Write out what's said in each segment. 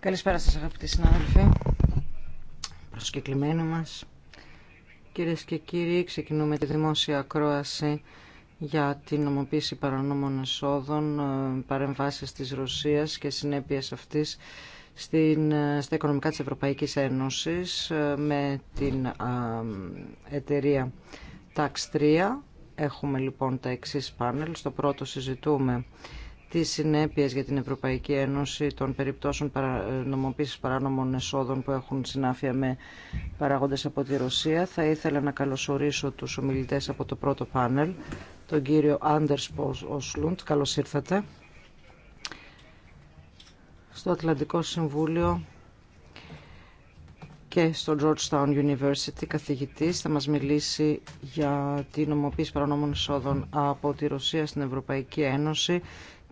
Καλησπέρα σας αγαπητοί συνάδελφοι, προσκεκλημένοι μας. Κυρίες και κύριοι, ξεκινούμε τη δημόσια ακρόαση για την νομοποίηση παρανόμων εσόδων, ε, παρεμβάσεις της Ρωσίας και συνέπειες αυτής ε, στα οικονομικά της Ευρωπαϊκής Ένωσης ε, με την εταιρεία Tax 3. Έχουμε λοιπόν τα εξής πάνελ. Στο πρώτο συζητούμε τις συνέπειες για την Ευρωπαϊκή Ένωση των περιπτώσεων νομοποίησης παράνομων εσόδων που έχουν συνάφεια με παράγοντες από τη Ρωσία. Θα ήθελα να καλωσορίσω τους ομιλητές από το πρώτο πάνελ, τον κύριο Άντερς Οσλούντ. Καλώς ήρθατε. Στο Ατλαντικό Συμβούλιο και στο Georgetown University καθηγητής θα μας μιλήσει για την νομοποίηση παρανόμων εσόδων... από τη Ρωσία στην Ευρωπαϊκή Ένωση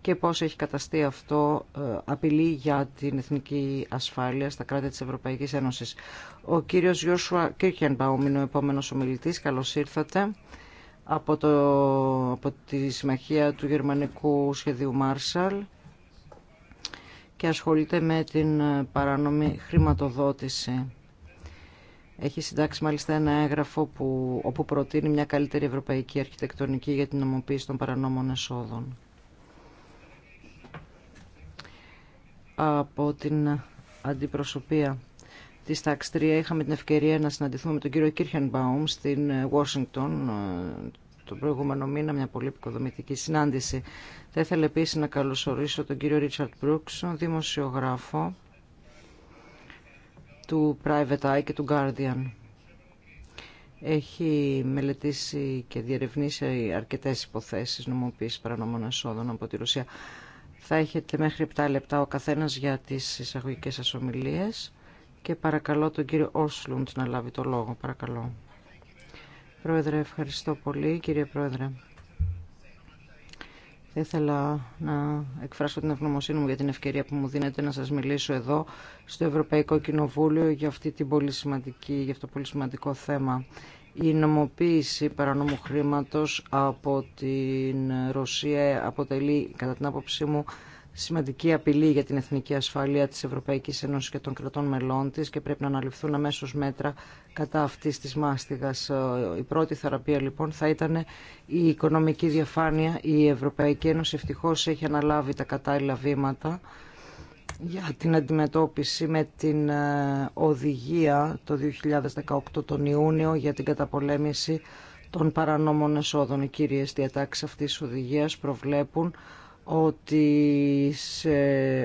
και πώς έχει καταστεί αυτό ε, απειλή για την εθνική ασφάλεια στα κράτη της Ευρωπαϊκής Ένωσης. Ο κύριος Γιώσουα Κίρκενμπαουμ είναι ο επόμενος ομιλητής. Καλώς ήρθατε από, το, από τη συμμαχία του γερμανικού σχεδίου Μάρσαλ και ασχολείται με την ε, παράνομη χρηματοδότηση. Έχει συντάξει μάλιστα ένα έγγραφο που, όπου προτείνει μια καλύτερη ευρωπαϊκή αρχιτεκτονική για την νομοποίηση των παρανόμων εσόδων. από την αντιπροσωπεία τη ΤΑΞΤΡΙΑ 3 είχαμε την ευκαιρία να συναντηθούμε με τον κύριο Κίρχενμπαουμ στην Ουάσιγκτον ε, ε, τον προηγούμενο μήνα, μια πολύ επικοδομητική συνάντηση. Θα ήθελα επίση να καλωσορίσω τον κύριο Ρίτσαρτ Μπρούξ, δημοσιογράφο του Private Eye και του Guardian. Έχει μελετήσει και διερευνήσει αρκετές υποθέσεις νομοποίησης παρανομών εσόδων από τη Ρωσία. Θα έχετε μέχρι 7 λεπτά ο καθένας για τις εισαγωγικές σας ομιλίες και παρακαλώ τον κύριο Όσλουντ να λάβει το λόγο. Παρακαλώ. Πρόεδρε, ευχαριστώ πολύ. Κύριε Πρόεδρε, θα ήθελα να εκφράσω την ευγνωμοσύνη μου για την ευκαιρία που μου δίνετε να σας μιλήσω εδώ στο Ευρωπαϊκό Κοινοβούλιο για, αυτή την για αυτό το πολύ σημαντικό θέμα η νομοποίηση παρανόμου χρήματος από την Ρωσία αποτελεί κατά την άποψή μου σημαντική απειλή για την εθνική ασφαλεία της Ευρωπαϊκής Ένωσης και των κρατών μελών της και πρέπει να αναλυφθούν αμέσω μέτρα κατά αυτής της μάστιγας. Η πρώτη θεραπεία λοιπόν θα ήταν η οικονομική διαφάνεια. Η Ευρωπαϊκή Ένωση ευτυχώς έχει αναλάβει τα κατάλληλα βήματα για την αντιμετώπιση με την ε, οδηγία το 2018 τον Ιούνιο για την καταπολέμηση των παρανόμων εσόδων. Οι κύριες διατάξεις αυτής της οδηγίας προβλέπουν ότι σε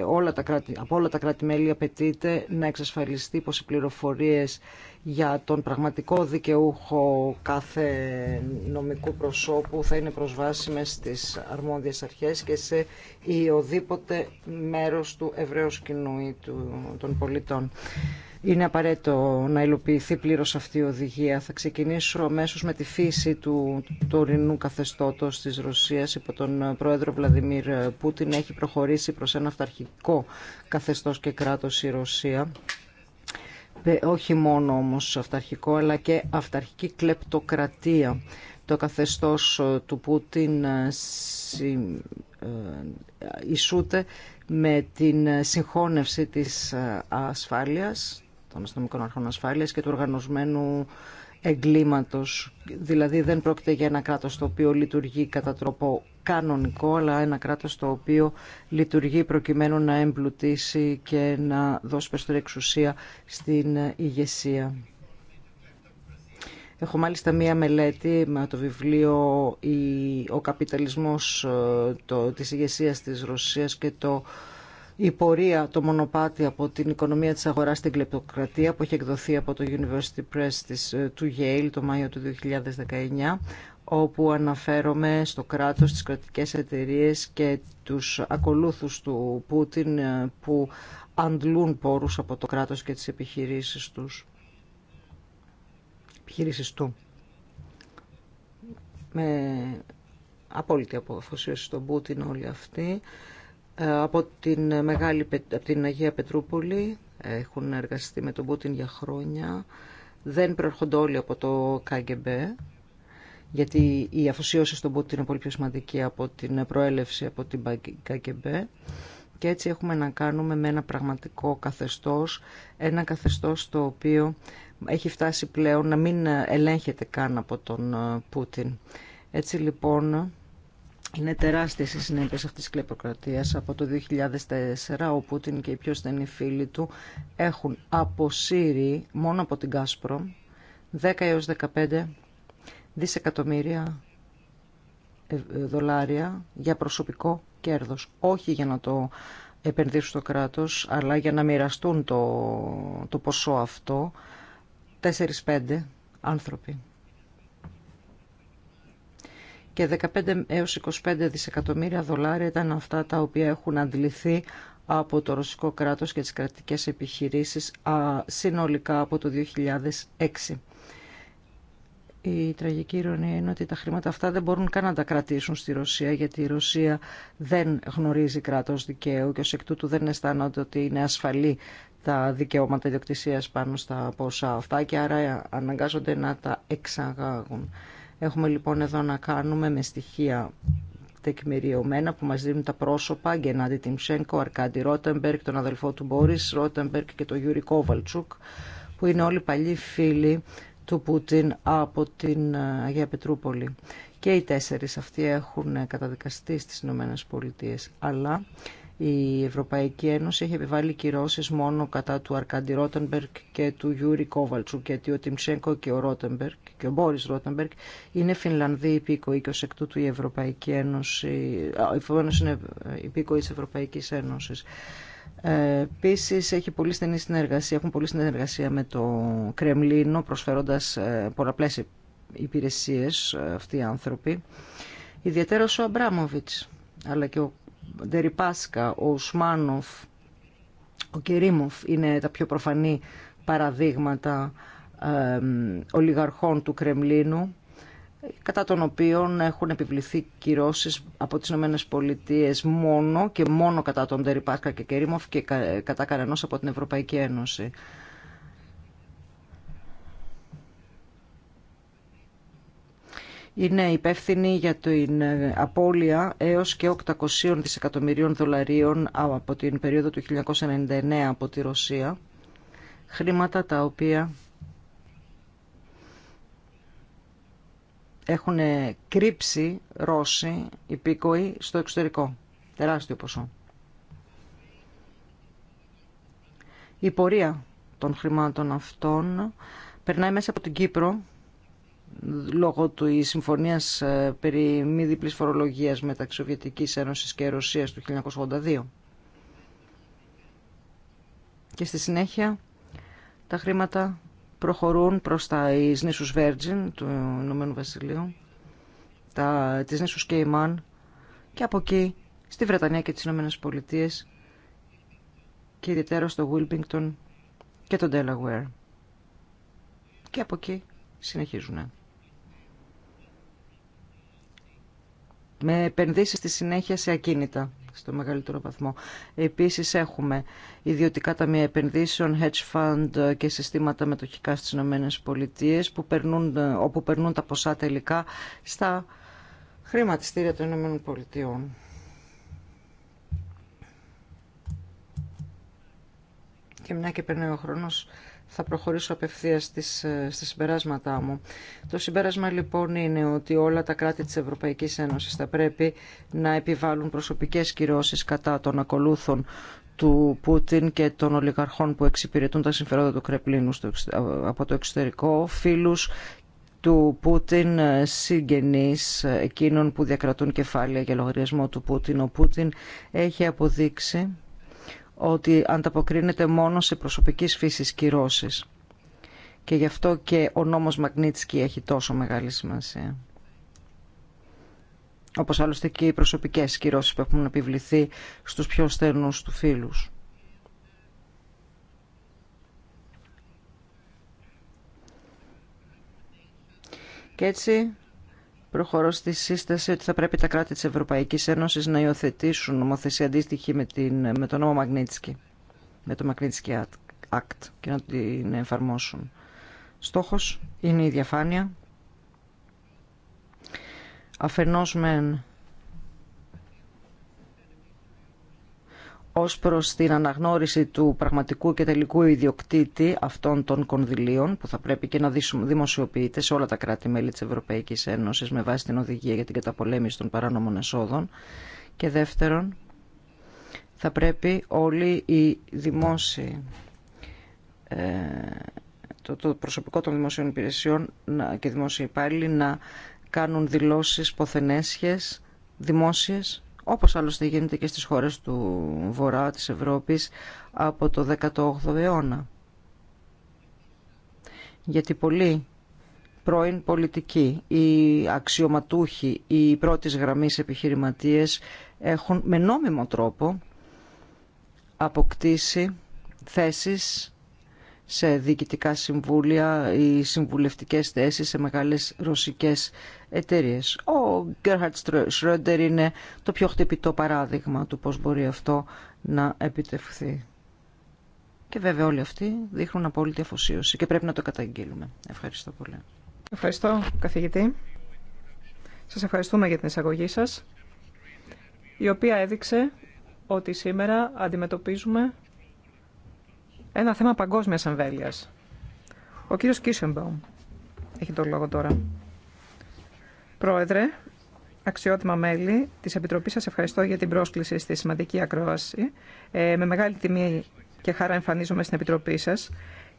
όλα τα από όλα τα κράτη-μέλη απαιτείται να εξασφαλιστεί πως οι πληροφορίες για τον πραγματικό δικαιούχο κάθε νομικού προσώπου θα είναι προσβάσιμες στις αρμόδιες αρχές και σε οδήποτε μέρος του ευρέως κοινού ή των πολιτών. Είναι απαραίτητο να υλοποιηθεί πλήρως αυτή η οδηγία. Θα ξεκινήσω αμέσως με τη φύση του τωρινού καθεστώτος της Ρωσίας υπό τον πρόεδρο Βλαδιμίρ Πούτιν. Έχει προχωρήσει προς ένα αυταρχικό καθεστώς και κράτος η Ρωσία ε, όχι μόνο όμως αυταρχικό αλλά και αυταρχική κλεπτοκρατία. Το καθεστώς του Πούτιν ε, ε, ισούται με την συγχώνευση της ασφάλειας των αστυνομικών αρχών ασφάλεια και του οργανωσμένου εγκλήματος. Δηλαδή δεν πρόκειται για ένα κράτος το οποίο λειτουργεί κατά τρόπο κανονικό, αλλά ένα κράτος το οποίο λειτουργεί προκειμένου να εμπλουτίσει και να δώσει περισσότερη εξουσία στην ηγεσία. Έχω μάλιστα μία μελέτη με το βιβλίο «Ο καπιταλισμός ε, το, της ηγεσίας της Ρωσίας και το η πορεία, το μονοπάτι από την οικονομία της αγοράς στην κλεπτοκρατία που έχει εκδοθεί από το University Press της, ε, του Yale το Μάιο του 2019 όπου αναφέρομαι στο κράτος, τις κρατικές εταιρείες και τους ακολούθους του Πούτιν ε, που αντλούν πόρους από το κράτος και τις επιχειρήσεις τους. Επιχειρήσεις του. Με απόλυτη αποφασίωση στον Πούτιν όλοι αυτοί. Ε, από την, μεγάλη, από την Αγία Πετρούπολη. Ε, έχουν εργαστεί με τον Πούτιν για χρόνια. Δεν προέρχονται όλοι από το ΚΑΚΕΜΠΕ γιατί η αφοσίωση στον Πούτιν είναι πολύ πιο σημαντική από την προέλευση από την ΚΑΚΕΜΠΕ Και έτσι έχουμε να κάνουμε με ένα πραγματικό καθεστώς, ένα καθεστώς το οποίο έχει φτάσει πλέον να μην ελέγχεται καν από τον ε, Πούτιν. Έτσι λοιπόν είναι τεράστιες οι συνέπειες αυτής της κλεποκρατίας. Από το 2004 ο Πούτιν και οι πιο στενοί φίλοι του έχουν αποσύρει μόνο από την Κάσπρο 10 έως 15 δισεκατομμύρια ε, δολάρια για προσωπικό κέρδος. Όχι για να το επενδύσουν στο κράτος, αλλά για να μοιραστούν το, το ποσό αυτό 4-5 άνθρωποι και 15 έως 25 δισεκατομμύρια δολάρια ήταν αυτά τα οποία έχουν αντιληφθεί από το ρωσικό κράτος και τις κρατικές επιχειρήσεις συνολικά από το 2006. Η τραγική ηρωνία είναι ότι τα χρήματα αυτά δεν μπορούν καν να τα κρατήσουν στη Ρωσία γιατί η Ρωσία δεν γνωρίζει κράτος δικαίου και ως εκ τούτου δεν αισθάνονται ότι είναι ασφαλή τα δικαιώματα ιδιοκτησίας πάνω στα ποσά αυτά και άρα αναγκάζονται να τα εξαγάγουν. Έχουμε λοιπόν εδώ να κάνουμε με στοιχεία τεκμηριωμένα που μας δίνουν τα πρόσωπα Γκενάντι Τιμσένκο, Αρκάντι Ρότεμπερκ, τον αδελφό του Μπόρις Ρότεμπερκ και τον Γιούρι Κόβαλτσουκ που είναι όλοι παλιοί φίλοι του Πούτιν από την ε, Αγία Πετρούπολη. Και οι τέσσερις αυτοί έχουν ε, καταδικαστεί στις Ηνωμένες Πολιτείες, αλλά η Ευρωπαϊκή Ένωση έχει επιβάλει κυρώσεις μόνο κατά του Αρκάντι Ρότεμπεργκ και του Γιούρι Κόβαλτσου, γιατί ο Τιμτσέγκο και ο Ρότεμπεργκ και ο Μπόρις Ρότεμπεργκ είναι Φινλανδοί υπήκοοι και ως εκ τούτου η Ευρωπαϊκή Ένωση, Φινλανδοί είναι υπήκοοι της Ευρωπαϊκής Ένωσης. Ε, Επίση, έχει πολύ στενή συνεργασία, έχουν πολύ συνεργασία με το Κρεμλίνο, προσφέροντα ε, πολλαπλέ υπηρεσίε ε, αυτοί οι άνθρωποι. Ιδιαίτερα ο Αμπράμοβιτ, αλλά και ο Ντεριπάσκα, ο Ουσμάνοφ, ο Κερίμοφ είναι τα πιο προφανή παραδείγματα ολιγαρχών του Κρεμλίνου κατά των οποίων έχουν επιβληθεί κυρώσεις από τις ΗΠΑ μόνο και μόνο κατά τον Τεριπάσκα και Κερίμοφ και κατά κανένας από την Ευρωπαϊκή Ένωση. είναι υπεύθυνη για την ε, απώλεια έως και 800 δισεκατομμυρίων δολαρίων από την περίοδο του 1999 από τη Ρωσία, χρήματα τα οποία έχουν κρύψει Ρώσοι υπήκοοι στο εξωτερικό. Τεράστιο ποσό. Η πορεία των χρημάτων αυτών περνάει μέσα από την Κύπρο λόγω του η συμφωνίας ε, περί μη διπλής φορολογίας μεταξύ Σοβιετικής Ένωσης και Ρωσίας του 1982. Και στη συνέχεια τα χρήματα προχωρούν προς τα νήσου Βέρτζιν του Ηνωμένου Βασιλείου, τα, τις Κέιμαν και από εκεί στη Βρετανία και τις Ηνωμένες Πολιτείες και ιδιαίτερα στο Wilmington και το Delaware. Και από εκεί συνεχίζουν. με επενδύσεις στη συνέχεια σε ακίνητα στο μεγαλύτερο βαθμό. Επίσης έχουμε ιδιωτικά ταμεία επενδύσεων, hedge fund και συστήματα μετοχικά στις ΗΠΑ, Πολιτείες που περνούν, όπου περνούν τα ποσά τελικά στα χρηματιστήρια των ΗΠΑ. Και μια και περνάει ο χρόνος, θα προχωρήσω απευθείας στις, ε, συμπεράσματά μου. Το συμπέρασμα λοιπόν είναι ότι όλα τα κράτη της Ευρωπαϊκής Ένωσης θα πρέπει να επιβάλλουν προσωπικές κυρώσεις κατά των ακολούθων του Πούτιν και των ολιγαρχών που εξυπηρετούν τα συμφέροντα του Κρεπλίνου στο, από το εξωτερικό, φίλους του Πούτιν ε, συγγενείς ε, εκείνων που διακρατούν κεφάλαια για λογαριασμό του Πούτιν. Ο Πούτιν έχει αποδείξει ότι ανταποκρίνεται μόνο σε προσωπικής φύσης κυρώσεις. Και γι' αυτό και ο νόμος Μαγνίτσκι έχει τόσο μεγάλη σημασία. Όπως άλλωστε και οι προσωπικές κυρώσεις που έχουν επιβληθεί στους πιο στενούς του φίλους. Και έτσι προχωρώ στη σύσταση ότι θα πρέπει τα κράτη της Ευρωπαϊκής Ένωσης να υιοθετήσουν νομοθεσία αντίστοιχη με, την, νόμο Μαγνίτσκι, με το Μαγνίτσκι Act και να την εφαρμόσουν. Στόχος είναι η διαφάνεια. Αφενός μεν ως προς την αναγνώριση του πραγματικού και τελικού ιδιοκτήτη αυτών των κονδυλίων που θα πρέπει και να δημοσιοποιείται σε όλα τα κράτη-μέλη της Ευρωπαϊκής Ένωσης με βάση την οδηγία για την καταπολέμηση των παράνομων εσόδων και δεύτερον θα πρέπει όλοι οι δημόσιοι ε, το, προσωπικό των δημοσίων υπηρεσιών και δημόσιοι υπάλληλοι να κάνουν δηλώσεις ποθενέσχες, δημόσιες όπως άλλωστε γίνεται και στις χώρες του Βορρά της Ευρώπης από το 18ο αιώνα. Γιατί πολλοί πρώην πολιτικοί, οι αξιωματούχοι, οι πρώτης γραμμής επιχειρηματίες έχουν με νόμιμο τρόπο αποκτήσει θέσεις σε διοικητικά συμβούλια ή συμβουλευτικές θέσεις σε μεγάλες ρωσικές εταιρείες. Ο Γκέρχαρτ Σρόντερ είναι το πιο χτυπητό παράδειγμα του πώς μπορεί αυτό να επιτευχθεί. Και βέβαια όλοι αυτοί δείχνουν απόλυτη αφοσίωση και πρέπει να το καταγγείλουμε. Ευχαριστώ πολύ. Ευχαριστώ καθηγητή. Σας ευχαριστούμε για την εισαγωγή σας, η οποία έδειξε ότι σήμερα αντιμετωπίζουμε ένα θέμα παγκόσμια εμβέλεια. Ο κύριο Κίσενμπαουμ έχει τον λόγο τώρα. Πρόεδρε, αξιότιμα μέλη τη Επιτροπή, σα ευχαριστώ για την πρόσκληση στη σημαντική ακρόαση. Ε, με μεγάλη τιμή και χαρά εμφανίζομαι στην Επιτροπή σα.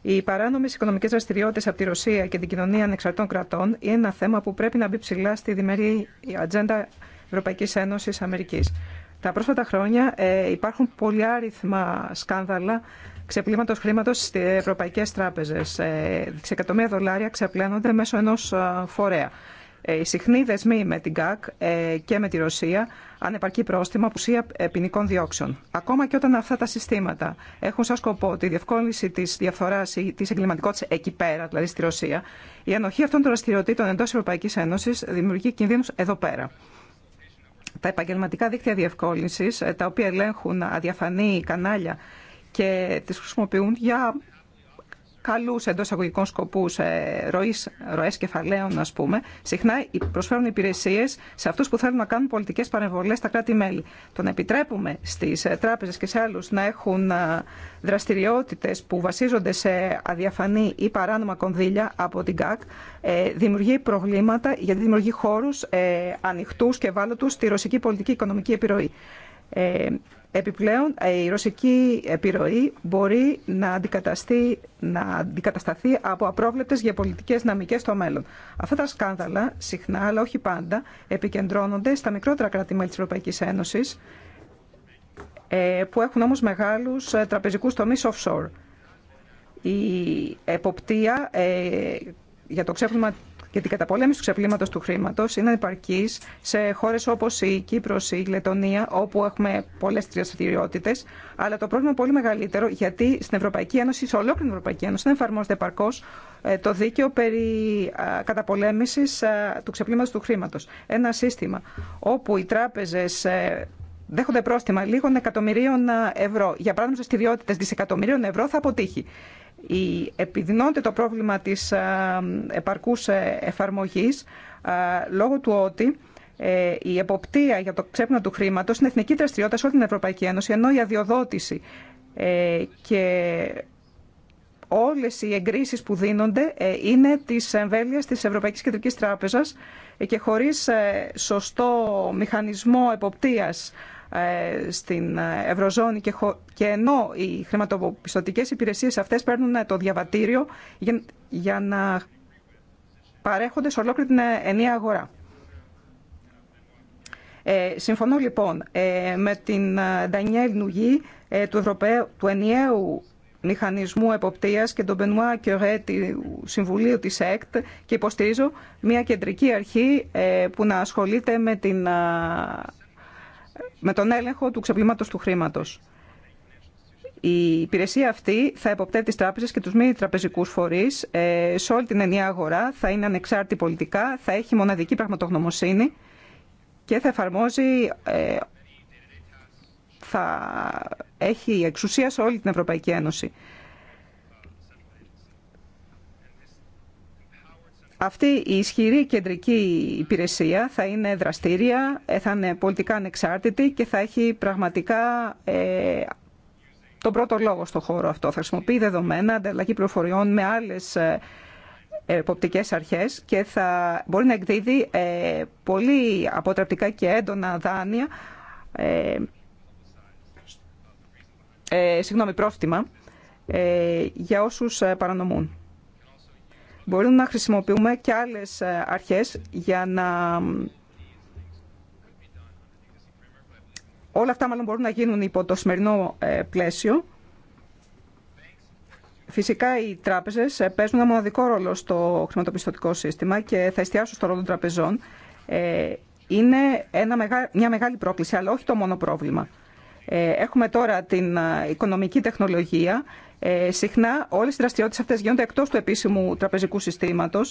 Οι παράνομε οικονομικέ δραστηριότητε από τη Ρωσία και την κοινωνία ανεξαρτών κρατών είναι ένα θέμα που πρέπει να μπει ψηλά στη διμερή ατζέντα Ευρωπαϊκή Ένωση Αμερική. Τα πρόσφατα χρόνια ε, υπάρχουν πολλοί άριθμα σκάνδαλα ξεπλήματος χρήματος στις ευρωπαϊκές τράπεζες. Ε, δισεκατομμύρια δολάρια ξεπλένονται μέσω ενό ε, φορέα. Ε, οι συχνοί δεσμοί με την ΚΑΚ και με τη Ρωσία ανεπαρκεί πρόστιμα απουσία ποινικών διώξεων. Ακόμα και όταν αυτά τα συστήματα έχουν σαν σκοπό τη διευκόλυνση τη διαφθορά ή τη εγκληματικότητα εκεί πέρα, δηλαδή στη Ρωσία, η ανοχή αυτών των δραστηριοτήτων εντό Ευρωπαϊκή Ένωση δημιουργεί κινδύνου εδώ πέρα. Τα επαγγελματικά δίκτυα διευκόλυνση, τα οποία ελέγχουν αδιαφανή κανάλια και τις χρησιμοποιούν για καλούς εντός αγωγικών σκοπούς ε, ροής, ροές κεφαλαίων, α πούμε, συχνά προσφέρουν υπηρεσίες σε αυτούς που θέλουν να κάνουν πολιτικές παρεμβολές στα κράτη-μέλη. Το να επιτρέπουμε στις ε, τράπεζες και σε άλλους να έχουν ε, δραστηριότητες που βασίζονται σε αδιαφανή ή παράνομα κονδύλια από την ΚΑΚ, δημιουργεί προβλήματα γιατί δημιουργεί χώρους ανοιχτούς και ευάλωτους στη ρωσική πολιτική οικονομική επιρροή. Επιπλέον, ε, η ρωσική επιρροή μπορεί να, αντικαταστεί, να αντικατασταθεί από απρόβλεπτες γεωπολιτικές δυναμικές στο μέλλον. Αυτά τα σκάνδαλα, συχνά αλλά όχι πάντα, επικεντρώνονται στα μικρότερα κράτη-μέλη της Ευρωπαϊκής Ένωσης, ε, που έχουν όμως μεγάλους ε, τραπεζικούς τομείς offshore. Η εποπτεία για το για την καταπολέμηση του ξεπλήματος του χρήματος είναι επαρκής σε χώρες όπως η Κύπρος, η Λετωνία, όπου έχουμε πολλές δραστηριότητε, αλλά το πρόβλημα είναι πολύ μεγαλύτερο γιατί στην Ευρωπαϊκή Ένωση, σε ολόκληρη την Ευρωπαϊκή Ένωση, δεν εφαρμόζεται επαρκώ ε, το δίκαιο περί ε, καταπολέμησης ε, του ξεπλήματος του χρήματος. Ένα σύστημα όπου οι τράπεζες δέχονται πρόστιμα λίγων εκατομμυρίων ευρώ για παράδειγμα δραστηριότητε δισεκατομμυρίων ευρώ θα αποτύχει η, επιδεινώνεται το πρόβλημα της ε, επαρκούς ε, εφαρμογής ε, λόγω του ότι η εποπτεία για το ξέπνο του χρήματος είναι εθνική δραστηριότητα σε όλη την Ευρωπαϊκή Ένωση, ενώ η αδειοδότηση και όλες οι εγκρίσεις που δίνονται είναι της εμβέλειας της Ευρωπαϊκής Κεντρικής Τράπεζας και χωρίς σωστό μηχανισμό εποπτείας ε, στην Ευρωζώνη και ενώ οι χρηματοπιστωτικές υπηρεσίες αυτές παίρνουν ε, το διαβατήριο για να παρέχονται σε ολόκληρη την ε, ενιαία αγορά. Ε, συμφωνώ λοιπόν με την Ντανιέλ Νουγή του, Ευρωπαίου, του ενιαίου μηχανισμού εποπτείας και τον Μπενουά Κιωρέ του Συμβουλίου της ΕΚΤ και υποστηρίζω μια κεντρική αρχή που να ασχολείται με την με τον έλεγχο του ξεπλήματος του χρήματος. Η υπηρεσία αυτή θα εποπτεύει τις τράπεζες και τους μη τραπεζικούς φορείς ε, σε όλη την ενιαία αγορά, θα είναι ανεξάρτητη πολιτικά, θα έχει μοναδική πραγματογνωμοσύνη και θα εφαρμόζει, ε, θα έχει εξουσία σε όλη την Ευρωπαϊκή Ένωση. Αυτή η ισχυρή κεντρική υπηρεσία θα είναι δραστήρια, θα είναι πολιτικά ανεξάρτητη και θα έχει πραγματικά ε, τον πρώτο λόγο στον χώρο αυτό. Θα χρησιμοποιεί δεδομένα, ανταλλαγή πληροφοριών με άλλες ε, εποπτικές αρχές και θα μπορεί να εκδίδει ε, πολύ αποτραπτικά και έντονα δάνεια, ε, ε, συγγνώμη, πρόστιμα, ε, για όσους παρανομούν. Μπορούμε να χρησιμοποιούμε και άλλες ε, αρχές για να... Όλα αυτά μάλλον μπορούν να γίνουν υπό το σημερινό ε, πλαίσιο. Φυσικά οι τράπεζες ε, παίζουν ένα μοναδικό ρόλο στο χρηματοπιστωτικό σύστημα και θα εστιάσω στο ρόλο των τραπεζών. Είναι ένα μια μεγάλη πρόκληση, αλλά όχι το μόνο πρόβλημα. Έχουμε τώρα την οικονομική τεχνολογία ε, συχνά όλε οι δραστηριότητε αυτέ γίνονται εκτό του επίσημου τραπεζικού συστήματο,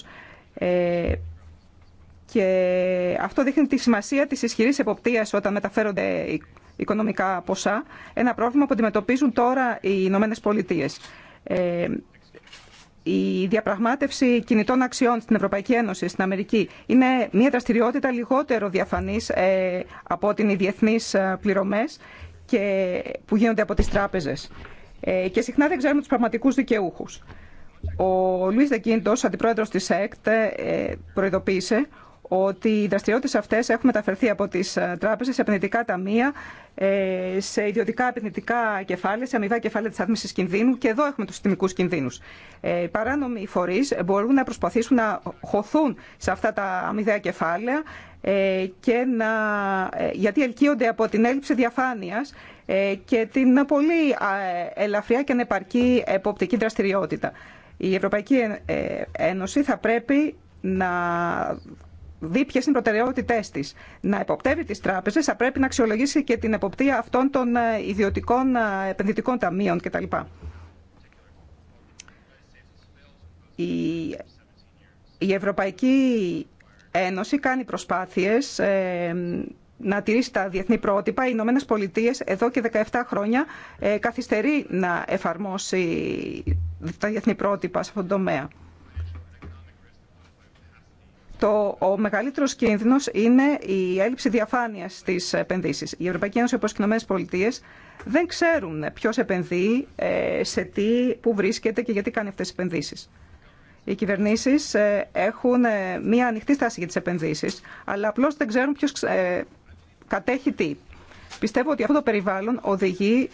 ε, και αυτό δείχνει τη σημασία τη ισχυρή εποπτείας όταν μεταφέρονται οικονομικά ποσά, ένα πρόβλημα που αντιμετωπίζουν τώρα οι Ηνωμένε Πολιτείε. Ε, η διαπραγμάτευση κινητών αξιών στην Ευρωπαϊκή Ένωση, στην Αμερική, είναι μια δραστηριότητα λιγότερο διαφανής ε, από την είναι οι διεθνεί ε, πληρωμές που γίνονται από τις τράπεζες. Ε, και συχνά δεν ξέρουμε του πραγματικού δικαιούχου. Ο Λουί Δεκίντο, αντιπρόεδρο τη ΕΚΤ, ε, προειδοποίησε ότι οι δραστηριότητε αυτέ έχουν μεταφερθεί από τι ε, τράπεζε σε επενδυτικά ταμεία, σε ιδιωτικά επενδυτικά κεφάλαια, σε αμοιβά κεφάλαια τη άθμιση κινδύνου και εδώ έχουμε του συστημικού κινδύνου. Οι παράνομοι φορεί μπορούν να προσπαθήσουν να χωθούν σε αυτά τα αμοιβαία κεφάλαια ε, και να, ε, γιατί ελκύονται από την έλλειψη διαφάνειας ε, και την πολύ ελαφριά και ανεπαρκή εποπτική δραστηριότητα. Η Ευρωπαϊκή Ένωση θα πρέπει να δει ποιε είναι οι προτεραιότητέ τη. Να εποπτεύει τι τράπεζες, θα πρέπει να αξιολογήσει και την εποπτεία αυτών των ιδιωτικών επενδυτικών ταμείων κτλ. Η, η Ευρωπαϊκή Ένωση κάνει προσπάθειες ε, να τηρήσει τα διεθνή πρότυπα. Οι Ηνωμένε Πολιτείε εδώ και 17 χρόνια ε, καθυστερεί να εφαρμόσει τα διεθνή πρότυπα σε αυτόν τον τομέα. Το, ο μεγαλύτερος κίνδυνος είναι η έλλειψη διαφάνειας στις επενδύσεις. Η Ευρωπαϊκή Ένωση, όπως και οι ΗΠΑ, δεν ξέρουν ποιος επενδύει, ε, σε τι, που βρίσκεται και γιατί κάνει αυτές τις επενδύσεις οι κυβερνήσει ε, έχουν ε, μία ανοιχτή στάση για τι επενδύσει, αλλά απλώ δεν ξέρουν ποιο ε, κατέχει τι. Πιστεύω ότι αυτό το περιβάλλον οδηγεί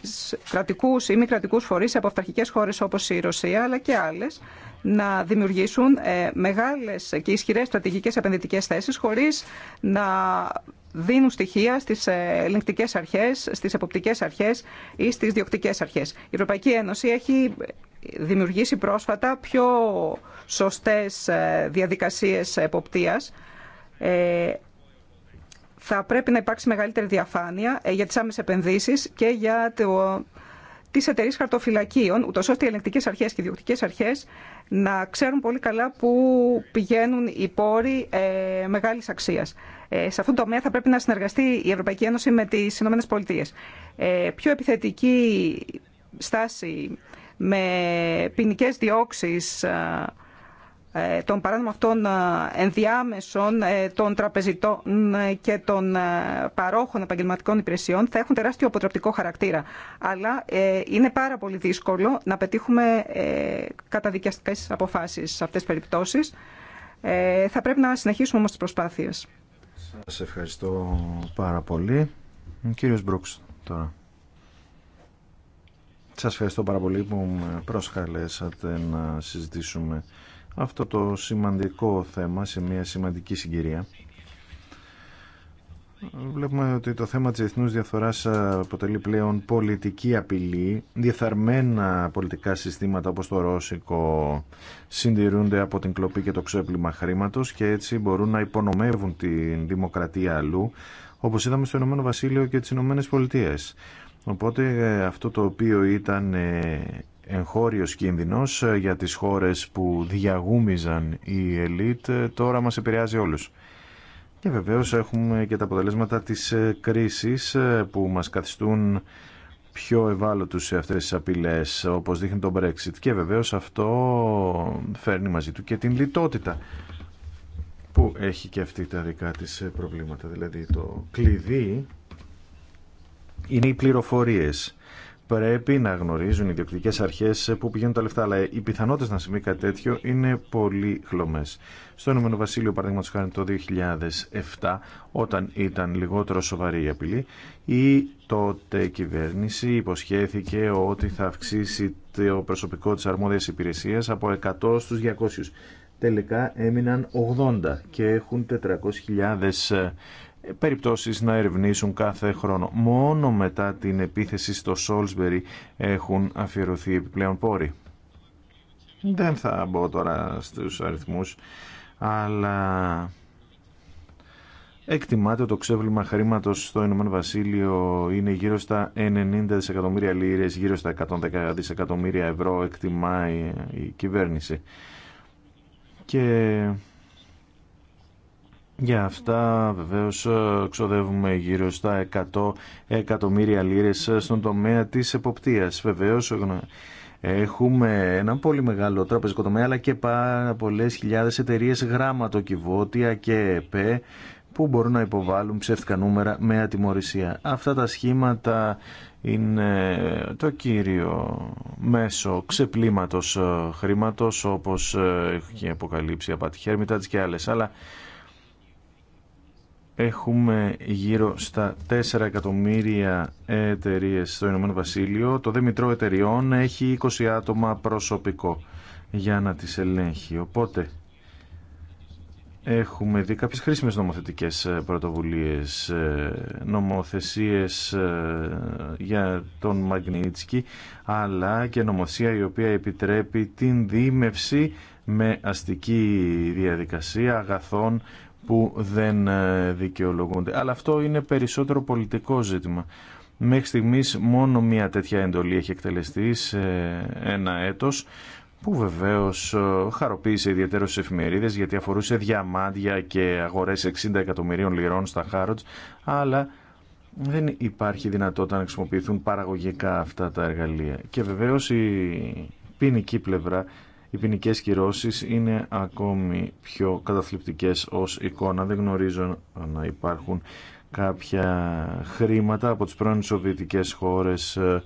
κρατικού ή μη κρατικού φορεί από αυταρχικέ χώρε όπω η Ρωσία αλλά και άλλε να δημιουργήσουν μεγάλε και ισχυρέ στρατηγικέ επενδυτικέ θέσει χωρί να δίνουν στοιχεία στι ελεγκτικέ αρχέ, στι εποπτικέ αρχέ ή στι διοκτικέ αρχέ. Η Ευρωπαϊκή Ένωση έχει δημιουργήσει πρόσφατα πιο σωστές ε, διαδικασίες εποπτείας. Ε, θα πρέπει να υπάρξει μεγαλύτερη διαφάνεια ε, για τις άμεσες επενδύσεις και για το, τις εταιρείες χαρτοφυλακίων, ούτως ώστε οι ελεγκτικές αρχές και οι διοκτικές αρχές να ξέρουν πολύ καλά που πηγαίνουν οι πόροι ε, μεγάλης αξίας. σε αυτόν τον τομέα θα πρέπει να συνεργαστεί η Ευρωπαϊκή Ένωση με τις ΗΠΑ. Ε, πιο επιθετική στάση με ποινικέ διώξει ε, ε, των παράνομων αυτών ε, ενδιάμεσων των τραπεζιτών και των παρόχων επαγγελματικών υπηρεσιών θα έχουν τεράστιο αποτρεπτικό χαρακτήρα. Αλλά είναι πάρα πολύ δύσκολο να πετύχουμε καταδικαστικές αποφάσεις σε αυτές τις περιπτώσεις. Θα πρέπει να συνεχίσουμε όμως τις προσπάθειες. Σας ευχαριστώ πάρα πολύ. κύριος Μπρούξ τώρα. Σας ευχαριστώ πάρα πολύ που με προσκαλέσατε να συζητήσουμε αυτό το σημαντικό θέμα σε μια σημαντική συγκυρία. Βλέπουμε ότι το θέμα της διεθνούς διαφθοράς αποτελεί πλέον πολιτική απειλή. Διεθαρμένα πολιτικά συστήματα όπως το ρώσικο συντηρούνται από την κλοπή και το ξέπλυμα χρήματος και έτσι μπορούν να υπονομεύουν την δημοκρατία αλλού όπως είδαμε στο Ηνωμένο Βασίλειο και τις Ηνωμένε Πολιτείες. Οπότε ε, αυτό το οποίο ήταν ε, εγχώριος κίνδυνος ε, για τις χώρες που διαγούμιζαν η ελίτ τώρα μας επηρεάζει όλους. Και βεβαίως έχουμε και τα αποτελέσματα της κρίσης που μας καθιστούν πιο ευάλωτους σε αυτές τις απειλές όπως δείχνει το Brexit και βεβαίως αυτό φέρνει μαζί του και την λιτότητα που έχει και αυτή τα δικά της προβλήματα δηλαδή το κλειδί είναι οι πληροφορίε. Πρέπει να γνωρίζουν οι διοικητικές αρχέ που πηγαίνουν τα λεφτά, αλλά οι πιθανότητε να συμβεί κάτι τέτοιο είναι πολύ χλωμέ. Στο Ηνωμένο Βασίλειο, παραδείγματο χάρη το 2007, όταν ήταν λιγότερο σοβαρή η απειλή, η τότε κυβέρνηση υποσχέθηκε ότι θα αυξήσει το προσωπικό τη αρμόδιας υπηρεσία από 100 στου. 200 τελικά έμειναν 80 και έχουν 400.000 περιπτώσεις να ερευνήσουν κάθε χρόνο. Μόνο μετά την επίθεση στο Σόλσμπερι έχουν αφιερωθεί επιπλέον πόροι. Δεν θα μπω τώρα στους αριθμούς, αλλά εκτιμάται ότι το ξέβλημα χρήματος στο Ηνωμένο Βασίλειο είναι γύρω στα 90 δισεκατομμύρια λίρες, γύρω στα 110 δισεκατομμύρια ευρώ εκτιμάει η κυβέρνηση. Και για αυτά βεβαίως ε, ξοδεύουμε γύρω στα 100 εκατομμύρια λίρες ε, στον τομέα της εποπτείας. Βεβαίως έχουμε ένα πολύ μεγάλο τραπεζικό τομέα αλλά και πάρα πολλές χιλιάδες εταιρείες γράμματοκιβώτια και ΕΠΕ που μπορούν να υποβάλουν ψεύτικα νούμερα με ατιμορρησία. Αυτά τα σχήματα είναι το κύριο μέσο ξεπλήματος ε, χρήματος όπως έχει αποκαλύψει απατηχέρμητα και άλλες. Αλλά Έχουμε γύρω στα 4 εκατομμύρια εταιρείε στο Ηνωμένο Βασίλειο. Το δε μητρό έχει 20 άτομα προσωπικό για να τις ελέγχει. Οπότε έχουμε δει κάποιες χρήσιμες νομοθετικές ε, πρωτοβουλίες, ε, νομοθεσίες ε, για τον Μαγνίτσκι, αλλά και νομοθεσία η οποία επιτρέπει την δίμευση με αστική διαδικασία αγαθών που δεν ε, δικαιολογούνται. Αλλά αυτό είναι περισσότερο πολιτικό ζήτημα. Μέχρι στιγμής μόνο μία τέτοια εντολή έχει εκτελεστεί σε ένα έτος που βεβαίως ε, χαροποίησε ιδιαίτερω τι εφημερίδες γιατί αφορούσε διαμάντια και αγορές 60 εκατομμυρίων λιρών στα Χάροτς αλλά δεν υπάρχει δυνατότητα να χρησιμοποιηθούν παραγωγικά αυτά τα εργαλεία. Και βεβαίως η ποινική πλευρά οι ποινικέ κυρώσεις είναι ακόμη πιο καταθλιπτικές ως εικόνα. Δεν γνωρίζω να υπάρχουν κάποια χρήματα από τις πρώην Σοβιετικές χώρες ε,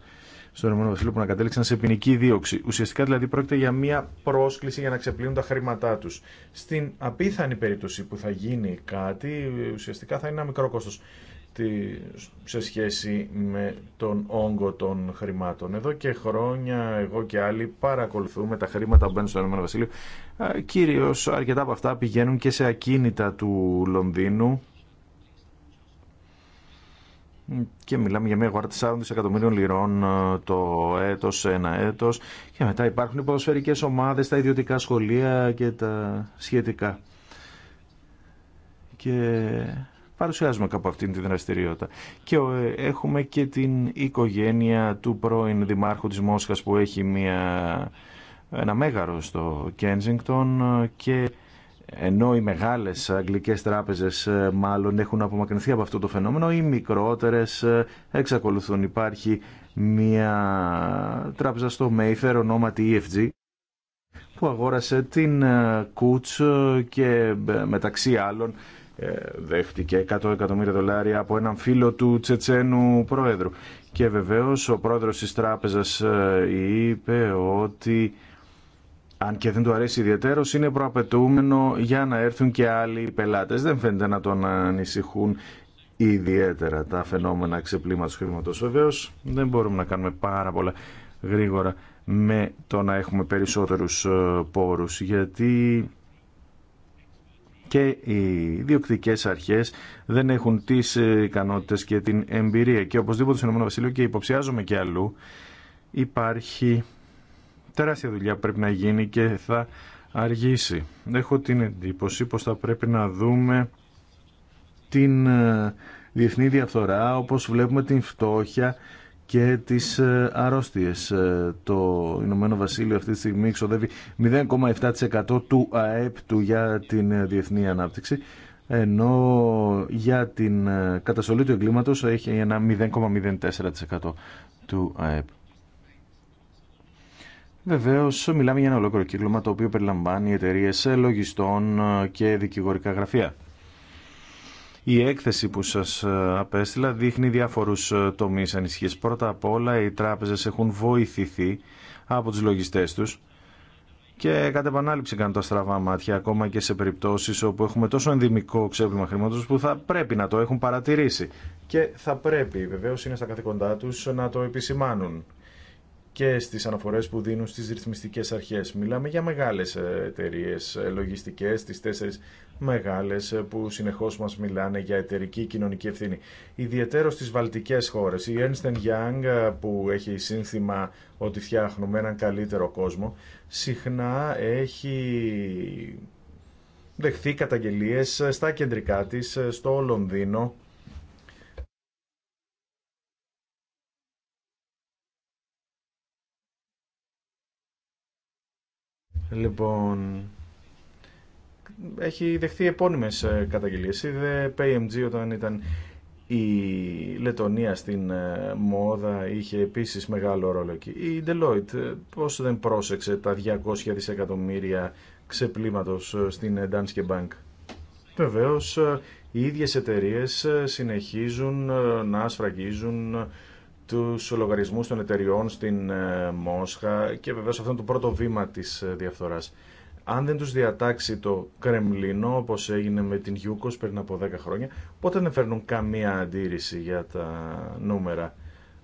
στον Ηνωμένο Βασίλειο που να κατέληξαν σε ποινική δίωξη. Ουσιαστικά δηλαδή πρόκειται για μία πρόσκληση για να ξεπλύνουν τα χρήματά τους. Στην απίθανη περίπτωση που θα γίνει κάτι, ουσιαστικά θα είναι ένα μικρό κόστο σε σχέση με τον όγκο των χρημάτων. Εδώ και χρόνια εγώ και άλλοι παρακολουθούμε τα χρήματα που μπαίνουν στο Ηνωμένο Βασίλειο. Κυρίως αρκετά από αυτά πηγαίνουν και σε ακίνητα του Λονδίνου και μιλάμε για μια αγορά 4 δισεκατομμύριων λιρών το έτος, ένα έτος και μετά υπάρχουν οι ποδοσφαιρικές ομάδες, τα ιδιωτικά σχολεία και τα σχετικά. Και παρουσιάζουμε κάπου αυτήν τη δραστηριότητα. Και ε, έχουμε και την οικογένεια του πρώην δημάρχου της Μόσχας που έχει μια, ένα μέγαρο στο Κένζιγκτον και ενώ οι μεγάλες αγγλικές τράπεζες ε, μάλλον έχουν απομακρυνθεί από αυτό το φαινόμενο, οι μικρότερες ε, εξακολουθούν. Υπάρχει μια τράπεζα στο Mayfair ονόματι EFG που αγόρασε την Κούτς και μεταξύ άλλων ε, δέχτηκε 100 εκατομμύρια δολάρια από έναν φίλο του Τσετσένου πρόεδρου. Και βεβαίως ο πρόεδρος της τράπεζας ε, είπε ότι αν και δεν του αρέσει ιδιαίτερο, είναι προαπαιτούμενο για να έρθουν και άλλοι πελάτες. Δεν φαίνεται να τον ανησυχούν ιδιαίτερα τα φαινόμενα ξεπλήματος χρήματος. Βεβαίω, δεν μπορούμε να κάνουμε πάρα πολλά γρήγορα με το να έχουμε περισσότερους ε, πόρους, γιατί και οι διοκτικέ αρχές δεν έχουν τις ε, ικανότητε και την εμπειρία και οπωσδήποτε στον Βασίλειο και υποψιάζομαι και αλλού υπάρχει τεράστια δουλειά που πρέπει να γίνει και θα αργήσει. Έχω την εντύπωση πως θα πρέπει να δούμε την ε, διεθνή διαφθορά όπως βλέπουμε την φτώχεια και τις ε, αρρώστιες. Ε, το Ηνωμένο Βασίλειο αυτή τη στιγμή εξοδεύει 0,7% του ΑΕΠ του για την ε, διεθνή ανάπτυξη ενώ για την καταστολή του εγκλήματος έχει ένα 0,04% του ΑΕΠ. Βεβαίω, μιλάμε για ένα ολόκληρο κύκλωμα το οποίο περιλαμβάνει εταιρείε λογιστών και δικηγορικά γραφεία. Η έκθεση που σας ε, απέστειλα δείχνει διάφορους ε, τομείς ανησυχίες. Πρώτα απ' όλα οι τράπεζες έχουν βοηθηθεί από τους λογιστές τους και κατ' επανάληψη κάνουν τα στραβά μάτια ακόμα και σε περιπτώσεις όπου έχουμε τόσο ενδυμικό ξέπλυμα χρήματο που θα πρέπει να το έχουν παρατηρήσει και θα πρέπει βεβαίως είναι στα καθηκοντά τους να το επισημάνουν και στις αναφορές που δίνουν στις ρυθμιστικές αρχές. Μιλάμε για μεγάλες ε, εταιρείε λογιστικές, τις μεγάλες ε, που συνεχώς μας μιλάνε για εταιρική κοινωνική ευθύνη. Ιδιαίτερο στι βαλτικέ χώρες. Η Ernst Young ε, που έχει σύνθημα ότι φτιάχνουμε έναν καλύτερο κόσμο συχνά έχει δεχθεί καταγγελίε ε, στα κεντρικά της, στο Λονδίνο Λοιπόν, έχει δεχθεί επώνυμες ε, καταγγελίες. Είδε PMG όταν ήταν η Λετωνία στην ε, μόδα είχε επίσης μεγάλο ρόλο εκεί. Η Deloitte ε, πώς δεν πρόσεξε τα 200 δισεκατομμύρια ξεπλήματος στην Danske Bank. Βεβαίω, οι ίδιες εταιρείες συνεχίζουν να σφραγίζουν τους λογαριασμούς των εταιριών στην Μόσχα και βεβαίως αυτό είναι το πρώτο βήμα της διαφθοράς αν δεν τους διατάξει το Κρεμλίνο, όπως έγινε με την Γιούκος πριν από 10 χρόνια, πότε δεν φέρνουν καμία αντίρρηση για τα νούμερα.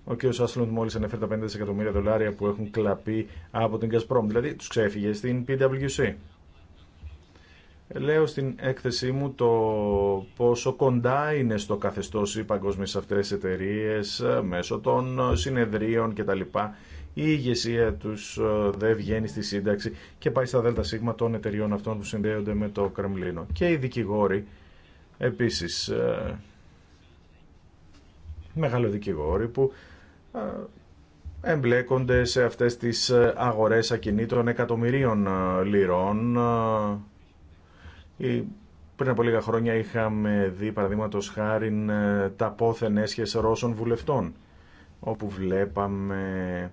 Ο κ. Άσλοντ μόλις ανέφερε τα 50 δισεκατομμύρια δολάρια που έχουν κλαπεί από την Gazprom, δηλαδή τους ξέφυγε στην PwC. Λέω στην έκθεσή μου το πόσο κοντά είναι στο καθεστώς οι παγκόσμιες αυτές εταιρείε ε, μέσω των συνεδρίων κτλ η ηγεσία τους ε, δεν βγαίνει στη σύνταξη και πάει στα ΔΣ των εταιριών αυτών που συνδέονται με το Κρεμλίνο. Και οι δικηγόροι επίσης ε, μεγάλο δικηγόροι που ε, εμπλέκονται σε αυτές τις αγορές ακινήτων εκατομμυρίων λιρών. Πριν από λίγα χρόνια είχαμε δει παραδείγματο χάρη τα πόθεν έσχες Ρώσων βουλευτών όπου βλέπαμε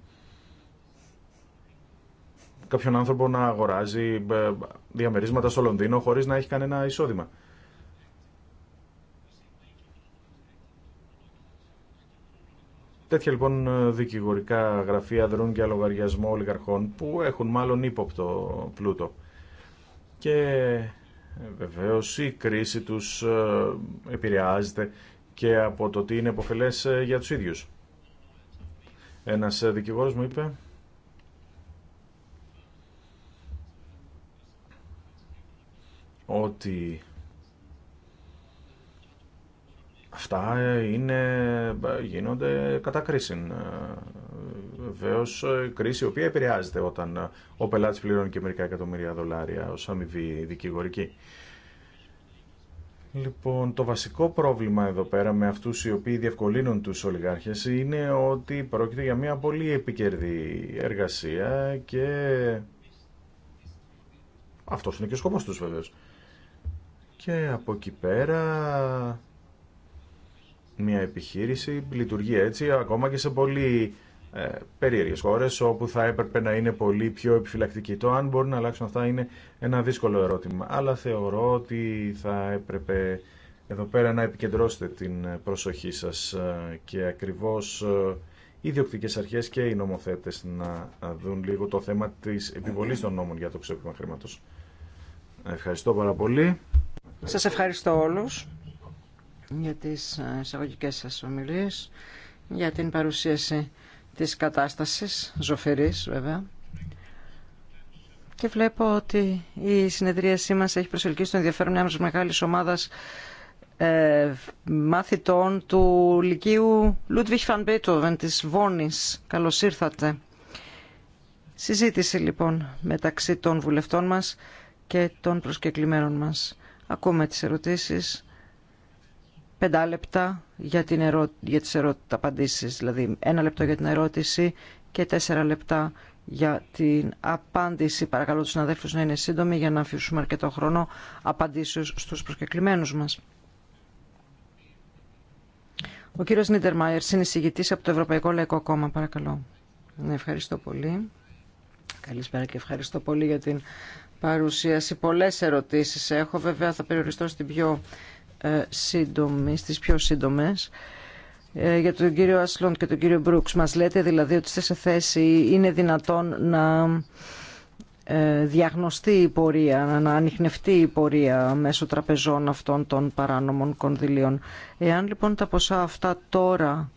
κάποιον άνθρωπο να αγοράζει ε, διαμερίσματα στο Λονδίνο χωρίς να έχει κανένα εισόδημα. Τέτοια λοιπόν ε, δικηγορικά γραφεία δρούν για λογαριασμό ολιγαρχών που έχουν μάλλον ύποπτο πλούτο. Και ε, βεβαίως η κρίση τους επηρεάζεται και από το τι είναι υποφελές για τους ίδιους. Ένας δικηγόρος μου είπε ότι αυτά είναι, γίνονται κατά κρίση. Ε, βεβαίω, ε, κρίση η οποία επηρεάζεται όταν ε, ο πελάτη πληρώνει και μερικά εκατομμύρια δολάρια ω αμοιβή δικηγορική. Λοιπόν, το βασικό πρόβλημα εδώ πέρα με αυτού οι οποίοι διευκολύνουν τους ολιγάρχες είναι ότι πρόκειται για μια πολύ επικερδή εργασία και αυτό είναι και ο σκοπό του βεβαίω και από εκεί πέρα μια επιχείρηση λειτουργεί έτσι ακόμα και σε πολύ ε, περίεργες χώρες όπου θα έπρεπε να είναι πολύ πιο επιφυλακτική. Το αν μπορεί να αλλάξουν αυτά είναι ένα δύσκολο ερώτημα. Αλλά θεωρώ ότι θα έπρεπε εδώ πέρα να επικεντρώσετε την προσοχή σας ε, και ακριβώς ε, οι διοκτικές αρχές και οι νομοθέτες να δουν λίγο το θέμα της επιβολής των νόμων για το ξέπλυμα χρήματος. Ευχαριστώ πάρα πολύ. Σας ευχαριστώ όλους για τις εισαγωγικές σας ομιλίες, για την παρουσίαση της κατάστασης, ζωφερής βέβαια. Και βλέπω ότι η συνεδρίασή μας έχει προσελκύσει τον ενδιαφέρον μιας μεγάλης ομάδας ε, μάθητών του Λυκείου Λουτβίχ Φαν Μπέτοβεν της Βόνης. Καλώς ήρθατε. Συζήτηση λοιπόν μεταξύ των βουλευτών μας και των προσκεκλημένων μας. Ακούμε τις ερωτήσεις. Πεντά λεπτά για, την ερω... για τις ερω... απαντήσεις, δηλαδή ένα λεπτό για την ερώτηση και τέσσερα λεπτά για την απάντηση. Παρακαλώ τους συναδέλφους να είναι σύντομοι για να αφήσουμε αρκετό χρόνο απαντήσεως στους προσκεκλημένους μας. Ο κύριος είναι συνεισηγητής από το Ευρωπαϊκό Λαϊκό Κόμμα, παρακαλώ. Ναι, ευχαριστώ πολύ. Καλησπέρα και ευχαριστώ πολύ για την παρουσίαση. Πολλές ερωτήσεις έχω. Βέβαια θα περιοριστώ στην πιο, ε, σύντομη, στις πιο σύντομες. Ε, για τον κύριο Ασλοντ και τον κύριο Μπρούξ μας λέτε δηλαδή ότι είστε σε θέση είναι δυνατόν να ε, διαγνωστεί η πορεία, να ανοιχνευτεί η πορεία μέσω τραπεζών αυτών των παράνομων κονδυλίων. Εάν λοιπόν τα ποσά αυτά τώρα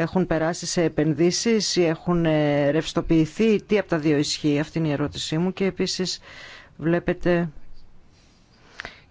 έχουν περάσει σε επενδύσεις ή έχουν ε, ρευστοποιηθεί. Τι από τα δύο ισχύει, αυτή είναι η ερώτησή μου. Και επίσης βλέπετε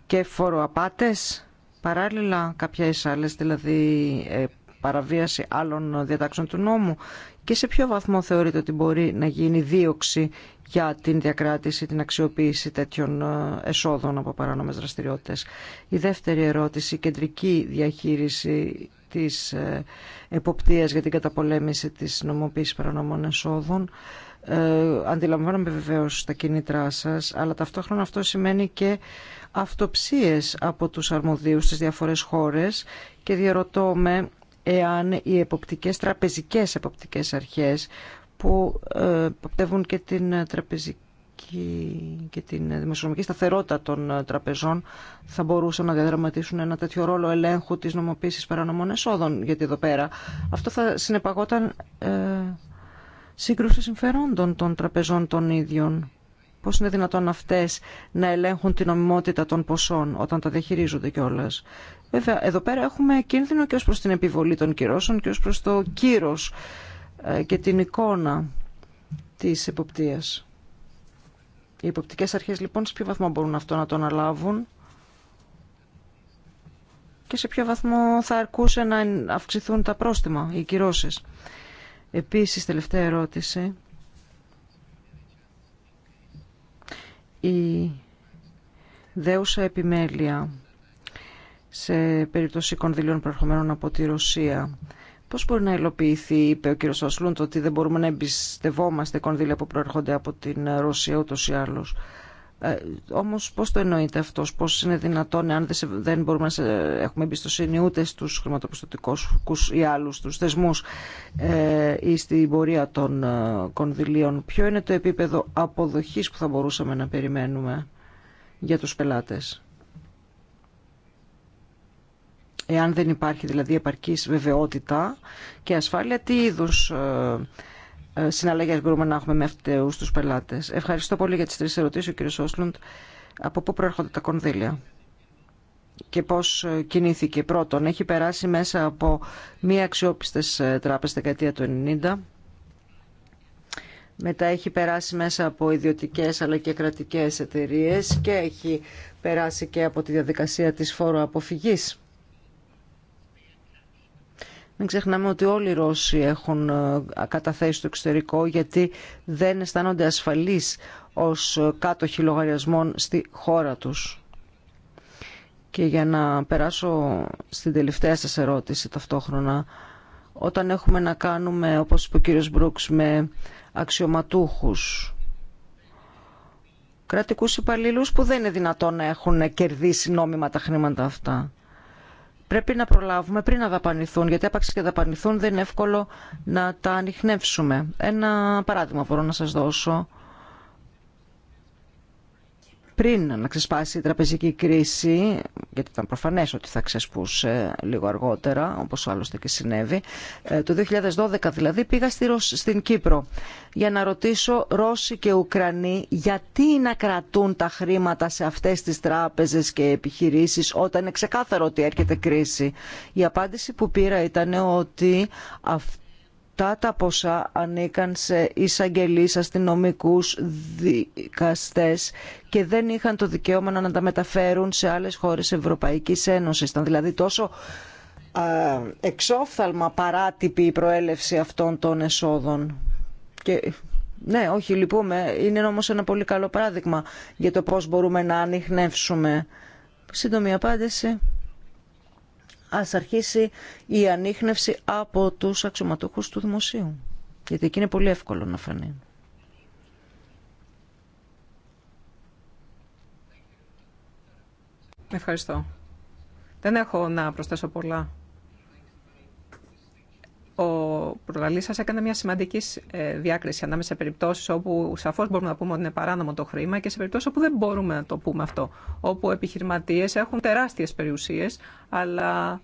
και φοροαπάτες παράλληλα, κάποια άλλες δηλαδή ε, παραβίαση άλλων διατάξεων του νόμου και σε ποιο βαθμό θεωρείτε ότι μπορεί να γίνει δίωξη για την διακράτηση, την αξιοποίηση τέτοιων ε, εσόδων από παράνομες δραστηριότητες. Η δεύτερη ερώτηση, κεντρική διαχείριση της ε, εποπτείας για την καταπολέμηση της νομοποίησης παρανομών εσόδων. Ε, αντιλαμβάνομαι βεβαίως τα κίνητρά σας, αλλά ταυτόχρονα αυτό σημαίνει και αυτοψίες από τους αρμοδίους στις διαφορές χώρες και διαρωτώ με εάν οι εποπτικές, τραπεζικές εποπτικές αρχές που ε, και την ε, τραπεζική και την δημοσιονομική σταθερότητα των ε, τραπεζών θα μπορούσαν να διαδραματίσουν ένα τέτοιο ρόλο ελέγχου της νομοποίησης παρανομών εσόδων. Γιατί εδώ πέρα αυτό θα συνεπαγόταν ε, σύγκρουση συμφερόντων των τραπεζών των ίδιων. Πώς είναι δυνατόν αυτές να ελέγχουν την νομιμότητα των ποσών όταν τα διαχειρίζονται κιόλα. Βέβαια, εδώ πέρα έχουμε κίνδυνο και ως προς την επιβολή των κυρώσεων και ως προς το κύρος ε, και την εικόνα της εποπτείας. Οι υποπτικές αρχές λοιπόν σε ποιο βαθμό μπορούν αυτό να το αναλάβουν και σε ποιο βαθμό θα αρκούσε να αυξηθούν τα πρόστιμα, οι κυρώσεις. Επίσης, τελευταία ερώτηση. Η δέουσα επιμέλεια σε περίπτωση κονδυλίων προερχομένων από τη Ρωσία Πώς μπορεί να υλοποιηθεί, είπε ο κ. Ασλούντ, ότι δεν μπορούμε να εμπιστευόμαστε κονδύλια που προέρχονται από την Ρωσία ούτω ή άλλω. Ε, όμως πώς το εννοείται αυτός, πώς είναι δυνατόν αν δεν μπορούμε να έχουμε εμπιστοσύνη ούτε στους χρηματοπιστωτικούς ή άλλους τους θεσμού ε, ή στην πορεία των ε, κονδυλίων. Ποιο είναι το επίπεδο αποδοχή που θα μπορούσαμε να περιμένουμε για του πελάτε, Εάν δεν υπάρχει δηλαδή επαρκής βεβαιότητα και ασφάλεια, τι είδους ε, ε, συναλλαγές μπορούμε να έχουμε με αυτούς τους πελάτες. Ευχαριστώ πολύ για τις τρεις ερωτήσεις, ο κύριος Όσλουντ. Από πού προέρχονται τα κονδύλια και πώς ε, κινήθηκε. Πρώτον, έχει περάσει μέσα από μία αξιόπιστες τράπεζε δεκαετία του 90. Μετά έχει περάσει μέσα από ιδιωτικές αλλά και κρατικές εταιρείες και έχει περάσει και από τη διαδικασία της φόρου αποφυγής. Μην ξεχνάμε ότι όλοι οι Ρώσοι έχουν ε, καταθέσει το εξωτερικό γιατί δεν αισθάνονται ασφαλείς ως κάτοχοι λογαριασμών στη χώρα τους. Και για να περάσω στην τελευταία σας ερώτηση ταυτόχρονα, όταν έχουμε να κάνουμε, όπως είπε ο κύριος Μπρούξ, με αξιωματούχους, κρατικούς υπαλλήλους που δεν είναι δυνατόν να έχουν κερδίσει νόμιμα τα χρήματα αυτά πρέπει να προλάβουμε πριν να δαπανηθούν, γιατί άπαξ και δαπανηθούν δεν είναι εύκολο να τα ανοιχνεύσουμε. Ένα παράδειγμα μπορώ να σας δώσω πριν να ξεσπάσει η τραπεζική κρίση, γιατί ήταν προφανές ότι θα ξεσπούσε λίγο αργότερα, όπως άλλωστε και συνέβη, ε, το 2012 δηλαδή πήγα στην Κύπρο για να ρωτήσω Ρώσοι και Ουκρανοί γιατί να κρατούν τα χρήματα σε αυτές τις τράπεζες και επιχειρήσεις όταν είναι ξεκάθαρο ότι έρχεται κρίση. Η απάντηση που πήρα ήταν ότι αυτά τα ποσά ανήκαν σε εισαγγελείς, αστυνομικούς, δικαστές και δεν είχαν το δικαίωμα να τα μεταφέρουν σε άλλες χώρες Ευρωπαϊκής Ένωσης. Ήταν δηλαδή τόσο εξόφθαλμα παράτυπη η προέλευση αυτών των εσόδων. Και... Ναι, όχι, λυπούμε. Είναι όμως ένα πολύ καλό παράδειγμα για το πώς μπορούμε να ανοιχνεύσουμε. Σύντομη απάντηση ας αρχίσει η ανείχνευση από τους αξιωματούχους του δημοσίου. Γιατί εκεί είναι πολύ εύκολο να φανεί. Ευχαριστώ. Δεν έχω να προσθέσω πολλά ο προλαλή σα έκανε μια σημαντική ε, διάκριση ανάμεσα σε περιπτώσει όπου σαφώ μπορούμε να πούμε ότι είναι παράνομο το χρήμα και σε περιπτώσει όπου δεν μπορούμε να το πούμε αυτό. Όπου επιχειρηματίε έχουν τεράστιε περιουσίε, αλλά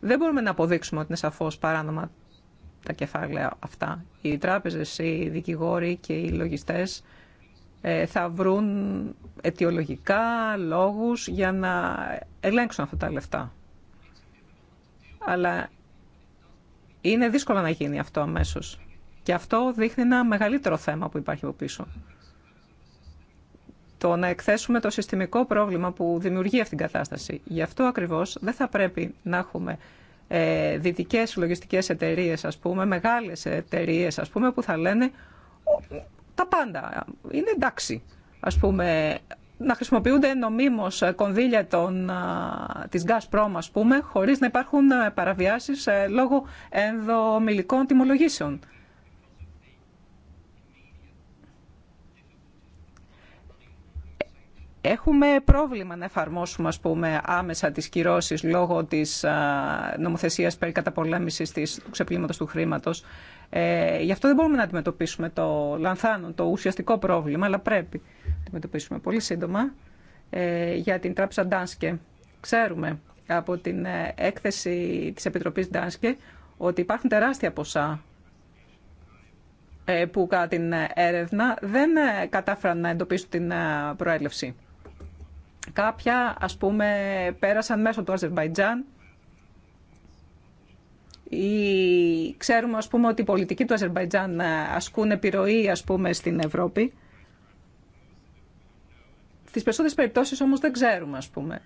δεν μπορούμε να αποδείξουμε ότι είναι σαφώ παράνομα τα κεφάλαια αυτά. Οι τράπεζε, οι δικηγόροι και οι λογιστέ ε, θα βρουν αιτιολογικά λόγους για να ελέγξουν αυτά τα λεφτά. Αλλά είναι δύσκολο να γίνει αυτό αμέσω. Και αυτό δείχνει ένα μεγαλύτερο θέμα που υπάρχει από πίσω. Το να εκθέσουμε το συστημικό πρόβλημα που δημιουργεί αυτήν την κατάσταση. Γι' αυτό ακριβώς δεν θα πρέπει να έχουμε ε, δυτικές λογιστικές εταιρείες, ας πούμε, μεγάλες εταιρείες, ας πούμε, που θα λένε τα πάντα. Είναι εντάξει. Ας πούμε, να χρησιμοποιούνται νομίμως κονδύλια των, της Gazprom, ας πούμε, χωρίς να υπάρχουν παραβιάσεις ε, λόγω ενδομιλικών τιμολογήσεων. Έχουμε πρόβλημα να εφαρμόσουμε άμεσα τις κυρώσεις λόγω της νομοθεσίας περί καταπολέμησης της, του του χρήματος. Ε, γι' αυτό δεν μπορούμε να αντιμετωπίσουμε το λανθάνο, το ουσιαστικό πρόβλημα, αλλά πρέπει να αντιμετωπίσουμε πολύ σύντομα ε, για την τράπεζα Ντάνσκε. Ξέρουμε από την ε, έκθεση της Επιτροπής Ντάνσκε ότι υπάρχουν τεράστια ποσά ε, που κατά την ε, έρευνα δεν κατάφεραν να εντοπίσουν την προέλευση. Κάποια, ας πούμε, πέρασαν μέσω του Αζερβαϊτζάν ή ξέρουμε, ας πούμε, ότι οι πολιτικοί του Αζερβαϊτζάν ε, ασκούν επιρροή, ας πούμε, στην Ευρώπη. Τις περισσότερες περιπτώσεις όμως δεν ξέρουμε, ας πούμε.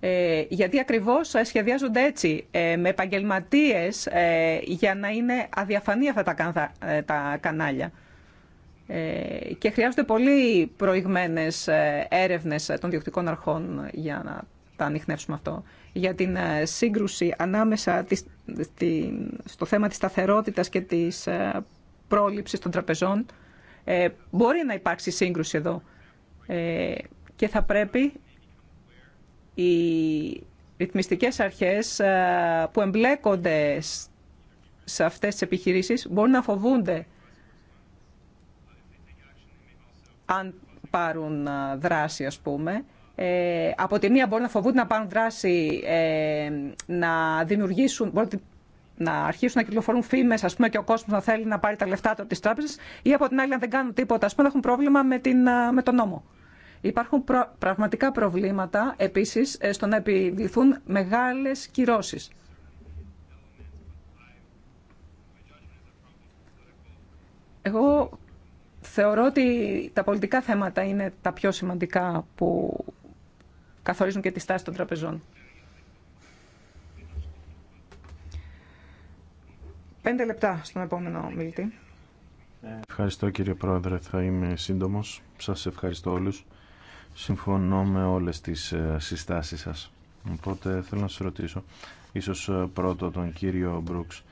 Ε, γιατί ακριβώς ε, σχεδιάζονται έτσι, ε, με επαγγελματίες, για να είναι αδιαφανή αυτά τα, τα κανάλια. Ε, και χρειάζονται πολύ προηγμένες ε, έρευνες ε, των διοκτικών αρχών για να τα ανοιχνεύσουμε αυτό. Για την σύγκρουση ανάμεσα στο θέμα της σταθερότητας και της πρόληψης των τραπεζών μπορεί να υπάρξει σύγκρουση εδώ και θα πρέπει οι ρυθμιστικές αρχές που εμπλέκονται σε αυτές τις επιχειρήσεις μπορούν να φοβούνται αν πάρουν δράση, ας πούμε. Ε, από τη μία μπορεί να φοβούνται να πάρουν δράση, ε, να δημιουργήσουν, μπορεί να αρχίσουν να κυκλοφορούν φήμε, α πούμε, και ο κόσμο να θέλει να πάρει τα λεφτά του από τι ή από την άλλη, αν δεν κάνουν τίποτα, α πούμε, να έχουν πρόβλημα με, την, με τον νόμο. Υπάρχουν πραγματικά προβλήματα επίση ε, στο να επιβληθούν μεγάλε κυρώσει. Εγώ Θεωρώ ότι τα πολιτικά θέματα είναι τα πιο σημαντικά που καθορίζουν και τη στάση των τραπεζών. Πέντε λεπτά στον επόμενο μιλητή. Ευχαριστώ κύριε Πρόεδρε, θα είμαι σύντομος. Σας ευχαριστώ όλους. Συμφωνώ με όλες τις ε, συστάσεις σας. Οπότε θέλω να σας ρωτήσω, ίσως ε, πρώτο τον κύριο Μπρούξ,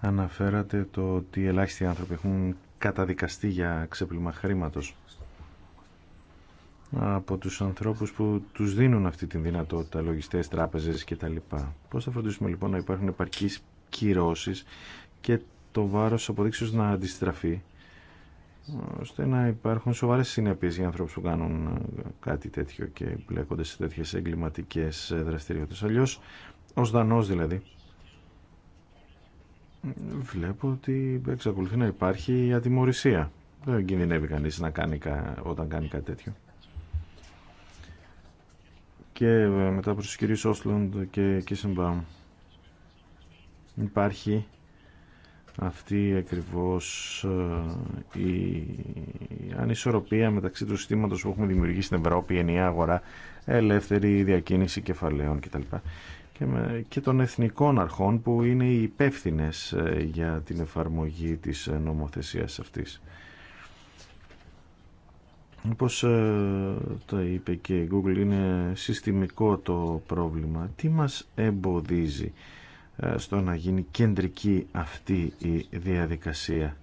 αναφέρατε το ότι ελάχιστοι άνθρωποι έχουν καταδικαστεί για ξέπλυμα χρήματος από τους ανθρώπους που τους δίνουν αυτή τη δυνατότητα, λογιστές, τράπεζες κτλ. Πώς θα φροντίσουμε λοιπόν να υπάρχουν επαρκείς κυρώσεις και το βάρος αποδείξεως να αντιστραφεί ώστε να υπάρχουν σοβαρές συνέπειες για ανθρώπους που κάνουν ε, κάτι τέτοιο και μπλέκονται σε τέτοιες εγκληματικές δραστηριότητες. Αλλιώς, ως δανός δηλαδή, Βλέπω ότι εξακολουθεί να υπάρχει η ατιμορρησία. Δεν κινδυνεύει κανείς να κάνει, όταν κάνει κάτι τέτοιο. Και ε, μετά προς τους κυρίους Όσλοντ και Κίσενμπαουμ υπάρχει αυτή ακριβώς ε, η ανισορροπία μεταξύ του συστήματος που έχουμε δημιουργήσει στην Ευρώπη, ενιαία αγορά, ελεύθερη διακίνηση κεφαλαίων κτλ και, με, και των εθνικών αρχών που είναι οι υπεύθυνε ε, για την εφαρμογή της ε, νομοθεσίας αυτής. Όπως ε, το είπε και η Google, είναι συστημικό το πρόβλημα. Τι μας εμποδίζει στο να γίνει κεντρική αυτή η διαδικασία.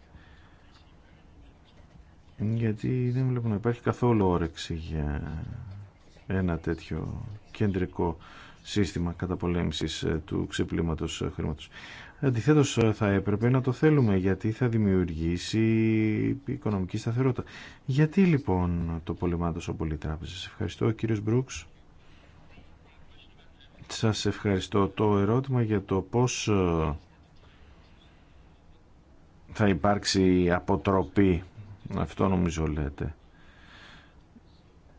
Γιατί δεν βλέπω να υπάρχει καθόλου όρεξη για ένα τέτοιο κεντρικό σύστημα καταπολέμησης ε, του ξεπλήματος ε, χρήματος. Αντιθέτως ε, θα έπρεπε να το θέλουμε γιατί θα δημιουργήσει οικονομική σταθερότητα. Γιατί λοιπόν το πολεμάτος ο πολύ Σας Ευχαριστώ κύριος Μπρούξ. Σας ευχαριστώ. Το ερώτημα για το πώς θα υπάρξει αποτροπή, αυτό νομίζω λέτε,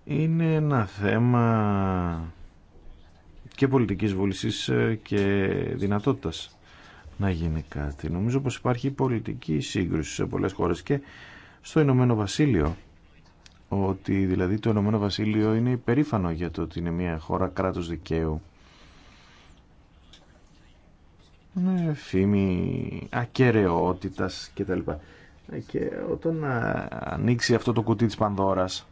είναι ένα θέμα και πολιτικής βούλησης ε, και δυνατότητας να γίνει κάτι. Νομίζω πως υπάρχει πολιτική σύγκρουση σε πολλές χώρες και στο Ηνωμένο Βασίλειο ότι δηλαδή το Ηνωμένο Βασίλειο είναι υπερήφανο για το ότι είναι μια χώρα κράτους δικαίου ναι, φήμη τα κτλ. Ε, και όταν ανοίξει αυτό το κουτί της Πανδώρας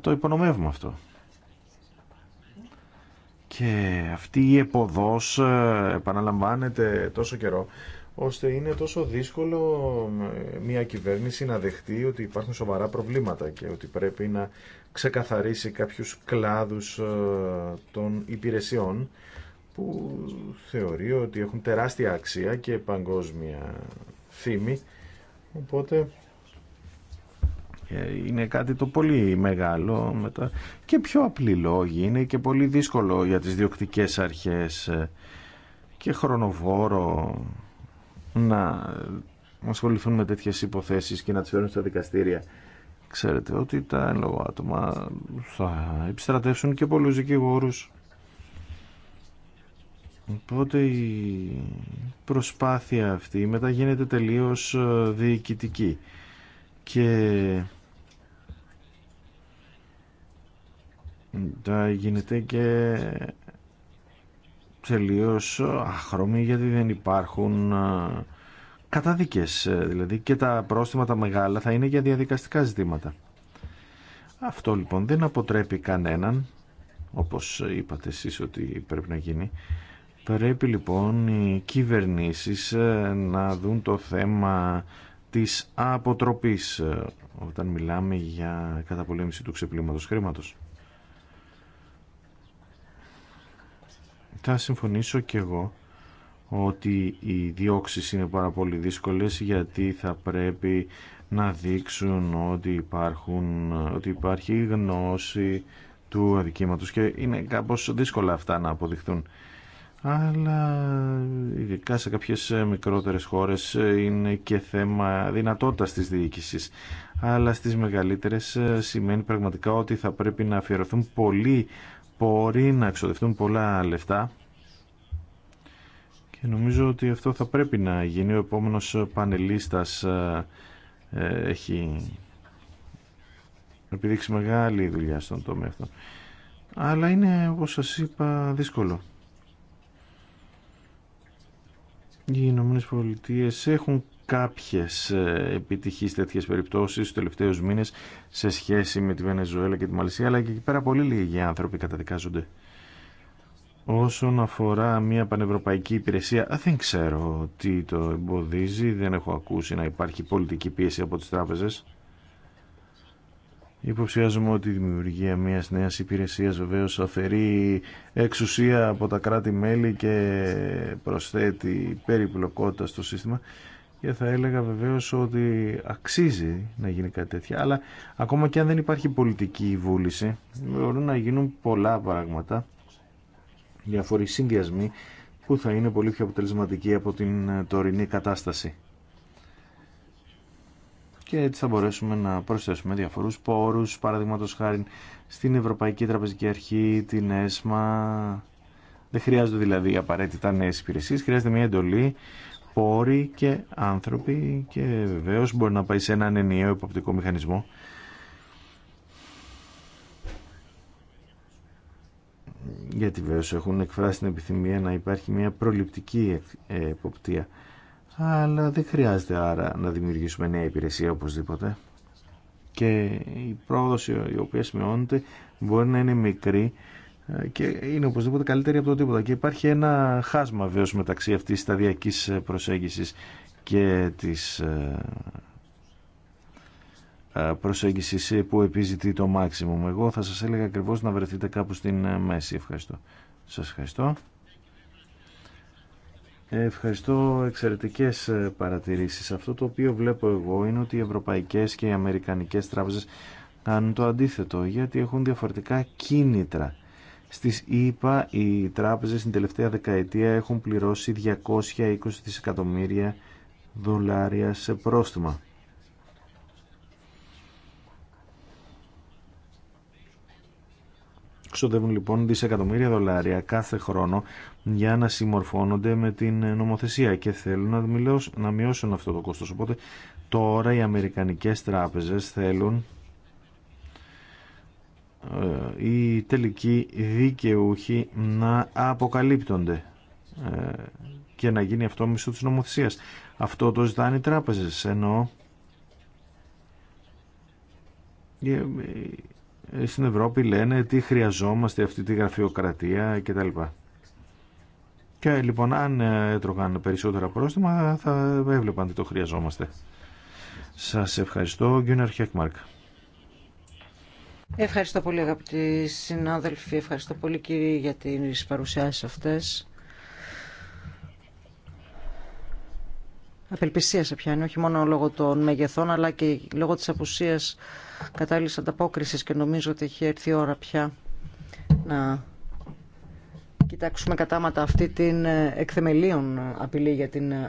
το υπονομεύουμε αυτό. Και αυτή η εποδός ε, επαναλαμβάνεται τόσο καιρό ώστε είναι τόσο δύσκολο μια κυβέρνηση να δεχτεί ότι υπάρχουν σοβαρά προβλήματα και ότι πρέπει να ξεκαθαρίσει κάποιους κλάδους ε, των υπηρεσιών που θεωρεί ότι έχουν τεράστια αξία και παγκόσμια φήμη οπότε ε, είναι κάτι το πολύ μεγάλο μετά και πιο απλή λόγη είναι και πολύ δύσκολο για τις διοκτικές αρχές ε, και χρονοβόρο να ασχοληθούν με τέτοιες υποθέσεις και να τις φέρουν στα δικαστήρια ξέρετε ότι τα εν λόγω άτομα θα επιστρατεύσουν και πολλούς δικηγόρους Οπότε η προσπάθεια αυτή μετά γίνεται τελείως ε, διοικητική και γίνεται και τελείως αχρώμη γιατί δεν υπάρχουν καταδίκες δηλαδή και τα πρόστιμα τα μεγάλα θα είναι για διαδικαστικά ζητήματα αυτό λοιπόν δεν αποτρέπει κανέναν όπως είπατε εσείς ότι πρέπει να γίνει πρέπει λοιπόν οι κυβερνήσεις να δουν το θέμα της αποτροπής όταν μιλάμε για καταπολέμηση του ξεπλήματος χρήματος Θα συμφωνήσω και εγώ ότι οι διώξει είναι πάρα πολύ δύσκολες γιατί θα πρέπει να δείξουν ότι, υπάρχουν, ότι υπάρχει γνώση του αδικήματος και είναι κάπως δύσκολα αυτά να αποδειχθούν. Αλλά ειδικά σε κάποιες μικρότερες χώρες είναι και θέμα δυνατότητας της διοίκησης. Αλλά στις μεγαλύτερες σημαίνει πραγματικά ότι θα πρέπει να αφιερωθούν πολλοί μπορεί να εξοδευτούν πολλά λεφτά και νομίζω ότι αυτό θα πρέπει να γίνει. Ο επόμενος πανελίστας ε, ε, έχει επιδείξει μεγάλη δουλειά στον τομέα αυτό. Αλλά είναι, όπως σας είπα, δύσκολο. Οι Ηνωμένε Πολιτείε έχουν κάποιες ε, επιτυχίες τέτοιες περιπτώσεις στους τελευταίους μήνες σε σχέση με τη Βενεζουέλα και τη Μαλισσία αλλά και εκεί πέρα πολύ λίγοι άνθρωποι καταδικάζονται. Όσον αφορά μια πανευρωπαϊκή υπηρεσία, δεν ξέρω τι το εμποδίζει, δεν έχω ακούσει να υπάρχει πολιτική πίεση από τις τράπεζες. Υποψιάζομαι ότι η δημιουργία μια νέα υπηρεσία βεβαίω αφαιρεί εξουσία από τα κράτη-μέλη και προσθέτει περιπλοκότητα στο σύστημα και θα έλεγα βεβαίως ότι αξίζει να γίνει κάτι τέτοιο αλλά ακόμα και αν δεν υπάρχει πολιτική βούληση μπορούν να γίνουν πολλά πράγματα διαφοροί συνδυασμοί που θα είναι πολύ πιο αποτελεσματικοί από την τωρινή κατάσταση και έτσι θα μπορέσουμε να προσθέσουμε διαφορούς πόρους παραδείγματος χάρη στην Ευρωπαϊκή Τραπεζική Αρχή, την ΕΣΜΑ δεν χρειάζονται δηλαδή απαραίτητα νέε υπηρεσίε, χρειάζεται μια εντολή πόροι και άνθρωποι και βεβαίω μπορεί να πάει σε έναν ενιαίο υποπτικό μηχανισμό. Γιατί βεβαίω έχουν εκφράσει την επιθυμία να υπάρχει μια προληπτική ε, εποπτεία. Αλλά δεν χρειάζεται άρα να δημιουργήσουμε νέα υπηρεσία οπωσδήποτε. Και η πρόοδος η οποία σημειώνεται μπορεί να είναι μικρή και είναι οπωσδήποτε καλύτερη από το τίποτα. Και υπάρχει ένα χάσμα βέβαιως μεταξύ αυτή τη σταδιακής προσέγγιση και τη ε, ε, προσέγγιση που επιζητεί το μάξιμουμ. Εγώ θα σα έλεγα ακριβώ να βρεθείτε κάπου στην ε, μέση. Ευχαριστώ. Σας ευχαριστώ. Ευχαριστώ. Εξαιρετικές παρατηρήσεις. Αυτό το οποίο βλέπω εγώ είναι ότι οι ευρωπαϊκές και οι αμερικανικές τράπεζες κάνουν το αντίθετο γιατί έχουν διαφορετικά κίνητρα στις ΗΠΑ οι τράπεζες την τελευταία δεκαετία έχουν πληρώσει 220 δισεκατομμύρια δολάρια σε πρόστιμα. Ξοδεύουν λοιπόν δισεκατομμύρια δολάρια κάθε χρόνο για να συμμορφώνονται με την νομοθεσία και θέλουν να μειώσουν αυτό το κόστος. Οπότε τώρα οι αμερικανικές τράπεζες θέλουν ε, οι τελικοί δικαιούχοι να αποκαλύπτονται ε, και να γίνει αυτό μισό της νομοθεσίας. Αυτό το ζητάνε οι τράπεζες, ενώ ε, στην Ευρώπη λένε τι χρειαζόμαστε αυτή τη γραφειοκρατία κτλ. Και λοιπόν αν έτρωγαν περισσότερα πρόστιμα θα έβλεπαν τι το χρειαζόμαστε. Σας ευχαριστώ Γκίνερ Χέκμαρκ. Ευχαριστώ πολύ αγαπητοί συνάδελφοι, ευχαριστώ πολύ κύριοι για τις παρουσιάσεις αυτές. Απελπισία σε πιάνει, όχι μόνο λόγω των μεγεθών, αλλά και λόγω της απουσίας κατάλληλης ανταπόκρισης και νομίζω ότι έχει έρθει η ώρα πια να κοιτάξουμε κατάματα αυτή την ε, εκθεμελίων απειλή για την ε,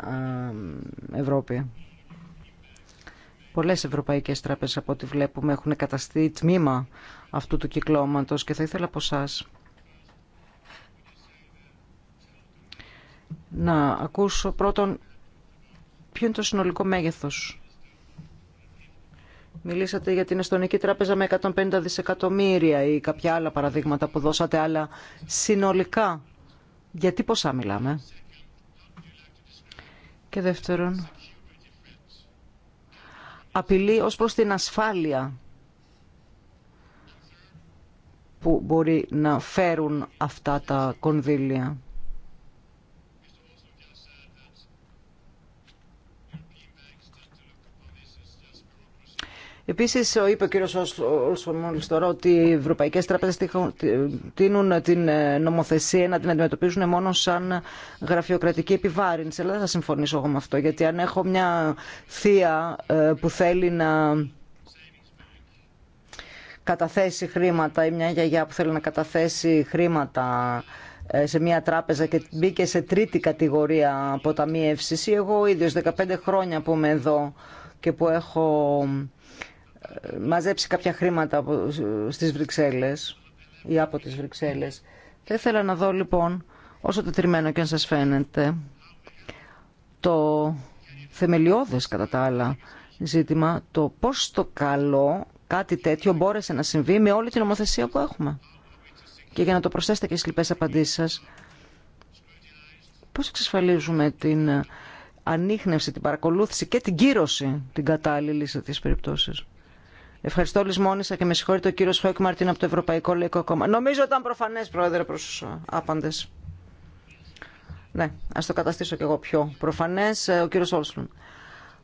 Ευρώπη. Πολλές ευρωπαϊκές τράπεζες από ό,τι βλέπουμε έχουν καταστεί τμήμα αυτού του κυκλώματος και θα ήθελα από εσά να ακούσω πρώτον ποιο είναι το συνολικό μέγεθος. Μιλήσατε για την Εστονική Τράπεζα με 150 δισεκατομμύρια ή κάποια άλλα παραδείγματα που δώσατε, αλλά συνολικά γιατί ποσά μιλάμε. Και δεύτερον, απειλή ως προς την ασφάλεια που μπορεί να φέρουν αυτά τα κονδύλια. Επίση, είπε ο κύριο Όλσον μόλι τώρα ότι οι ευρωπαϊκέ τράπεζε τείνουν την ε, νομοθεσία να την αντιμετωπίζουν μόνο σαν γραφειοκρατική επιβάρυνση. Αλλά δεν θα συμφωνήσω εγώ με αυτό, γιατί αν έχω μια θεία ε, που θέλει να καταθέσει χρήματα ή μια γιαγιά που θέλει να καταθέσει χρήματα ε, σε μια τράπεζα και μπήκε σε τρίτη κατηγορία αποταμίευσης ή εγώ ίδιος 15 χρόνια που είμαι εδώ και που έχω μαζέψει κάποια χρήματα στις Βρυξέλλες ή από τις Βρυξέλλες. Θα ήθελα να δω λοιπόν, όσο τετριμένο και αν σας φαίνεται, το θεμελιώδες κατά τα άλλα ζήτημα, το πώς το καλό κάτι τέτοιο μπόρεσε να συμβεί με όλη την ομοθεσία που έχουμε. Και για να το προσθέσετε και στις λοιπές απαντήσεις σας, πώς εξασφαλίζουμε την ανείχνευση, την παρακολούθηση και την κύρωση την κατάλληλη σε αυτές τις περιπτώσεις. Ευχαριστώ λησμόνισα και με συγχωρείτε ο κύριο Χόικ Μαρτίν από το Ευρωπαϊκό Λαϊκό Κόμμα. Νομίζω ήταν προφανέ, Πρόεδρε, προ του ε, άπαντε. Ναι, α το καταστήσω κι εγώ πιο προφανέ. Ε, ο κύριο Όλσλουν.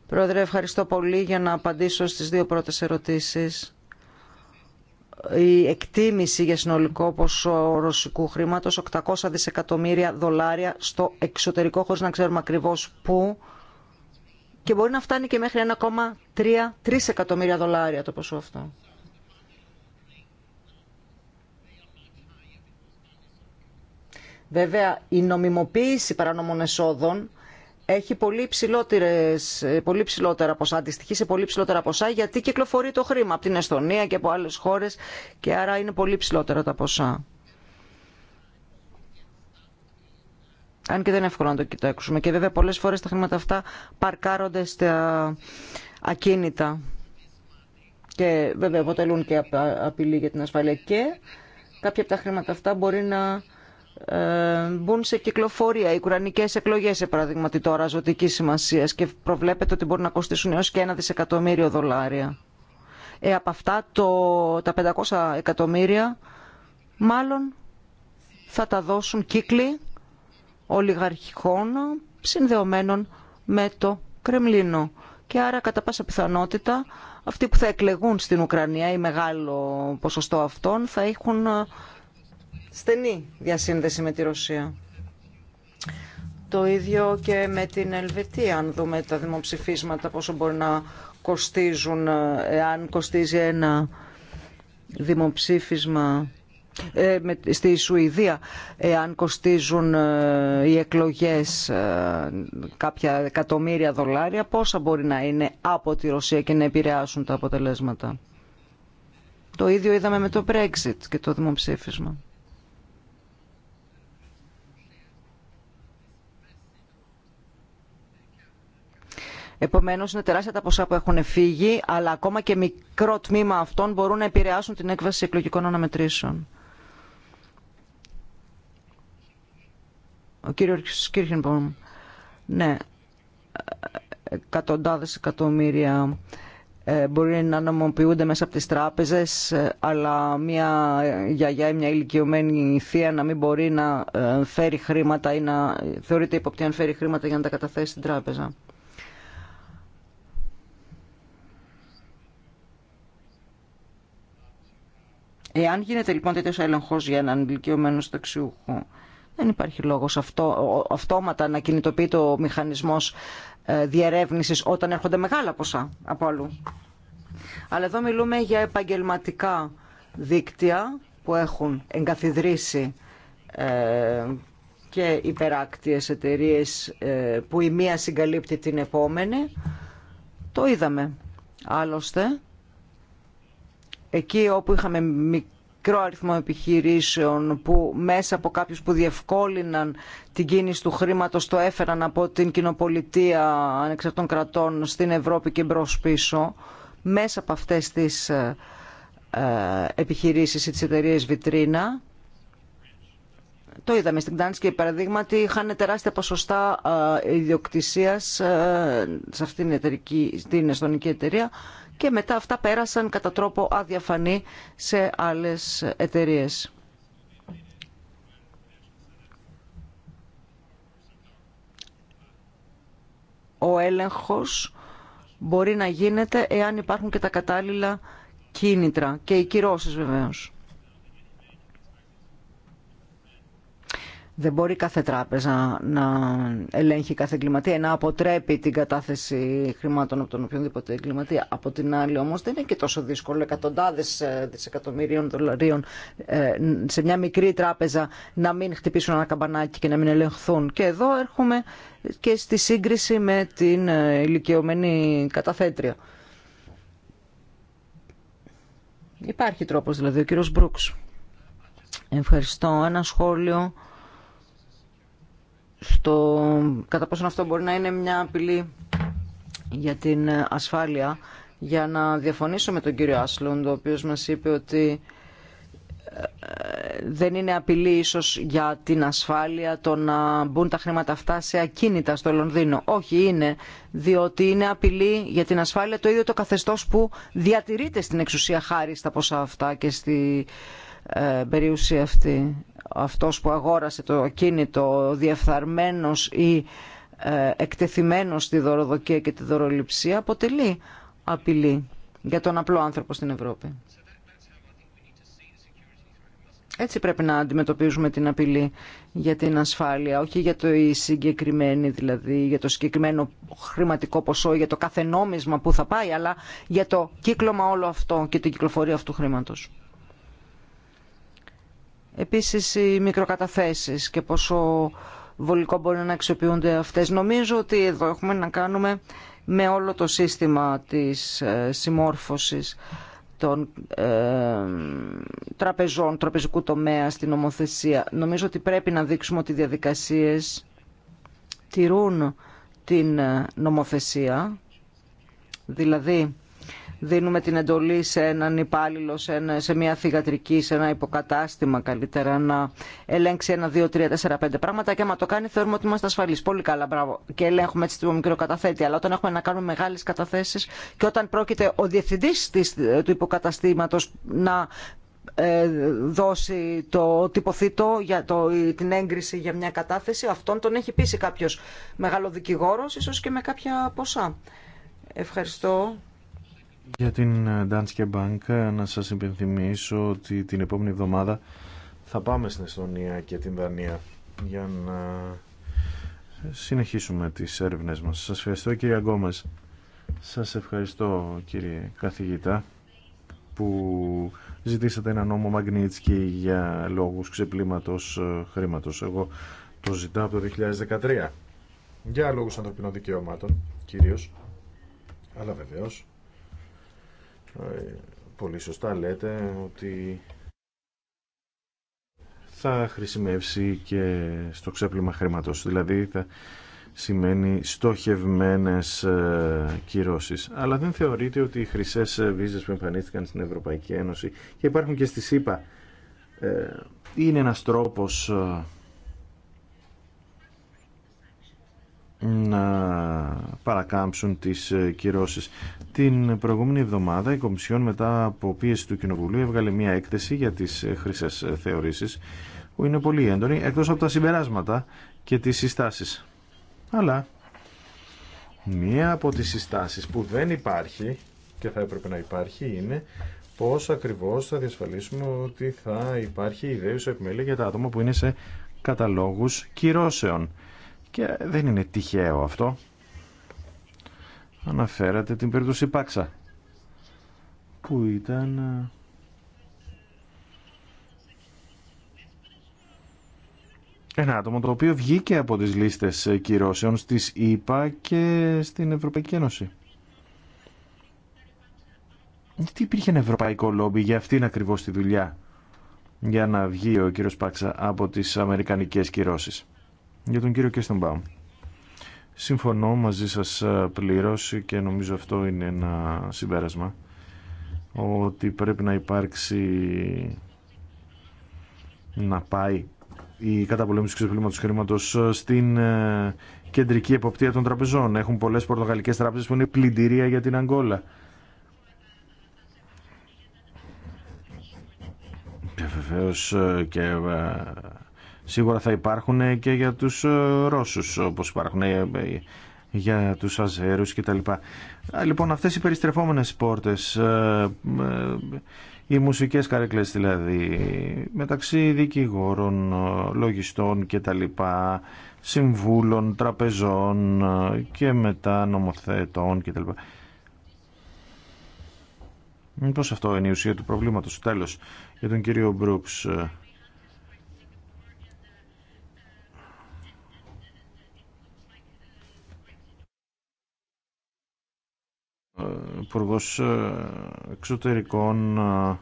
Πρόεδρε, ευχαριστώ πολύ για να απαντήσω στι δύο πρώτε ερωτήσει. Η εκτίμηση για συνολικό ποσό ρωσικού χρήματος, 800 δισεκατομμύρια δολάρια στο εξωτερικό, χωρίς να ξέρουμε ακριβώ πού και μπορεί να φτάνει και μέχρι 1,3 εκατομμύρια δολάρια το ποσό αυτό. Βέβαια, η νομιμοποίηση παρανομών εσόδων έχει πολύ, πολύ ψηλότερα ποσά, αντιστοιχεί σε πολύ ψηλότερα ποσά, γιατί κυκλοφορεί το χρήμα από την Εστονία και από άλλες χώρες και άρα είναι πολύ ψηλότερα τα ποσά. αν και δεν είναι εύκολο να το κοιτάξουμε. Και βέβαια πολλές φορές τα χρήματα αυτά παρκάρονται στα ακίνητα και βέβαια αποτελούν και απειλή για την ασφάλεια και κάποια από τα χρήματα αυτά μπορεί να ε, μπουν σε κυκλοφορία. Οι κουρανικέ εκλογέ, σε παράδειγμα, τώρα ζωτική σημασία και προβλέπεται ότι μπορούν να κοστίσουν έω και ένα δισεκατομμύριο δολάρια. Ε, από αυτά το, τα 500 εκατομμύρια μάλλον θα τα δώσουν κύκλοι ολιγαρχικών συνδεωμένων με το Κρεμλίνο. Και άρα κατά πάσα πιθανότητα αυτοί που θα εκλεγούν στην Ουκρανία ή μεγάλο ποσοστό αυτών θα έχουν ε, στενή διασύνδεση με τη Ρωσία. Το ίδιο και με την Ελβετία, αν δούμε τα δημοψηφίσματα πόσο μπορεί να κοστίζουν, ε, εάν κοστίζει ένα δημοψήφισμα ε, στη Σουηδία εάν κοστίζουν ε, οι εκλογές ε, κάποια εκατομμύρια δολάρια πόσα μπορεί να είναι από τη Ρωσία και να επηρεάσουν τα αποτελέσματα. Το ίδιο είδαμε με το Brexit και το δημοψήφισμα. Επομένως είναι τεράστια τα ποσά που έχουν φύγει, αλλά ακόμα και μικρό τμήμα αυτών μπορούν να επηρεάσουν την έκβαση εκλογικών αναμετρήσεων. Ο κύριος Κίρχενπομ, ναι, εκατοντάδες εκατομμύρια ε, μπορεί να νομοποιούνται μέσα από τις τράπεζες ε, αλλά μια γιαγιά ή μια ηλικιωμένη θεία να μην μπορεί να ε, φέρει χρήματα ή να θεωρείται υποπτή αν φέρει χρήματα για να τα καταθέσει στην τράπεζα. Εάν γίνεται λοιπόν τέτοιος έλεγχος για έναν ηλικιωμένο ταξιούχο, δεν υπάρχει λόγος αυτόματα να κινητοποιεί το μηχανισμός ε, διερεύνησης όταν έρχονται μεγάλα ποσά από αλλού. Αλλά εδώ μιλούμε για επαγγελματικά δίκτυα που έχουν εγκαθιδρύσει ε, και υπεράκτιες εταιρείες ε, που η μία συγκαλύπτει την επόμενη. Το είδαμε. Άλλωστε, εκεί όπου είχαμε μικρό αριθμό επιχειρήσεων που μέσα από κάποιους που διευκόλυναν την κίνηση του χρήματος το έφεραν από την κοινοπολιτεία ανεξαρτών κρατών στην Ευρώπη και μπρος πίσω μέσα από αυτές τις ε, ε, επιχειρήσεις ή τις εταιρείε βιτρίνα το είδαμε στην Κτάνης και παραδείγματι είχαν τεράστια ποσοστά ε, ιδιοκτησίας σε αυτήν την εταιρική, στην εστονική εταιρεία και μετά αυτά πέρασαν κατά τρόπο αδιαφανή σε άλλες εταιρείες. Ο έλεγχος μπορεί να γίνεται εάν υπάρχουν και τα κατάλληλα κίνητρα και οι κυρώσεις βεβαίως. Δεν μπορεί κάθε τράπεζα να ελέγχει κάθε εγκληματία, να αποτρέπει την κατάθεση χρημάτων από τον οποιονδήποτε εγκληματία. Από την άλλη όμως δεν είναι και τόσο δύσκολο εκατοντάδες ε, δισεκατομμυρίων δολαρίων ε, σε μια μικρή τράπεζα να μην χτυπήσουν ένα καμπανάκι και να μην ελεγχθούν. Και εδώ έρχομαι και στη σύγκριση με την ε, ηλικιωμένη καταθέτρια. Υπάρχει τρόπος δηλαδή, ο κύριος Μπρούξ. Ευχαριστώ. Ένα σχόλιο στο κατά πόσο αυτό μπορεί να είναι μια απειλή για την ασφάλεια για να διαφωνήσω με τον κύριο Άσλοντ, ο οποίος μας είπε ότι ε, δεν είναι απειλή ίσως για την ασφάλεια το να μπουν τα χρήματα αυτά σε ακίνητα στο Λονδίνο. Όχι είναι, διότι είναι απειλή για την ασφάλεια το ίδιο το καθεστώς που διατηρείται στην εξουσία χάρη στα ποσά αυτά και στη ε, περιουσία αυτή αυτός που αγόρασε το ακίνητο διεφθαρμένος ή ε, εκτεθειμένος στη δωροδοκία και τη δωροληψία αποτελεί απειλή για τον απλό άνθρωπο στην Ευρώπη. Έτσι πρέπει να αντιμετωπίζουμε την απειλή για την ασφάλεια, όχι για το συγκεκριμένη, δηλαδή για το συγκεκριμένο χρηματικό ποσό, για το κάθε νόμισμα που θα πάει, αλλά για το κύκλωμα όλο αυτό και την κυκλοφορία αυτού χρήματος. Επίσης οι μικροκαταθέσεις και πόσο βολικό μπορεί να αξιοποιούνται αυτές. Νομίζω ότι εδώ έχουμε να κάνουμε με όλο το σύστημα της ε, συμμόρφωσης των ε, τραπεζών, τραπεζικού τομέα στην νομοθεσία. Νομίζω ότι πρέπει να δείξουμε ότι οι διαδικασίες τηρούν την ε, νομοθεσία, δηλαδή δίνουμε την εντολή σε έναν υπάλληλο, σε μια θηγατρική, σε ένα υποκατάστημα καλύτερα να ελέγξει ένα, δύο, τρία, τέσσερα, πέντε πράγματα και άμα το κάνει θεωρούμε ότι είμαστε ασφαλείς. Πολύ καλά, μπράβο. Και ελέγχουμε έτσι το μικρό καταθέτη. Αλλά όταν έχουμε να κάνουμε μεγάλες καταθέσεις και όταν πρόκειται ο διευθυντής ε, του υποκαταστήματος να ε, δώσει το τυποθήτο για το, την έγκριση για μια κατάθεση, αυτόν τον έχει πείσει κάποιος μεγάλο δικηγόρος, ίσως και με κάποια ποσά. Ευχαριστώ. Για την ε, Danske Bank ε, να σας υπενθυμίσω ότι την επόμενη εβδομάδα θα πάμε στην Εστονία και την Δανία για να ε, συνεχίσουμε τις έρευνες μας. Σας ευχαριστώ κύριε Αγκόμες. Σας ευχαριστώ κύριε καθηγητά που ζητήσατε ένα νόμο Μαγνίτσκι για λόγους ξεπλήματος χρήματος. Εγώ το ζητάω από το 2013 για λόγους ανθρωπινών δικαιωμάτων κυρίως, αλλά βεβαίως ε, πολύ σωστά λέτε ότι θα χρησιμεύσει και στο ξέπλυμα χρήματος. Δηλαδή θα σημαίνει στοχευμένες ε, κυρώσεις. Αλλά δεν θεωρείτε ότι οι χρυσές ε, βίζες που εμφανίστηκαν στην Ευρωπαϊκή Ένωση και υπάρχουν και στη ΣΥΠΑ είναι ένας τρόπος να παρακάμψουν τις ε, κυρώσεις. Την προηγούμενη εβδομάδα η Κομισιόν μετά από πίεση του Κοινοβουλίου έβγαλε μια έκθεση για τις ε, χρυσές ε, θεωρήσεις που είναι πολύ έντονη εκτός από τα συμπεράσματα και τις συστάσεις. Αλλά μία από τις συστάσεις που δεν υπάρχει και θα έπρεπε να υπάρχει είναι πώς ακριβώς θα διασφαλίσουμε ότι θα υπάρχει ιδέουσα επιμέλεια για τα άτομα που είναι σε καταλόγους κυρώσεων. Και δεν είναι τυχαίο αυτό. Αναφέρατε την περίπτωση Πάξα που ήταν ε, Ένα άτομο το οποίο βγήκε από τις λίστες κυρώσεων στις ΗΠΑ και στην Ευρωπαϊκή Ένωση. Τι υπήρχε ένα ευρωπαϊκό λόμπι για αυτήν ακριβώς τη δουλειά για να βγει ο κύριος Πάξα από τις αμερικανικές κυρώσεις για τον κύριο Κέστενμπαουμ. Συμφωνώ μαζί σας ε, πλήρως και νομίζω αυτό είναι ένα συμπέρασμα ότι πρέπει να υπάρξει να πάει η καταπολέμηση του ξεπλήματος χρήματος ε, στην ε, κεντρική εποπτεία των τραπεζών. Έχουν πολλές πορτογαλικές τράπεζες που είναι πλυντηρία για την Αγγόλα. Και και σίγουρα θα υπάρχουν και για τους ε, Ρώσους όπως υπάρχουν ε, ε, για τους Αζέρους κτλ. Λοιπόν αυτές οι περιστρεφόμενες πόρτες, οι μουσικές καρέκλες δηλαδή, μεταξύ δικηγόρων, λογιστών κτλ, συμβούλων, τραπεζών και μετά νομοθετών κτλ. Μήπως αυτό είναι η ουσία του προβλήματος. Τέλος, για τον κύριο Μπρούξ υπουργό ε, εξωτερικών ε,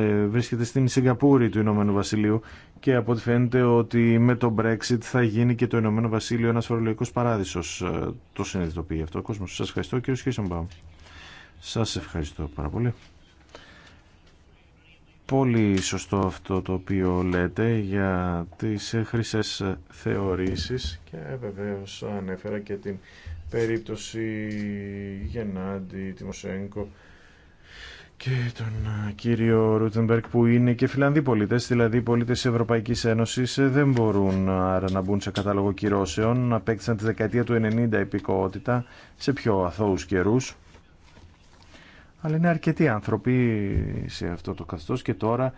ε, βρίσκεται στην Σιγκαπούρη του Ηνωμένου Βασιλείου και από ό,τι φαίνεται ότι με το Brexit θα γίνει και το Ηνωμένο Βασίλειο ένας φορολογικός παράδεισος. Το συνειδητοποιεί αυτό ο κόσμος. Σας ευχαριστώ κύριο πάμε Σας ευχαριστώ πάρα πολύ. Πολύ σωστό αυτό το οποίο λέτε για τις χρυσές θεωρήσεις και βεβαίως ανέφερα και την περίπτωση Γενάντη Τιμοσέγκο και τον κύριο Ρούτενμπεργκ που είναι και Φιλανδοί πολίτε, δηλαδή πολίτε τη Ευρωπαϊκή Ένωση, ε, δεν μπορούν άρα να μπουν σε κατάλογο κυρώσεων. Απέκτησαν τη δεκαετία του 90 επικότητα σε πιο αθώου καιρού. Αλλά είναι αρκετοί άνθρωποι σε αυτό το καθεστώ και τώρα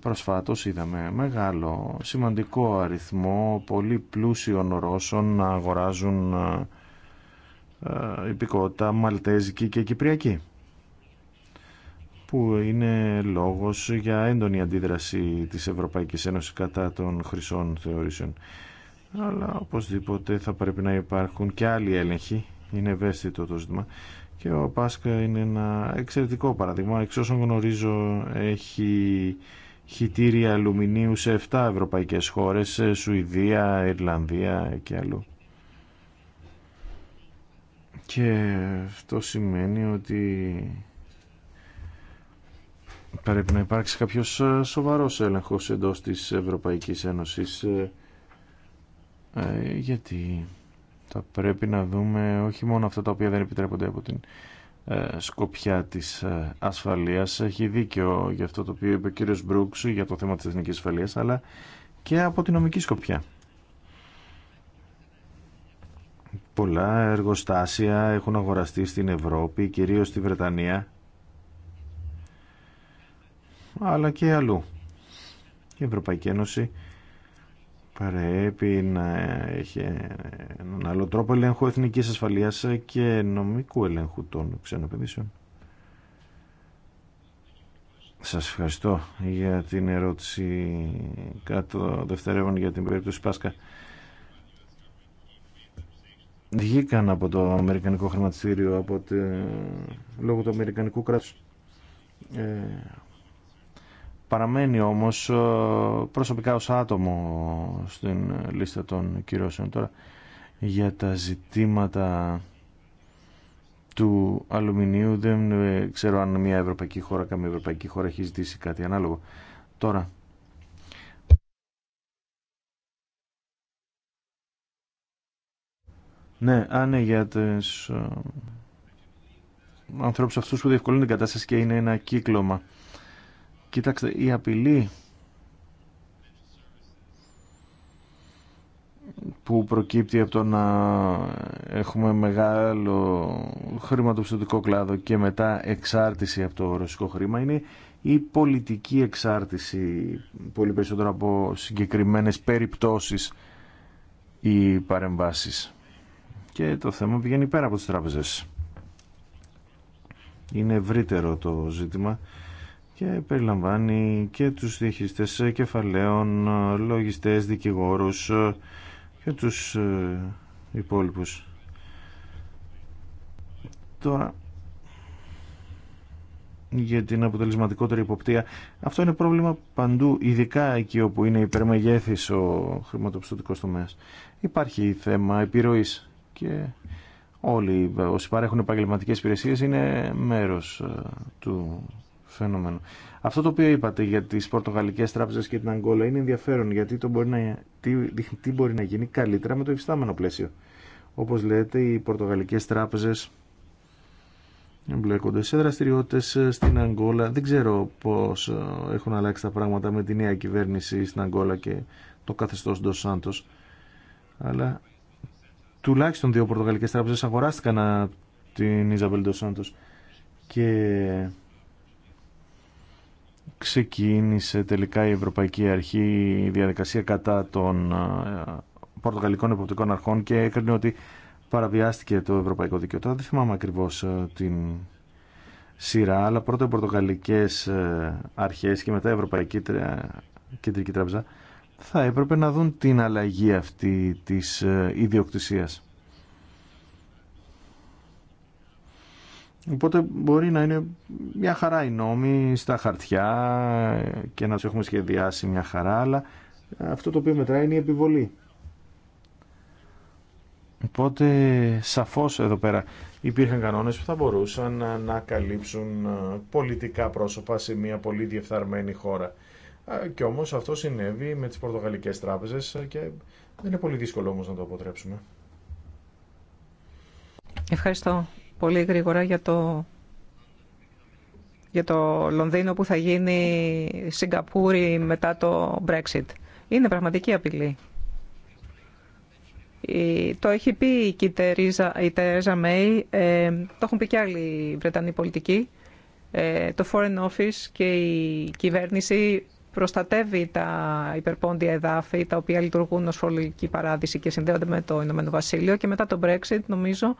προσφάτως είδαμε μεγάλο σημαντικό αριθμό πολύ πλούσιων Ρώσων να αγοράζουν υπηκότητα μαλτέζικη και κυπριακή που είναι λόγος για έντονη αντίδραση της Ευρωπαϊκής Ένωσης κατά των χρυσών θεωρήσεων. Αλλά οπωσδήποτε θα πρέπει να υπάρχουν και άλλοι έλεγχοι, είναι ευαίσθητο το ζήτημα και ο Πάσκα είναι ένα εξαιρετικό παράδειγμα. Εξ όσων γνωρίζω έχει χιτήρια αλουμινίου σε 7 ευρωπαϊκές χώρες, Σουηδία, Ιρλανδία και αλλού. Και αυτό σημαίνει ότι πρέπει να υπάρξει κάποιος ε, σοβαρός έλεγχος εντός της Ευρωπαϊκής Ένωσης ε, ε, γιατί θα πρέπει να δούμε όχι μόνο αυτά τα οποία δεν επιτρέπονται από την σκοπιά της ασφαλείας έχει δίκιο για αυτό το οποίο είπε ο κύριος Μπρούξ για το θέμα της εθνικής ασφαλείας αλλά και από την νομική σκοπιά Πολλά εργοστάσια έχουν αγοραστεί στην Ευρώπη, κυρίως στη Βρετανία, αλλά και αλλού. Η Ευρωπαϊκή Ένωση πρέπει να έχει έναν άλλο τρόπο ελέγχου εθνικής ασφαλείας και νομικού ελέγχου των ξενοπαιδίσεων. Σας ευχαριστώ για την ερώτηση κάτω δευτερεύων για την περίπτωση Πάσκα βγήκαν από το Αμερικανικό Χρηματιστήριο από τη... λόγω του Αμερικανικού κράτους. Ε... παραμένει όμως ε, προσωπικά ως άτομο στην λίστα των κυρώσεων τώρα για τα ζητήματα του αλουμινίου δεν ε, ξέρω αν μια ευρωπαϊκή χώρα καμία ευρωπαϊκή χώρα έχει ζητήσει κάτι ανάλογο τώρα Ναι, άνε ναι, για τις ε, ανθρώπους αυτούς που διευκολύνουν την κατάσταση και είναι ένα κύκλωμα. Κοιτάξτε, η απειλή που προκύπτει από το να έχουμε μεγάλο χρηματοπιστωτικό κλάδο και μετά εξάρτηση από το ρωσικό χρήμα είναι η πολιτική εξάρτηση πολύ περισσότερο από συγκεκριμένες περιπτώσεις ή παρεμβάσεις και το θέμα πηγαίνει πέρα από τις τράπεζες. Είναι ευρύτερο το ζήτημα και περιλαμβάνει και τους διαχειριστές κεφαλαίων, λογιστές, δικηγόρους και τους ε, υπόλοιπους. Τώρα, για την αποτελεσματικότερη υποπτία. Αυτό είναι πρόβλημα παντού, ειδικά εκεί όπου είναι υπερμεγέθης ο χρηματοπιστωτικός τομέας. Υπάρχει θέμα επιρροής και όλοι όσοι παρέχουν επαγγελματικέ υπηρεσίε είναι μέρος ε, του φαινομένου. Αυτό το οποίο είπατε για τις πορτογαλικές τράπεζες και την Αγγόλα είναι ενδιαφέρον γιατί το μπορεί να, τι, μπορεί να γίνει καλύτερα με το υφιστάμενο πλαίσιο. Όπως λέτε οι πορτογαλικές τράπεζες εμπλέκονται σε δραστηριότητε ε, στην Αγγόλα. Δεν ξέρω πώ ε, έχουν αλλάξει τα πράγματα με τη νέα κυβέρνηση στην Αγγόλα και το καθεστώ Ντο Σάντο. Αλλά τουλάχιστον δύο πορτογαλικές τράπεζες αγοράστηκαν την Ιζαμπέλ Ντοσάντος και ξεκίνησε τελικά η Ευρωπαϊκή Αρχή η διαδικασία κατά των πορτογαλικών εποπτικών αρχών και έκρινε ότι παραβιάστηκε το ευρωπαϊκό δίκαιο. δεν θυμάμαι ακριβώς την σειρά, αλλά πρώτα οι πορτογαλικές αρχές και μετά η Ευρωπαϊκή Κεντρική Τράπεζα θα έπρεπε να δουν την αλλαγή αυτή της ε, ιδιοκτησίας. Οπότε μπορεί να είναι μια χαρά οι νόμοι στα χαρτιά και να του έχουμε σχεδιάσει μια χαρά, αλλά αυτό το οποίο μετράει είναι η επιβολή. Οπότε σαφώς εδώ πέρα υπήρχαν κανόνες που θα μπορούσαν να καλύψουν ε, πολιτικά πρόσωπα σε μια πολύ διεφθαρμένη χώρα. Κι όμως αυτό συνέβη με τις πορτογαλικές τράπεζες και δεν είναι πολύ δύσκολο όμως να το αποτρέψουμε. Ευχαριστώ πολύ γρήγορα για το, για το Λονδίνο που θα γίνει Σιγκαπούρη μετά το Brexit. Είναι πραγματική απειλή. Το έχει πει και η Τερέζα Μέη, ε, το έχουν πει και άλλοι Βρετανοί πολιτικοί. Ε, το Foreign Office και η κυβέρνηση προστατεύει τα υπερπόντια εδάφη τα οποία λειτουργούν ως φορολογική παράδειση και συνδέονται με το Ηνωμένο Βασίλειο και μετά το Brexit νομίζω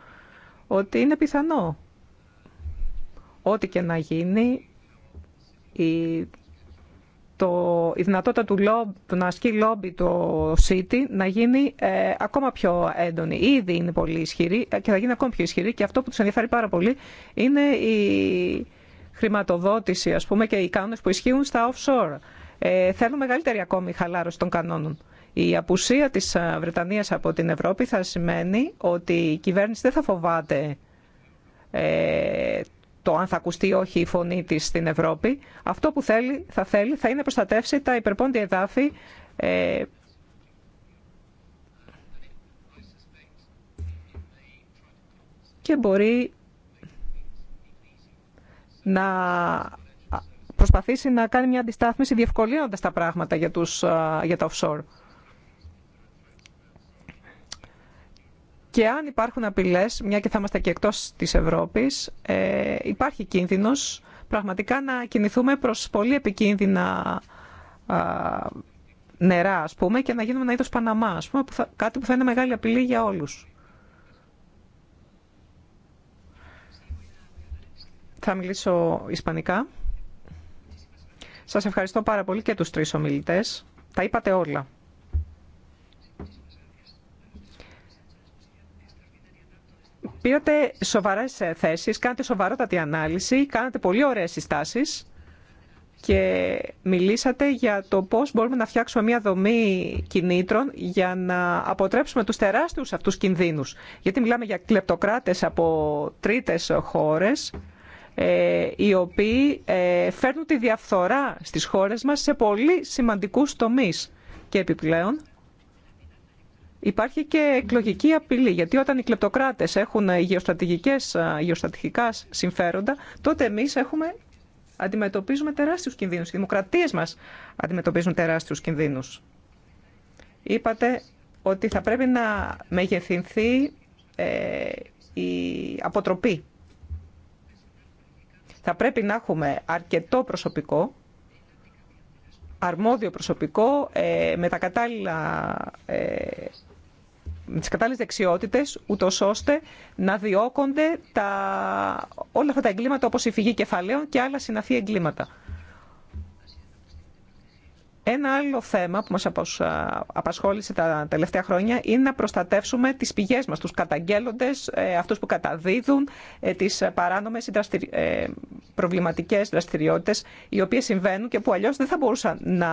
ότι είναι πιθανό ό,τι και να γίνει η, το, η δυνατότητα του, του να ασκεί λόμπι το City να γίνει ε, ακόμα πιο έντονη. Ήδη είναι πολύ ισχυρή ε, και θα γίνει ακόμα πιο ισχυρή και αυτό που τους ενδιαφέρει πάρα πολύ είναι η χρηματοδότηση ας πούμε και οι κανόνες που ισχύουν στα offshore ε, θέλουν μεγαλύτερη ακόμη χαλάρωση των κανόνων. Η απουσία της ε, Βρετανίας από την Ευρώπη θα σημαίνει ότι η κυβέρνηση δεν θα φοβάται ε, το αν θα ακουστεί ή όχι η φωνή της στην Ευρώπη. Αυτό που θέλει, θα θέλει θα είναι προστατεύσει τα υπερπόντια εδάφη ε, και μπορεί να προσπαθήσει να κάνει μια αντιστάθμιση διευκολύνοντας τα πράγματα για, τους, για τα offshore. Και αν υπάρχουν απειλές, μια και θα είμαστε και εκτός της Ευρώπης, ε, υπάρχει κίνδυνος πραγματικά να κινηθούμε προς πολύ επικίνδυνα νερά, ας πούμε, και να γίνουμε ένα είδος Παναμά, ας πούμε, κάτι που θα είναι μεγάλη απειλή για όλους. Θα μιλήσω ισπανικά. Σας ευχαριστώ πάρα πολύ και τους τρεις ομιλητές. Τα είπατε όλα. Πήρατε σοβαρές θέσεις, κάνατε σοβαρότατη ανάλυση, κάνατε πολύ ωραίες συστάσεις και μιλήσατε για το πώς μπορούμε να φτιάξουμε μια δομή κινήτρων για να αποτρέψουμε τους τεράστιους αυτούς κινδύνους. Γιατί μιλάμε για κλεπτοκράτες από τρίτες χώρες ε, οι οποίοι ε, φέρνουν τη διαφθορά στις χώρες μας σε πολύ σημαντικούς τομείς. Και επιπλέον υπάρχει και εκλογική απειλή, γιατί όταν οι κλεπτοκράτες έχουν γεωστρατηγικές, συμφέροντα, τότε εμείς έχουμε, αντιμετωπίζουμε τεράστιους κινδύνους. Οι δημοκρατίες μας αντιμετωπίζουν τεράστιους κινδύνους. Είπατε ότι θα πρέπει να μεγεθυνθεί ε, η αποτροπή θα πρέπει να έχουμε αρκετό προσωπικό, αρμόδιο προσωπικό, ε, με τα κατάλληλα ε, με τις κατάλληλες δεξιότητες, ούτω ώστε να διώκονται τα, όλα αυτά τα εγκλήματα όπως η φυγή κεφαλαίων και άλλα συναφή εγκλήματα. Ένα άλλο θέμα που μας απασχόλησε τα τελευταία χρόνια είναι να προστατεύσουμε τις πηγές μας, τους καταγγέλλοντες, ε, αυτούς που καταδίδουν ε, τις παράνομες ε, προβληματικές δραστηριότητες οι οποίες συμβαίνουν και που αλλιώς δεν θα μπορούσαν να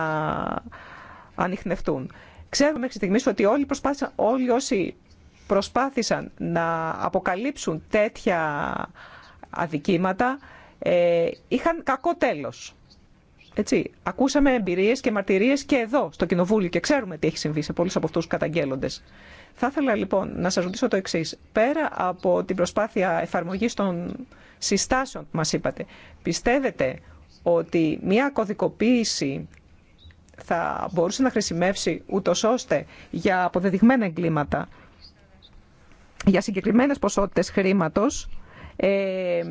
ανοιχνευτούν. Ξέρουμε μέχρι στιγμής ότι όλοι, προσπάθησαν, όλοι όσοι προσπάθησαν να αποκαλύψουν τέτοια αδικήματα είχαν κακό τέλος. Έτσι, ακούσαμε εμπειρίες και μαρτυρίες και εδώ, στο Κοινοβούλιο, και ξέρουμε τι έχει συμβεί σε πολλούς από αυτούς τους καταγγέλλοντες. Θα ήθελα λοιπόν να σας ρωτήσω το εξής. Πέρα από την προσπάθεια εφαρμογής των συστάσεων που μας είπατε, πιστεύετε ότι μια κωδικοποίηση θα μπορούσε να χρησιμεύσει ούτω ώστε για αποδεδειγμένα εγκλήματα, για συγκεκριμένες ποσότητες χρήματος, ε,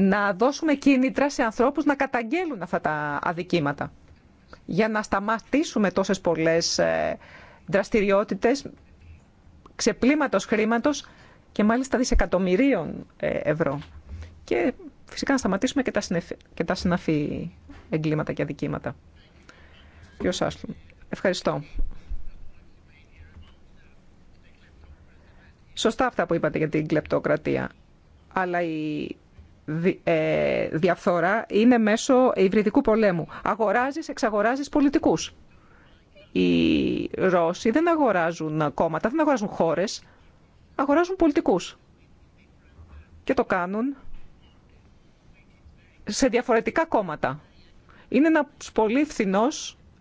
να δώσουμε κίνητρα σε ανθρώπους να καταγγέλουν αυτά τα αδικήματα. Για να σταματήσουμε τόσες πολλές ε, δραστηριότητες ξεπλήματος χρήματος και μάλιστα δισεκατομμυρίων ε, ευρώ. Και φυσικά να σταματήσουμε και τα, και τα συναφή εγκλήματα και αδικήματα. Κύριο Σάσλου, ευχαριστώ. Σωστά αυτά που είπατε για την κλεπτοκρατία. Αλλά η ε, διαφθορά είναι μέσω υβριδικού πολέμου. Αγοράζεις, εξαγοράζεις πολιτικούς. Οι Ρώσοι δεν αγοράζουν κόμματα, δεν αγοράζουν χώρες, αγοράζουν πολιτικούς. Και το κάνουν σε διαφορετικά κόμματα. Είναι ένα πολύ φθηνό,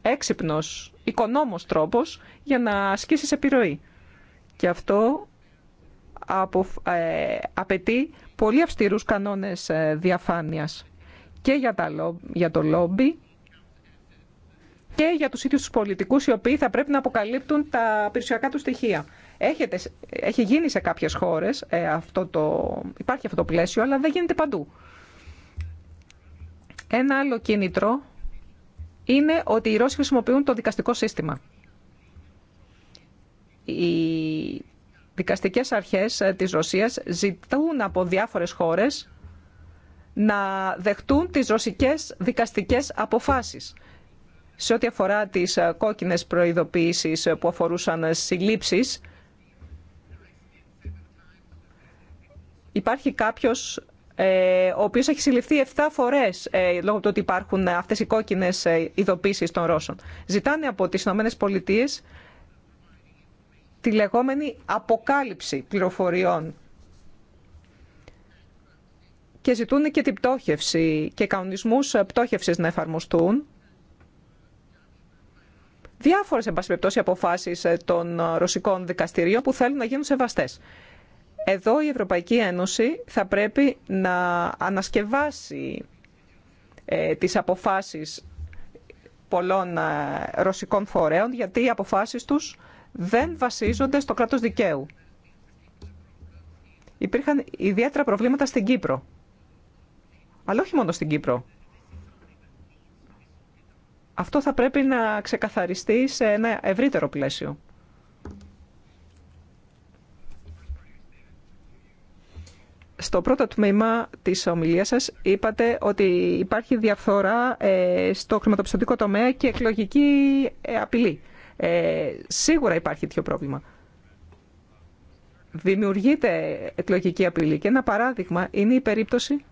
έξυπνος, οικονόμος τρόπος για να ασκήσεις επιρροή. Και αυτό ε, απαιτεί πολύ αυστηρούς κανόνες ε, διαφάνειας και για το λόμπι και για τους ίδιους τους πολιτικούς οι οποίοι θα πρέπει να αποκαλύπτουν τα περιουσιακά του στοιχεία. Έχετε, έχει γίνει σε κάποιες χώρες, ε, αυτό το, υπάρχει αυτό το πλαίσιο, αλλά δεν γίνεται παντού. Ένα άλλο κίνητρο είναι ότι οι Ρώσοι χρησιμοποιούν το δικαστικό σύστημα δικαστικές αρχές ε, της Ρωσίας ζητούν από διάφορες χώρες να δεχτούν τις ρωσικές δικαστικές αποφάσεις σε ό,τι αφορά τις ε, κόκκινες προειδοποιήσεις ε, που αφορούσαν συλλήψεις. Υπάρχει κάποιος ο οποίος έχει συλληφθεί 7 φορές λόγω του ότι υπάρχουν αυτές οι κόκκινες ειδοποίησεις των Ρώσων. Ζητάνε από τις ΗΠΑ τη λεγόμενη αποκάλυψη πληροφοριών και ζητούν και την πτώχευση και κανονισμούς πτώχευσης να εφαρμοστούν. Διάφορες, εν πάση αποφάσεις των ρωσικών δικαστηρίων που θέλουν να γίνουν σεβαστές. Εδώ η Ευρωπαϊκή Ένωση θα πρέπει να ανασκευάσει ε, τις αποφάσεις πολλών ε, ρωσικών φορέων, γιατί οι αποφάσεις τους δεν βασίζονται στο κράτος δικαίου. Υπήρχαν ιδιαίτερα προβλήματα στην Κύπρο. Αλλά όχι μόνο στην Κύπρο. Αυτό θα πρέπει να ξεκαθαριστεί σε ένα ευρύτερο πλαίσιο. Στο πρώτο τμήμα της ομιλίας σας είπατε ότι υπάρχει διαφθορά ε, στο χρηματοπιστωτικό τομέα και εκλογική ε, απειλή. Ε, σίγουρα υπάρχει τέτοιο πρόβλημα. Δημιουργείται εκλογική απειλή και ένα παράδειγμα είναι η περίπτωση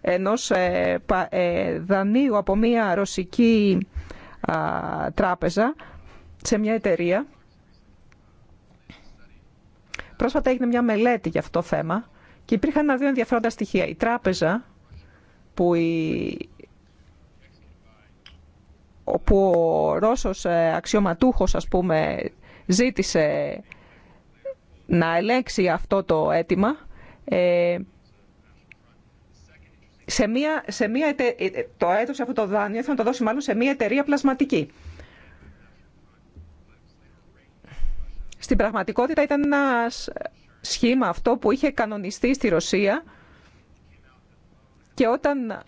ενός ε, πα, ε, δανείου από μια ρωσική τράπεζα σε μια εταιρεία. Πρόσφατα έγινε μια μελέτη για αυτό το θέμα και υπήρχαν δύο ενδιαφέροντα στοιχεία. Η τράπεζα που όπου ο Ρώσος ε, αξιωματούχος ας πούμε ζήτησε να ελέγξει αυτό το αίτημα ε, σε μία, σε μία, ε, το έδωσε αυτό το δάνειο, ήθελε να το δώσει μάλλον σε μία εταιρεία πλασματική. Στην πραγματικότητα ήταν ένα σχήμα αυτό που είχε κανονιστεί στη Ρωσία και όταν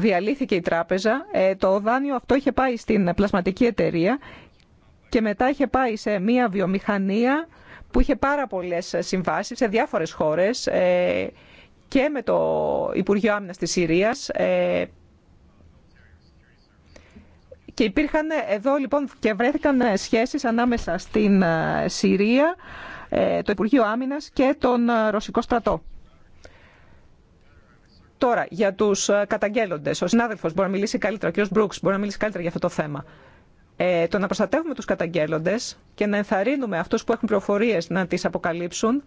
διαλύθηκε η τράπεζα, ε, το δάνειο αυτό είχε πάει στην πλασματική εταιρεία και μετά είχε πάει σε μια βιομηχανία που είχε πάρα πολλές συμβάσεις σε διάφορες χώρες ε, και με το Υπουργείο Άμυνας της Συρίας ε, και υπήρχαν εδώ λοιπόν και βρέθηκαν σχέσεις ανάμεσα στην Συρία, το Υπουργείο Άμυνας και τον Ρωσικό στρατό. Τώρα, για του ε, καταγγέλλοντε. Ο συνάδελφο μπορεί να μιλήσει καλύτερα, ο κ. Μπρούξ μπορεί να μιλήσει καλύτερα για αυτό το θέμα. Ε, το να προστατεύουμε του καταγγέλλοντε και να ενθαρρύνουμε αυτού που έχουν πληροφορίε να τι αποκαλύψουν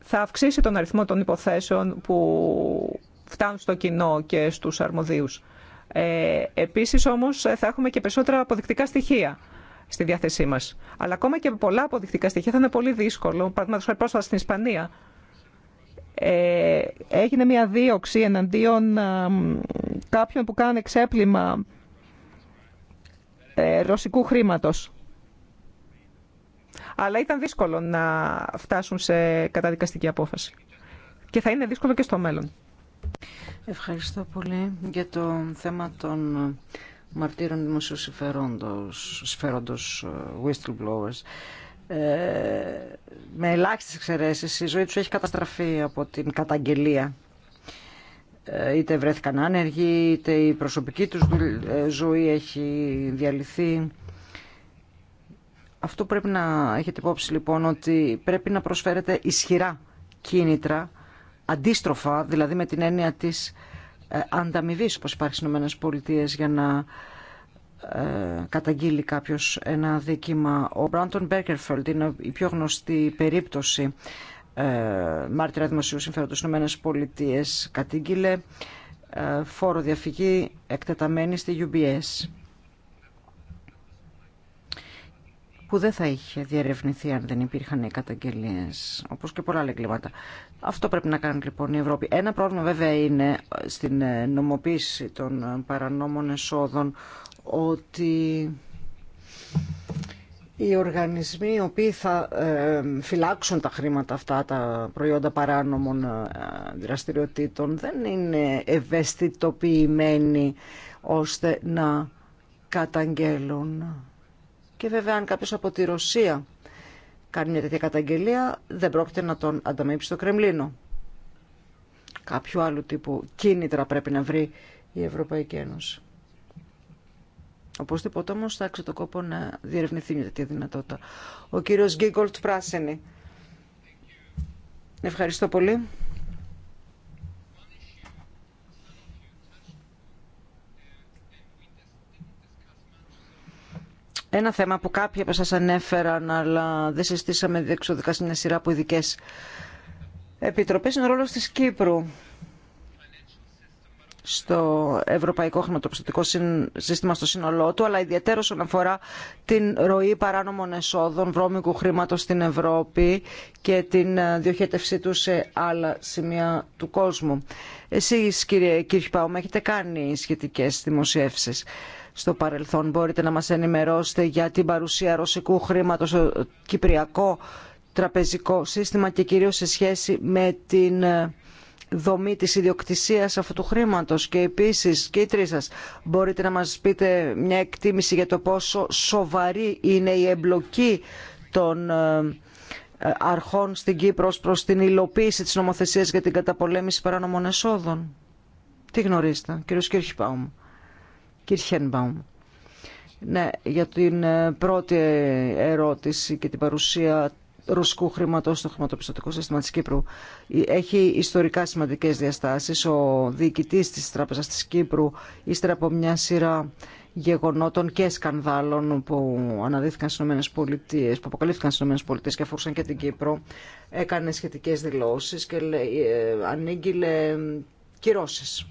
θα αυξήσει τον αριθμό των υποθέσεων που φτάνουν στο κοινό και στου αρμοδίου. Ε, επίσης όμως ε, θα έχουμε και περισσότερα αποδεικτικά στοιχεία στη διάθεσή μα. Αλλά ακόμα και πολλά αποδεικτικά στοιχεία θα είναι πολύ δύσκολο. Παραδείγματο χάρη πρόσφατα στην Ισπανία ε, έγινε μια δίωξη εναντίον ε, κάποιων που κάνανε ξέπλυμα ε, ρωσικού χρήματος. Αλλά ήταν δύσκολο να φτάσουν σε καταδικαστική απόφαση. Και θα είναι δύσκολο και στο μέλλον. Ευχαριστώ πολύ για το θέμα των μαρτύρων δημοσίου συμφέροντος, whistleblowers. Ε, με ελάχιστε εξαιρεσει η ζωή του έχει καταστραφεί από την καταγγελία ε, είτε βρέθηκαν άνεργοι είτε η προσωπική του ε, ζωή έχει διαλυθεί αυτό πρέπει να έχετε υπόψη λοιπόν ότι πρέπει να προσφέρετε ισχυρά κίνητρα αντίστροφα δηλαδή με την έννοια της ανταμοιβή όπως υπάρχει στις ΗΠΑ για να ε, καταγγείλει κάποιος ένα δίκημα. Ο Μπράντον Μπέκερφελντ είναι η πιο γνωστή περίπτωση ε, μάρτυρα δημοσίου συμφέροντος στις Πολιτείες Κατήγγειλε ε, φόρο διαφυγή εκτεταμένη στη UBS που δεν θα είχε διερευνηθεί αν δεν υπήρχαν οι καταγγελίες, όπως και πολλά άλλα εγκλήματα. Αυτό πρέπει να κάνει λοιπόν η Ευρώπη. Ένα πρόβλημα βέβαια είναι στην νομοποίηση των παρανόμων εσόδων ότι οι οργανισμοί οι οποίοι θα ε, φυλάξουν τα χρήματα αυτά, τα προϊόντα παράνομων ε, δραστηριοτήτων, δεν είναι ευαισθητοποιημένοι ώστε να καταγγέλουν. Και βέβαια αν κάποιος από τη Ρωσία κάνει μια τέτοια καταγγελία, δεν πρόκειται να τον ανταμείψει στο Κρεμλίνο. Κάποιο άλλο τύπου κίνητρα πρέπει να βρει η Ευρωπαϊκή Ένωση. Οπωσδήποτε όμω θα έξω το κόπο να διερευνηθεί μια τέτοια δυνατότητα. Ο κύριο Γκίγκολτ Πράσινη. Ευχαριστώ πολύ. Ένα θέμα που κάποιοι από σας ανέφεραν, αλλά δεν συστήσαμε διεξοδικά σε μια σειρά από ειδικέ επιτροπές, είναι ο ρόλος της Κύπρου στο ευρωπαϊκό χρηματοπιστωτικό σύστημα στο σύνολό του, αλλά ιδιαίτερα όσον αφορά την ροή παράνομων εσόδων βρώμικου χρήματος στην Ευρώπη και την ε, διοχέτευσή του σε άλλα σημεία του κόσμου. Εσείς κύριε Κύρχη έχετε κάνει σχετικές δημοσιεύσεις στο παρελθόν. Μπορείτε να μας ενημερώσετε για την παρουσία ρωσικού χρήματος στο κυπριακό τραπεζικό σύστημα και κυρίως σε σχέση με την ε, δομή της ιδιοκτησίας αυτού του χρήματος και επίσης και οι τρεις σας μπορείτε να μας πείτε μια εκτίμηση για το πόσο σοβαρή είναι η εμπλοκή των ε, αρχών στην Κύπρο προς την υλοποίηση της νομοθεσίας για την καταπολέμηση παράνομων εσόδων. Τι γνωρίζετε, κύριος Κύρχιπαουμ. Κύρχενμπαουμ. Ναι, για την ε, πρώτη ε, ερώτηση και την παρουσία ρωσικού χρήματο στο χρηματοπιστωτικό σύστημα τη Κύπρου. Έχει ιστορικά σημαντικέ διαστάσει. Ο διοικητή τη Τράπεζα τη Κύπρου, ύστερα από μια σειρά γεγονότων και σκανδάλων που αναδύθηκαν στι ΗΠΑ, που αποκαλύφθηκαν στι ΗΠΑ και αφορούσαν και την Κύπρο, έκανε σχετικέ δηλώσει και ε, ανήγγειλε κυρώσει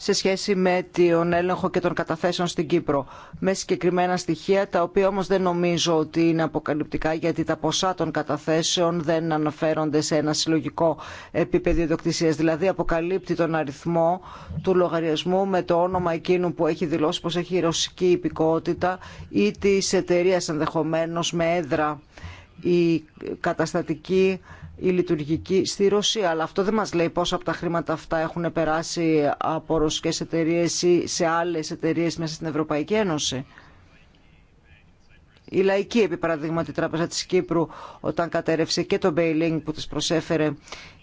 σε σχέση με τον έλεγχο και των καταθέσεων στην Κύπρο. Με συγκεκριμένα στοιχεία, τα οποία όμως δεν νομίζω ότι είναι αποκαλυπτικά, γιατί τα ποσά των καταθέσεων δεν αναφέρονται σε ένα συλλογικό επίπεδο ιδιοκτησίας. Δηλαδή, αποκαλύπτει τον αριθμό του λογαριασμού με το όνομα εκείνου που έχει δηλώσει πως έχει ρωσική υπηκότητα ή της εταιρεία ενδεχομένω με έδρα η καταστατική η λειτουργική στη Ρωσία. Αλλά αυτό δεν μας λέει πόσα από τα χρήματα αυτά έχουν περάσει από ρωσικές εταιρείες ή σε άλλες εταιρείες μέσα εταιρείε ή σε άλλε εταιρείε μέσα στην Ευρωπαϊκή Ένωση. Η σε αλλες εταιρειε επί παραδείγματι, τράπεζα της Κύπρου, όταν κατέρευσε και το Μπέιλινγκ που της προσέφερε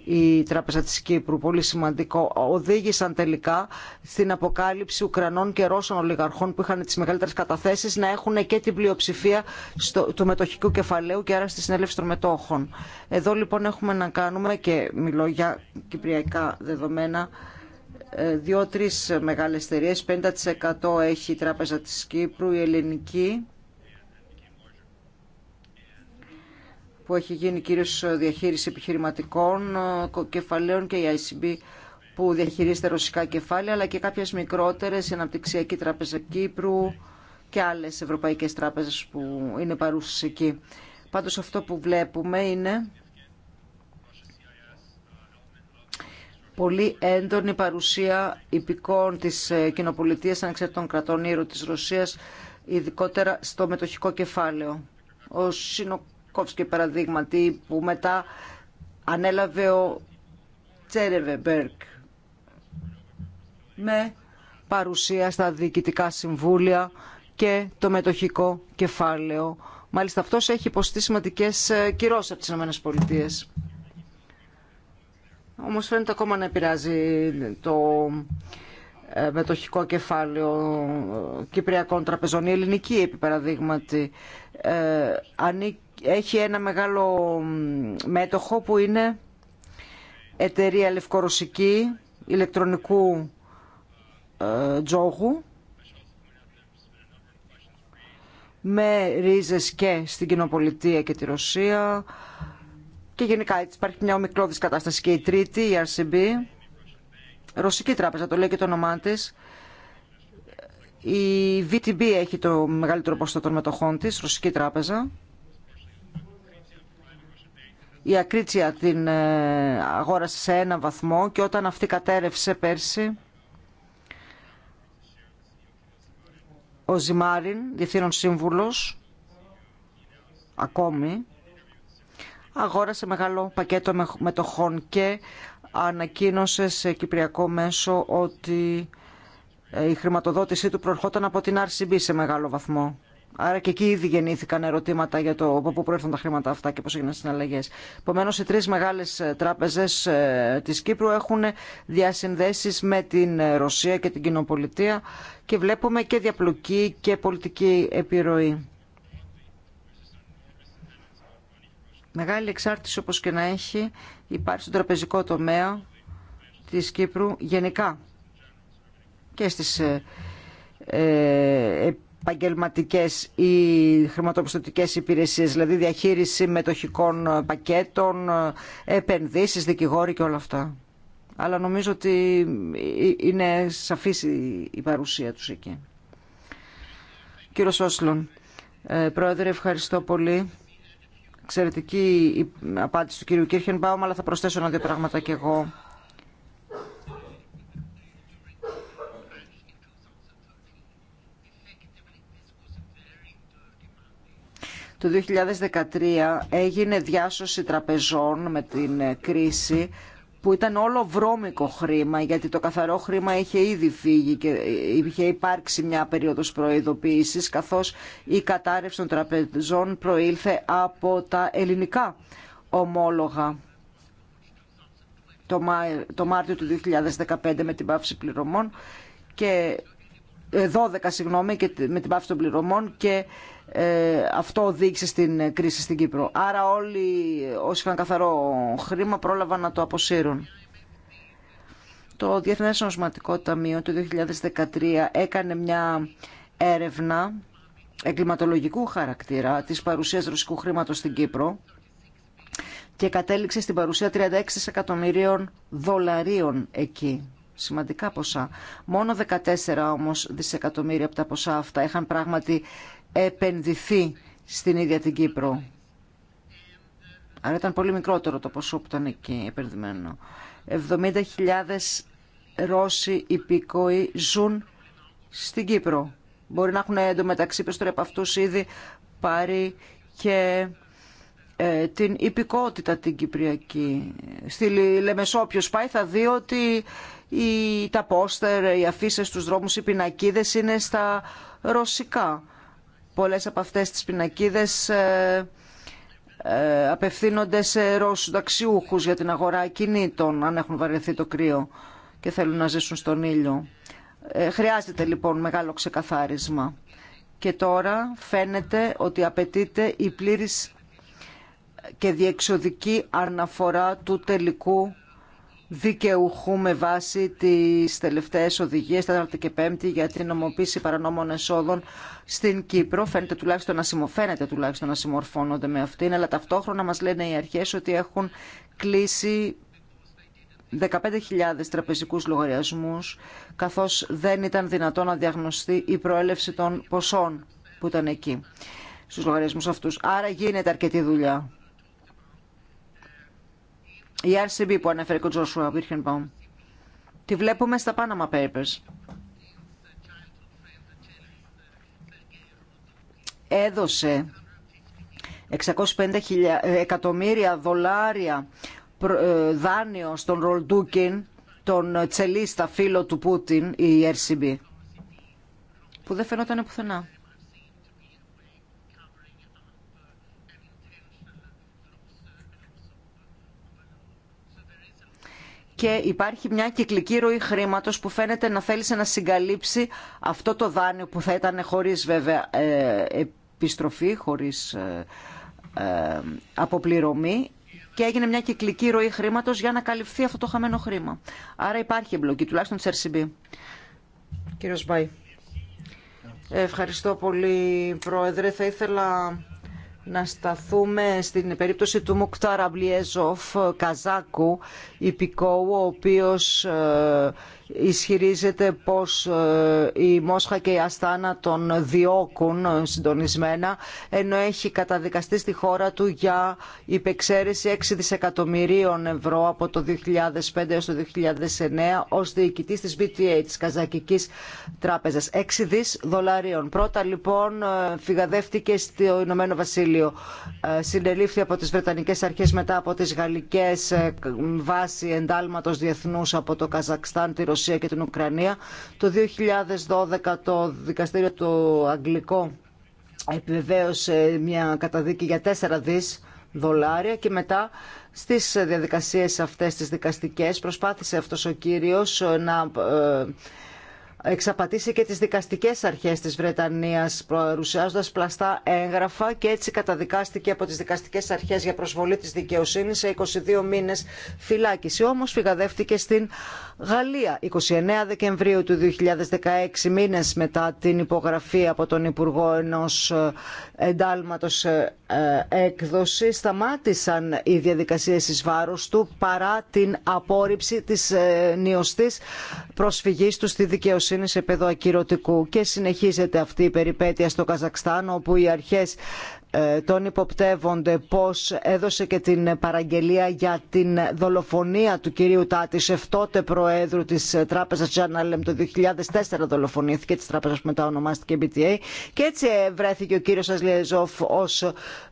η Τράπεζα της Κύπρου, πολύ σημαντικό, οδήγησαν τελικά στην αποκάλυψη Ουκρανών και Ρώσων ολιγαρχών που είχαν τις μεγαλύτερες καταθέσεις να έχουν και την πλειοψηφία στο, του μετοχικού κεφαλαίου και άρα στη συνέλευση των μετόχων. Εδώ λοιπόν έχουμε να κάνουμε και μιλώ για κυπριακά δεδομένα ε, δύο-τρεις μεγάλες εταιρείε, 50% έχει η Τράπεζα της Κύπρου, η ελληνική που έχει γίνει κυρίως διαχείριση επιχειρηματικών ε, κεφαλαίων και η ICB που διαχειρίζεται ρωσικά κεφάλαια, αλλά και κάποιες μικρότερες, η Αναπτυξιακή Τράπεζα Κύπρου και άλλες ευρωπαϊκές τράπεζες που είναι παρούσες εκεί. Πάντως αυτό που βλέπουμε είναι πολύ έντονη παρουσία υπηκών της ε, κοινοπολιτείας ανεξαρτητών κρατών ήρω της Ρωσίας, ειδικότερα στο μετοχικό κεφάλαιο. Τσαϊκόφσκι παραδείγματι που μετά ανέλαβε ο Τσέρεβεμπερκ με παρουσία στα διοικητικά συμβούλια και το μετοχικό κεφάλαιο. Μάλιστα αυτός έχει υποστεί σημαντικέ ε, κυρώσεις από τις ΗΠΑ. Όμως φαίνεται ακόμα να επηρεάζει το ε, μετοχικό κεφάλαιο ε, κυπριακών τραπεζών. Η ελληνική, επί παραδείγματι, ε, έχει ένα μεγάλο μέτοχο που είναι εταιρεία λευκορωσική ηλεκτρονικού τζόγου με ρίζες και στην κοινοπολιτεία και τη Ρωσία και γενικά υπάρχει μια ομικλώδης κατάσταση και η τρίτη, η RCB ρωσική τράπεζα, το λέει και το όνομά τη. Η VTB έχει το μεγαλύτερο ποσοστό των μετοχών της, ρωσική τράπεζα. Η Ακρίτσια την ε, αγόρασε σε ένα βαθμό και όταν αυτή κατέρευσε πέρσι, ο Ζημάριν, διευθύνων σύμβουλος, ακόμη, αγόρασε μεγάλο πακέτο μετοχών και ανακοίνωσε σε κυπριακό μέσο ότι ε, η χρηματοδότησή του προερχόταν από την RCB σε μεγάλο βαθμό. Άρα και εκεί ήδη γεννήθηκαν ερωτήματα για το από πού προέρχονται τα χρήματα αυτά και πώ έγιναν συναλλαγέ. Επομένω, οι τρει μεγάλε τράπεζε ε, τη Κύπρου έχουν διασυνδέσει με την ε, Ρωσία και την κοινοπολιτεία και βλέπουμε και διαπλοκή και πολιτική επιρροή. Μεγάλη εξάρτηση όπως και να έχει υπάρχει στον τραπεζικό τομέα της Κύπρου γενικά και στις ε, ε επαγγελματικέ ή χρηματοπιστωτικές υπηρεσίες, δηλαδή διαχείριση μετοχικών πακέτων, επενδύσεις, δικηγόροι και όλα αυτά. Αλλά νομίζω ότι είναι σαφής η παρουσία τους εκεί. Κύριο Όσλον, ε, Πρόεδρε, ευχαριστώ πολύ εξαιρετική η απάντηση του κύριου Κίρχενμπαου, αλλά θα προσθέσω ένα-δύο πράγματα κι εγώ. Το 2013 έγινε διάσωση τραπεζών με την κρίση που ήταν όλο βρώμικο χρήμα, γιατί το καθαρό χρήμα είχε ήδη φύγει και είχε υπάρξει μια περίοδος προειδοποίησης, καθώς η κατάρρευση των τραπεζών προήλθε από τα ελληνικά ομόλογα το, το Μάρτιο του 2015 με την πάυση πληρωμών και 12 ε, συγγνώμη και με την πάυση των πληρωμών και ε, αυτό οδήγησε στην κρίση στην Κύπρο. Άρα όλοι όσοι είχαν καθαρό χρήμα πρόλαβαν να το αποσύρουν. Το Διεθνές Νοσματικό Ταμείο το 2013 έκανε μια έρευνα εγκληματολογικού χαρακτήρα της παρουσίας ρωσικού χρήματος στην Κύπρο και κατέληξε στην παρουσία 36 εκατομμυρίων δολαρίων εκεί. Σημαντικά ποσά. Μόνο 14 όμως δισεκατομμύρια από τα ποσά αυτά είχαν πράγματι επενδυθεί στην ίδια την Κύπρο. Άρα ήταν πολύ μικρότερο το ποσό που ήταν εκεί επενδυμένο. 70.000 Ρώσοι υπηκόοι ζουν στην Κύπρο. Μπορεί να έχουν εντωμεταξύ περισσότεροι από αυτούς ήδη πάρει και ε, την υπηκότητα την Κυπριακή. Στη Λεμεσό όποιος πάει θα δει ότι οι, τα πόστερ, οι αφήσει στους δρόμους, οι πινακίδες είναι στα ρωσικά. Πολλές από αυτές τις πινακίδες ε, ε, απευθύνονται σε Ρώσους ταξιούχους για την αγορά κινήτων αν έχουν βαρεθεί το κρύο και θέλουν να ζήσουν στον ήλιο. Ε, χρειάζεται λοιπόν μεγάλο ξεκαθάρισμα. Και τώρα φαίνεται ότι απαιτείται η πλήρης και διεξοδική αναφορά του τελικού δικαιουχούμε βάσει τι τελευταίε οδηγίε οδηγίες 4η και 5η για την νομοποίηση παρανόμων εσόδων στην Κύπρο. Φαίνεται τουλάχιστον να, συμμο... τουλάχιστον να συμμορφώνονται με αυτήν, αλλά ταυτόχρονα μα λένε οι αρχέ ότι έχουν κλείσει 15.000 τραπεζικούς λογαριασμούς, καθώς δεν ήταν δυνατό να διαγνωστεί η προέλευση των ποσών που ήταν εκεί στους λογαριασμούς αυτούς. Άρα γίνεται αρκετή δουλειά η RCB που ανέφερε ο Τζόσουα Βίρχενμπαουμ. Τη βλέπουμε στα Panama Papers. Έδωσε 650 ε, εκατομμύρια δολάρια ε, δάνειο στον Ρολντούκιν, τον τσελίστα φίλο του Πούτιν, η RCB, που δεν φαινόταν πουθενά. και υπάρχει μια κυκλική ροή χρήματο που φαίνεται να θέλησε να συγκαλύψει αυτό το δάνειο που θα ήταν χωρίς βέβαια ε, επιστροφή, χωρίς ε, ε, αποπληρωμή και έγινε μια κυκλική ροή χρήματο για να καλυφθεί αυτό το χαμένο χρήμα. Άρα υπάρχει εμπλοκή, τουλάχιστον τη RCB. Κύριος Μπάι. Ευχαριστώ πολύ, Πρόεδρε. Θα ήθελα να σταθούμε στην περίπτωση του Μουκτάρα Μπλιέζοφ Καζάκου, υπηκόου, ο οποίος ε, ισχυρίζεται πως ε, η Μόσχα και η Αστάνα τον διώκουν συντονισμένα ενώ έχει καταδικαστεί στη χώρα του για υπεξαίρεση 6 δισεκατομμυρίων ευρώ από το 2005 έως το 2009 ως διοικητής της BTA της Καζακικής Τράπεζας. 6 δις δολαρίων. Πρώτα λοιπόν ε, φυγαδεύτηκε στο Ηνωμένο Βασίλειο. Ε, συνελήφθη από τις Βρετανικές Αρχές μετά από τις Γαλλικές βάση εντάλματος διεθνούς από το Καζακστάν, τη Ρωσία και την Ουκρανία. Το 2012 το δικαστήριο του Αγγλικό επιβεβαίωσε μια καταδίκη για 4 δις δολάρια και μετά στις διαδικασίες αυτές τις δικαστικές προσπάθησε αυτός ο κύριος να ε, εξαπατήσει και τις δικαστικές αρχές της Βρετανίας παρουσιάζοντας πλαστά έγγραφα και έτσι καταδικάστηκε από τις δικαστικές αρχές για προσβολή της δικαιοσύνης σε 22 μήνες φυλάκιση. Όμως φυγαδεύτηκε στην Γαλλία 29 Δεκεμβρίου του 2016 μήνες μετά την υπογραφή από τον Υπουργό ενός ε, εντάλματος ε, ε, έκδοση σταμάτησαν οι διαδικασίες εις βάρος του παρά την απόρριψη της νιωστής προσφυγής του στη δικαιοσύνη είναι σε επίπεδο ακυρωτικού. Και συνεχίζεται αυτή η περιπέτεια στο Καζακστάν, όπου οι αρχές ε, τον υποπτεύονται πως έδωσε και την παραγγελία για την δολοφονία του κυρίου Τάτη τότε προέδρου της τράπεζας Τζάναλεμ το 2004 δολοφονήθηκε της τράπεζας που μετά ονομάστηκε BTA και έτσι βρέθηκε ο κύριος Ασλιεζόφ ως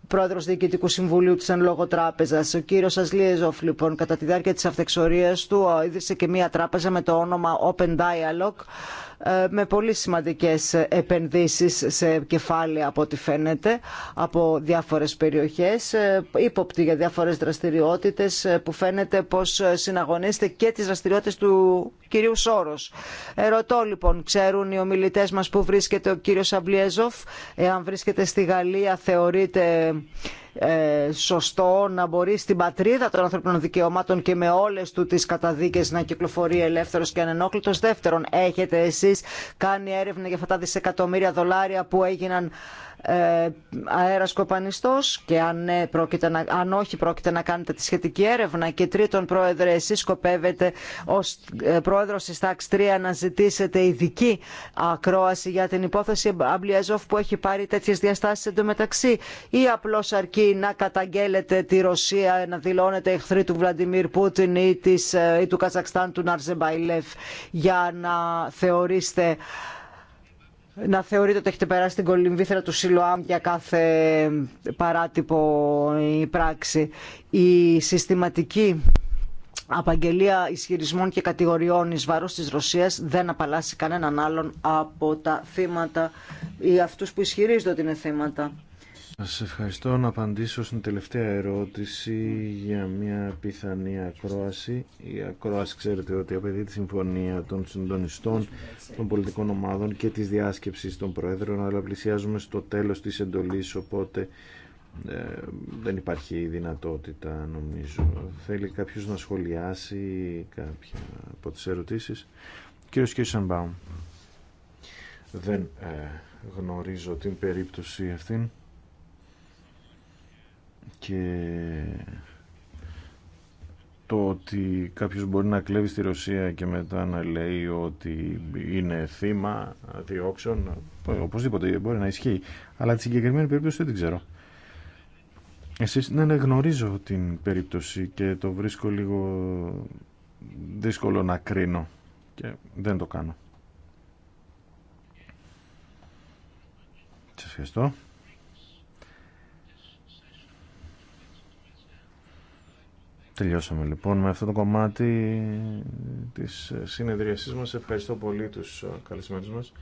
πρόεδρος διοικητικού συμβουλίου της εν λόγω τράπεζας. Ο κύριος Ασλιεζόφ λοιπόν κατά τη διάρκεια της αυτεξορίας του ίδρυσε και μια τράπεζα με το όνομα Open Dialogue ε, με πολύ σημαντικές επενδύσεις σε κεφάλαια από ό,τι φαίνεται από διάφορες περιοχές ε, ύποπτη για διάφορες δραστηριότητες ε, που φαίνεται πως συναγωνίζεται και τις δραστηριότητες του κυρίου Σόρος. Ερωτώ λοιπόν, ξέρουν οι ομιλητές μας που βρίσκεται ο κύριος Αμπλιέζοφ, εάν βρίσκεται στη Γαλλία θεωρείται ε, σωστό να μπορεί στην πατρίδα των ανθρωπίνων δικαιωμάτων και με όλες του τις καταδίκες να κυκλοφορεί ελεύθερος και ανενόχλητος. Δεύτερον, έχετε εσείς κάνει έρευνα για αυτά τα δισεκατομμύρια δολάρια που έγιναν Αέρα ε, αέρας και αν, ε, να, αν όχι πρόκειται να κάνετε τη σχετική έρευνα και τρίτον πρόεδρε εσεί σκοπεύετε ως πρόεδρο πρόεδρος της 3 να ζητήσετε ειδική ακρόαση για την υπόθεση Αμπλιαζόφ που έχει πάρει τέτοιε διαστάσεις εντωμεταξύ ή απλώ αρκεί να καταγγέλλετε τη Ρωσία να δηλώνετε εχθρή του Βλαντιμίρ Πούτιν ή, της, ε, ή του Καζακστάν του Ναρζεμπαϊλεφ για να θεωρήσετε να θεωρείτε ότι έχετε περάσει την κολυμβήθρα του Σιλοάμ για κάθε παράτυπο πράξη. Η συστηματική απαγγελία ισχυρισμών και κατηγοριών εις βάρος της Ρωσίας δεν απαλλάσσει κανέναν άλλον από τα θύματα ή αυτούς που ισχυρίζονται ότι είναι θύματα. Σα ευχαριστώ να απαντήσω στην τελευταία ερώτηση για μια πιθανή ακρόαση. Η ακρόαση ξέρετε ότι απαιτεί τη συμφωνία των συντονιστών, των πολιτικών ομάδων και τη διάσκεψης των Προέδρων, αλλά πλησιάζουμε στο τέλος της εντολής, οπότε ε, δεν υπάρχει δυνατότητα νομίζω. Θέλει κάποιο να σχολιάσει κάποια από τι ερωτήσεις. Κύριο Κίσενμπαουμ, δεν ε, γνωρίζω την περίπτωση αυτήν και το ότι κάποιος μπορεί να κλέβει στη Ρωσία και μετά να λέει ότι είναι θύμα διώξεων, ε, οπωσδήποτε μπορεί να ισχύει. Αλλά τη συγκεκριμένη περίπτωση δεν την ξέρω. Εσείς, να εγνωρίζω ναι, γνωρίζω την περίπτωση και το βρίσκω λίγο δύσκολο να κρίνω και δεν το κάνω. Σας ευχαριστώ. Τελειώσαμε λοιπόν με αυτό το κομμάτι της συνεδρίασής μας. Ευχαριστώ πολύ τους καλεσμένους μας.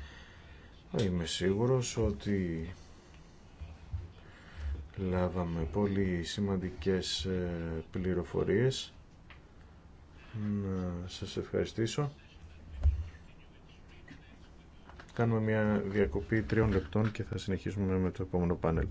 Είμαι σίγουρος ότι λάβαμε πολύ σημαντικές ε, πληροφορίες. Να σας ευχαριστήσω. Κάνουμε μια διακοπή τριών λεπτών και θα συνεχίσουμε με το επόμενο πάνελ.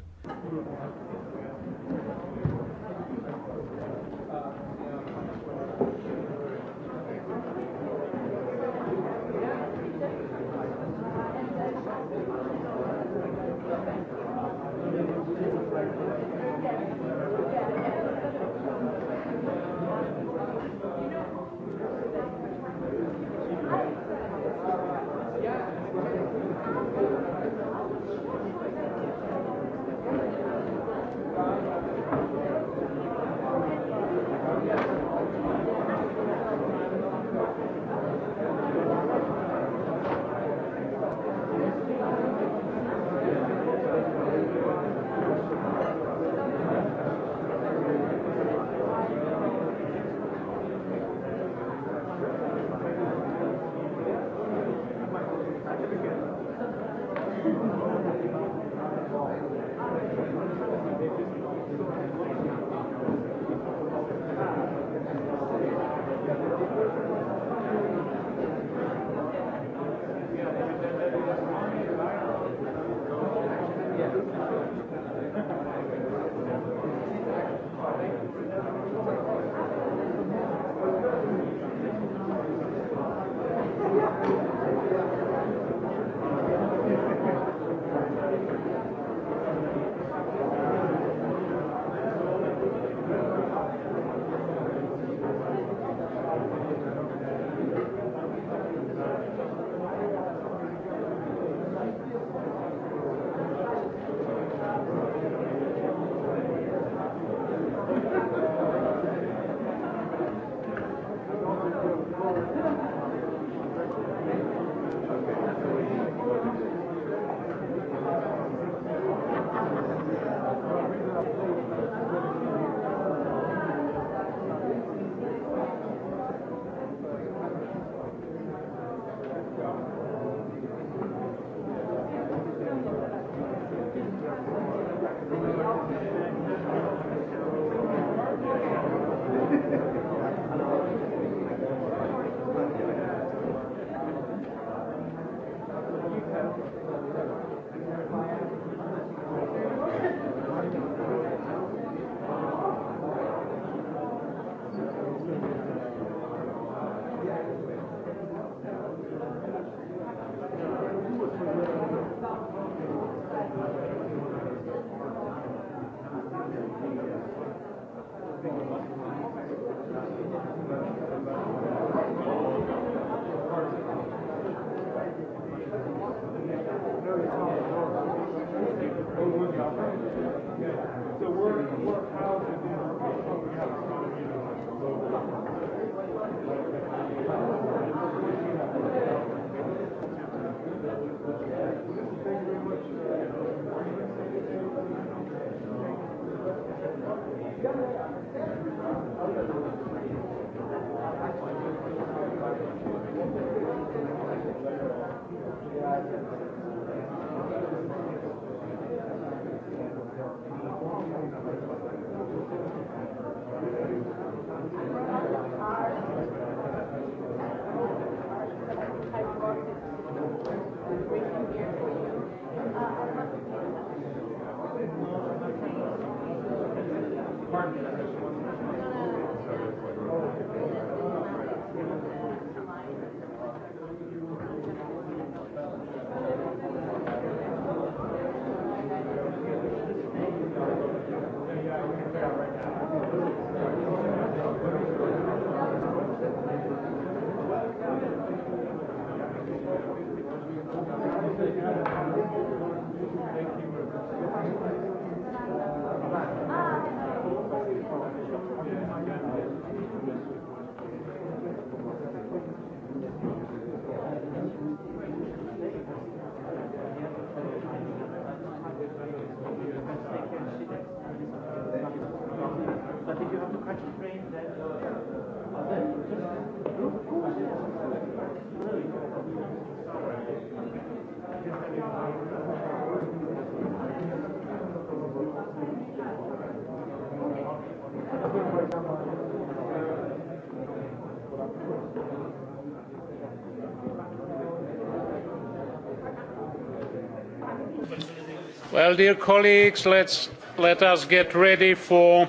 Well, dear colleagues, let's, let us get ready for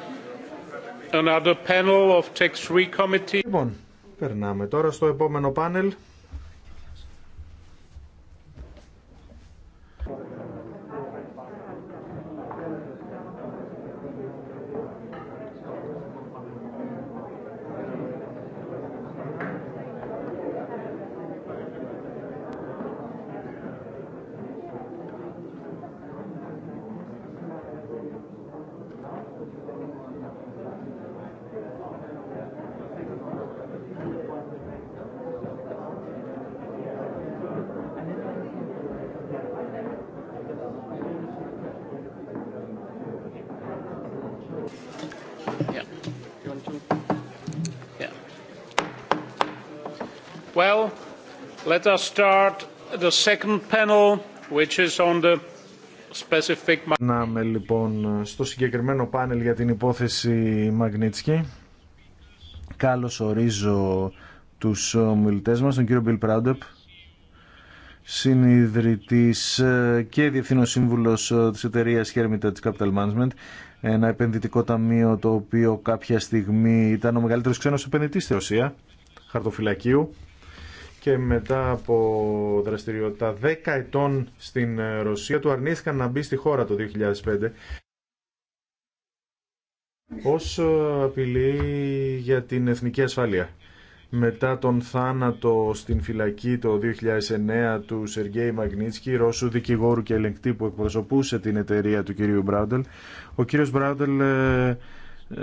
another panel of Tech 3 Committee. Λοιπόν, περνάμε τώρα στο επόμενο πάνελ. Let us start the second panel, which is on the specific... Να με λοιπόν στο συγκεκριμένο πάνελ για την υπόθεση Μαγνίτσκι. Καλώς ορίζω τους ομιλητές μας, τον κύριο Μπιλ Πράντεπ, συνειδητής ε, και διευθύνων σύμβουλος ε, της εταιρείας Hermitage Capital Management, ένα επενδυτικό ταμείο το οποίο κάποια στιγμή ήταν ο μεγαλύτερος ξένος επενδυτής στη Ρωσία, χαρτοφυλακίου και μετά από δραστηριότητα 10 ετών στην ε, Ρωσία του αρνήθηκαν να μπει στη χώρα το 2005 ως ε, απειλή για την εθνική ασφάλεια. Μετά τον θάνατο στην φυλακή το 2009 του Σεργέη Μαγνίτσκι, Ρώσου δικηγόρου και ελεγκτή που εκπροσωπούσε την εταιρεία του κυρίου Μπράουντελ, ο κύριος Μπράουντελ ε,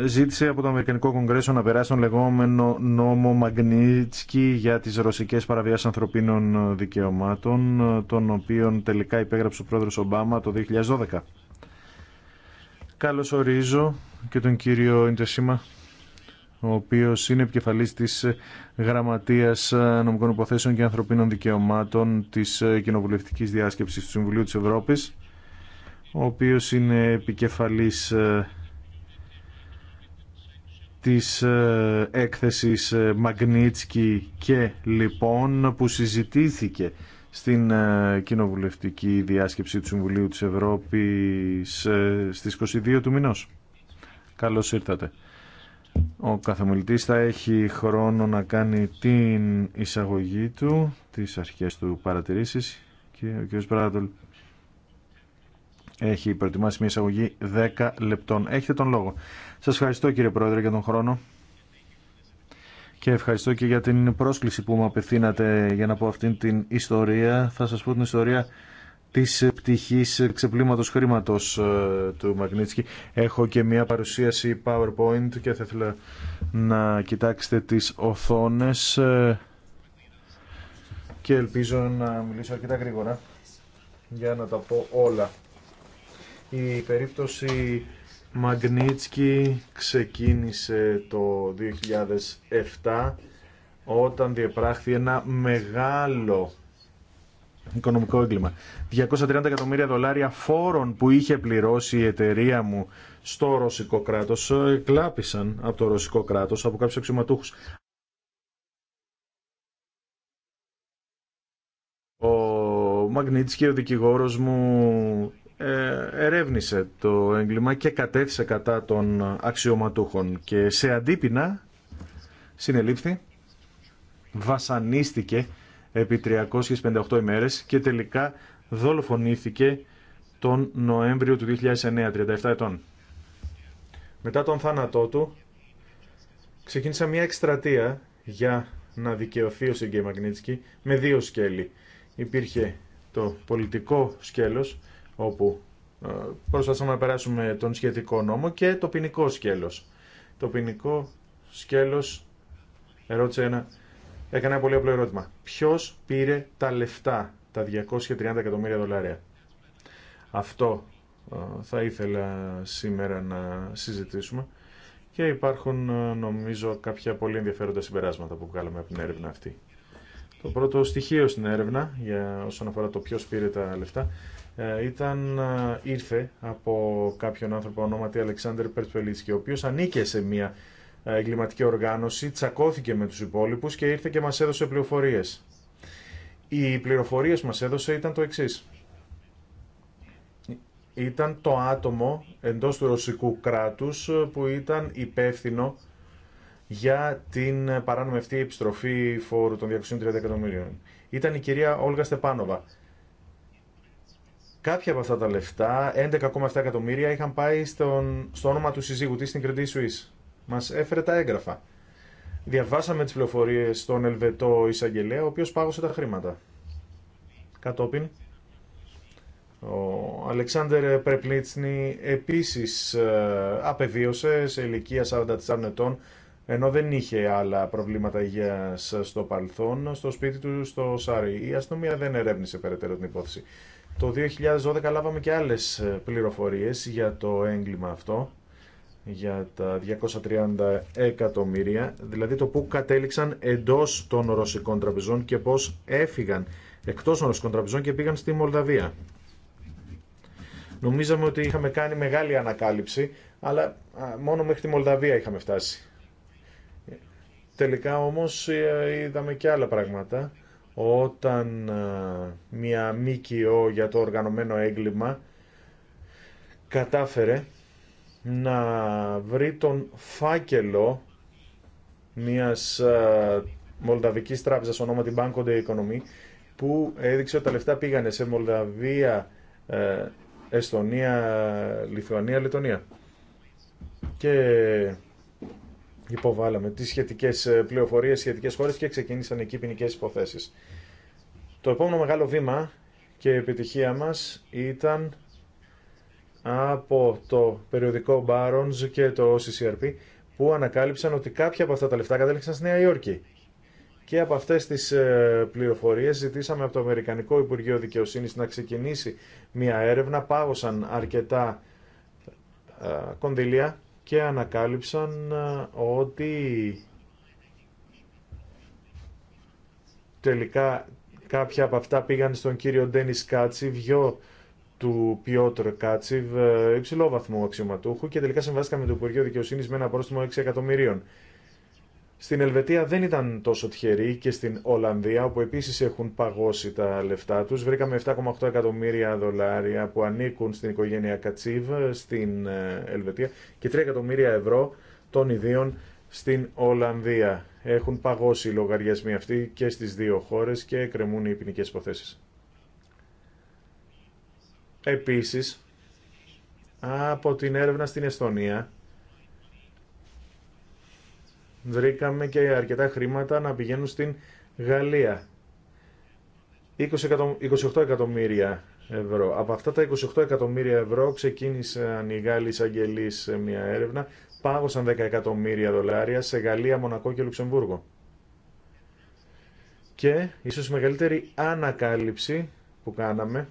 ζήτησε από το Αμερικανικό Κογκρέσο να περάσει τον λεγόμενο νόμο Μαγνίτσκι για τις ρωσικές παραβιάσεις ανθρωπίνων δικαιωμάτων, τον οποίον τελικά υπέγραψε ο πρόεδρος Ομπάμα το 2012. Καλώς ορίζω και τον κύριο Ιντεσίμα, ο οποίος είναι επικεφαλής της Γραμματείας Νομικών Υποθέσεων και Ανθρωπίνων Δικαιωμάτων της Κοινοβουλευτικής Διάσκεψης του Συμβουλίου της Ευρώπης, ο οποίος είναι επικεφαλής της ε, έκθεσης ε, Μαγνίτσκι και λοιπόν που συζητήθηκε στην ε, κοινοβουλευτική διάσκεψη του Συμβουλίου της Ευρώπης στις 22 του μηνός. Καλώς ήρθατε. Ο καθομιλητής θα έχει χρόνο να κάνει την εισαγωγή του, τις αρχές του παρατηρήσεις και ο κ. Πράτολ έχει προετοιμάσει μια εισαγωγή 10 λεπτών. Έχετε τον λόγο. Σας ευχαριστώ κύριε Πρόεδρε για τον χρόνο και ευχαριστώ και για την πρόσκληση που μου απευθύνατε για να πω αυτήν την ιστορία. Θα σας πω την ιστορία της πτυχής ξεπλήματος χρήματος ε, του Μαγνίτσκι. Έχω και μια παρουσίαση PowerPoint και θα ήθελα να κοιτάξετε τις οθόνες ε, και ελπίζω να μιλήσω αρκετά γρήγορα για να τα πω όλα. Η περίπτωση Μαγνίτσκι ξεκίνησε το 2007 όταν διεπράχθη ένα μεγάλο οικονομικό έγκλημα. 230 εκατομμύρια δολάρια φόρων που είχε πληρώσει η εταιρεία μου στο ρωσικό κράτος ε, κλάπησαν από το ρωσικό κράτος, από κάποιους αξιωματούχους. Ο Μαγνίτσκι, ο δικηγόρος μου, ε, ερεύνησε το έγκλημα και κατέθεσε κατά των αξιωματούχων και σε αντίπεινα συνελήφθη, βασανίστηκε επί 358 ημέρες και τελικά δολοφονήθηκε τον Νοέμβριο του 2009, 37 ετών. Μετά τον θάνατό του, ξεκίνησα μια εκστρατεία για να δικαιωθεί ο Σιγκέ Μαγνίτσκι με δύο σκέλη. Υπήρχε το πολιτικό σκέλος όπου ε, προσπαθούμε να περάσουμε τον σχετικό νόμο και το ποινικό σκέλος. Το ποινικό σκέλος ερώτησε ένα, έκανε ένα πολύ απλό ερώτημα. Ποιος πήρε τα λεφτά, τα 230 εκατομμύρια δολάρια. Αυτό ε, θα ήθελα σήμερα να συζητήσουμε και υπάρχουν ε, νομίζω κάποια πολύ ενδιαφέροντα συμπεράσματα που βγάλαμε από την έρευνα αυτή. Το πρώτο στοιχείο στην έρευνα για όσον αφορά το ποιος πήρε τα λεφτά ε, ήταν, ε, ήρθε από κάποιον άνθρωπο ονόματι Αλεξάνδρ Περτσπελίτσκι, ο οποίος ανήκε σε μια ε, εγκληματική οργάνωση, τσακώθηκε με τους υπόλοιπους και ήρθε και μας έδωσε πληροφορίες. Οι πληροφορίες μας έδωσε ήταν το εξής. Ήταν το άτομο εντός του ρωσικού κράτους που ήταν υπεύθυνο για την παράνομη αυτή επιστροφή φόρου των 230 εκατομμύριων. Ήταν η κυρία Όλγα Στεπάνοβα, Κάποια από αυτά τα λεφτά, 11,7 εκατομμύρια, είχαν πάει στον, στο όνομα του συζύγου της στην Credit Suisse. Μας έφερε τα έγγραφα. Διαβάσαμε τις πληροφορίες στον Ελβετό Ισαγγελέα, ο οποίος πάγωσε τα χρήματα. Κατόπιν, ο Αλεξάνδερ Πρεπλίτσνη επίσης ε, απεβίωσε σε ηλικία 44 ετών, ενώ δεν είχε άλλα προβλήματα υγείας στο παρελθόν, στο σπίτι του στο Σάρι. Η αστυνομία δεν ερεύνησε περαιτέρω την υπόθεση. Το 2012 λάβαμε και άλλες ε, πληροφορίες για το έγκλημα αυτό, για τα 230 εκατομμύρια, δηλαδή το που κατέληξαν εντός των ρωσικών τραπεζών και πώς έφυγαν εκτός των ρωσικών τραπεζών και πήγαν στη Μολδαβία. Νομίζαμε ότι είχαμε κάνει μεγάλη ανακάλυψη, αλλά μόνο μέχρι τη Μολδαβία είχαμε φτάσει. Τελικά όμως ε, είδαμε και άλλα πράγματα όταν ε, μια ΜΚΟ για το οργανωμένο έγκλημα κατάφερε να βρει τον φάκελο μιας ε, Μολδαβικής τράπεζας ονόματι Banco de Economy που έδειξε ότι τα λεφτά πήγανε σε Μολδαβία, ε, Εστονία, Λιθουανία, Λετονία Και υποβάλαμε τις σχετικές ε, πληροφορίες, σχετικές χώρες και ξεκίνησαν εκεί ποινικέ υποθέσεις. Το επόμενο μεγάλο βήμα και επιτυχία μας ήταν από το περιοδικό Barons και το OCCRP που ανακάλυψαν ότι κάποια από αυτά τα λεφτά κατέληξαν στη Νέα Υόρκη. Και από αυτές τις ε, πληροφορίες ζητήσαμε από το Αμερικανικό Υπουργείο Δικαιοσύνης να ξεκινήσει μια έρευνα. Πάγωσαν αρκετά ε, κονδυλία και ανακάλυψαν ε, ότι τελικά κάποια από αυτά πήγαν στον κύριο Ντένις Κάτσιβ, γιο του Πιότρ Κάτσιβ, ε, υψηλό βαθμό αξιωματούχου και τελικά συμβάστηκαν με το Υπουργείο Δικαιοσύνη με ένα πρόστιμο 6 εκατομμυρίων. Στην Ελβετία δεν ήταν τόσο τυχεροί και στην Ολλανδία, όπου επίσης έχουν παγώσει τα λεφτά τους. Βρήκαμε 7,8 εκατομμύρια δολάρια που ανήκουν στην οικογένεια Κατσίβ στην ε, Ελβετία και 3 εκατομμύρια ευρώ των ιδίων στην Ολλανδία. Έχουν παγώσει οι λογαριασμοί αυτοί και στις δύο χώρες και κρεμούν οι ποινικέ υποθέσει. Επίση από την έρευνα στην Εστονία, βρήκαμε και αρκετά χρήματα να πηγαίνουν στην Γαλλία. 28 εκατομμύρια ευρώ. Από αυτά τα 28 εκατομμύρια ευρώ ξεκίνησαν οι Γάλλοι εισαγγελεί σε μια έρευνα, πάγωσαν 10 εκατομμύρια δολάρια σε Γαλλία, Μονακό και Λουξεμβούργο. Και ίσως η μεγαλύτερη ανακάλυψη που κάναμε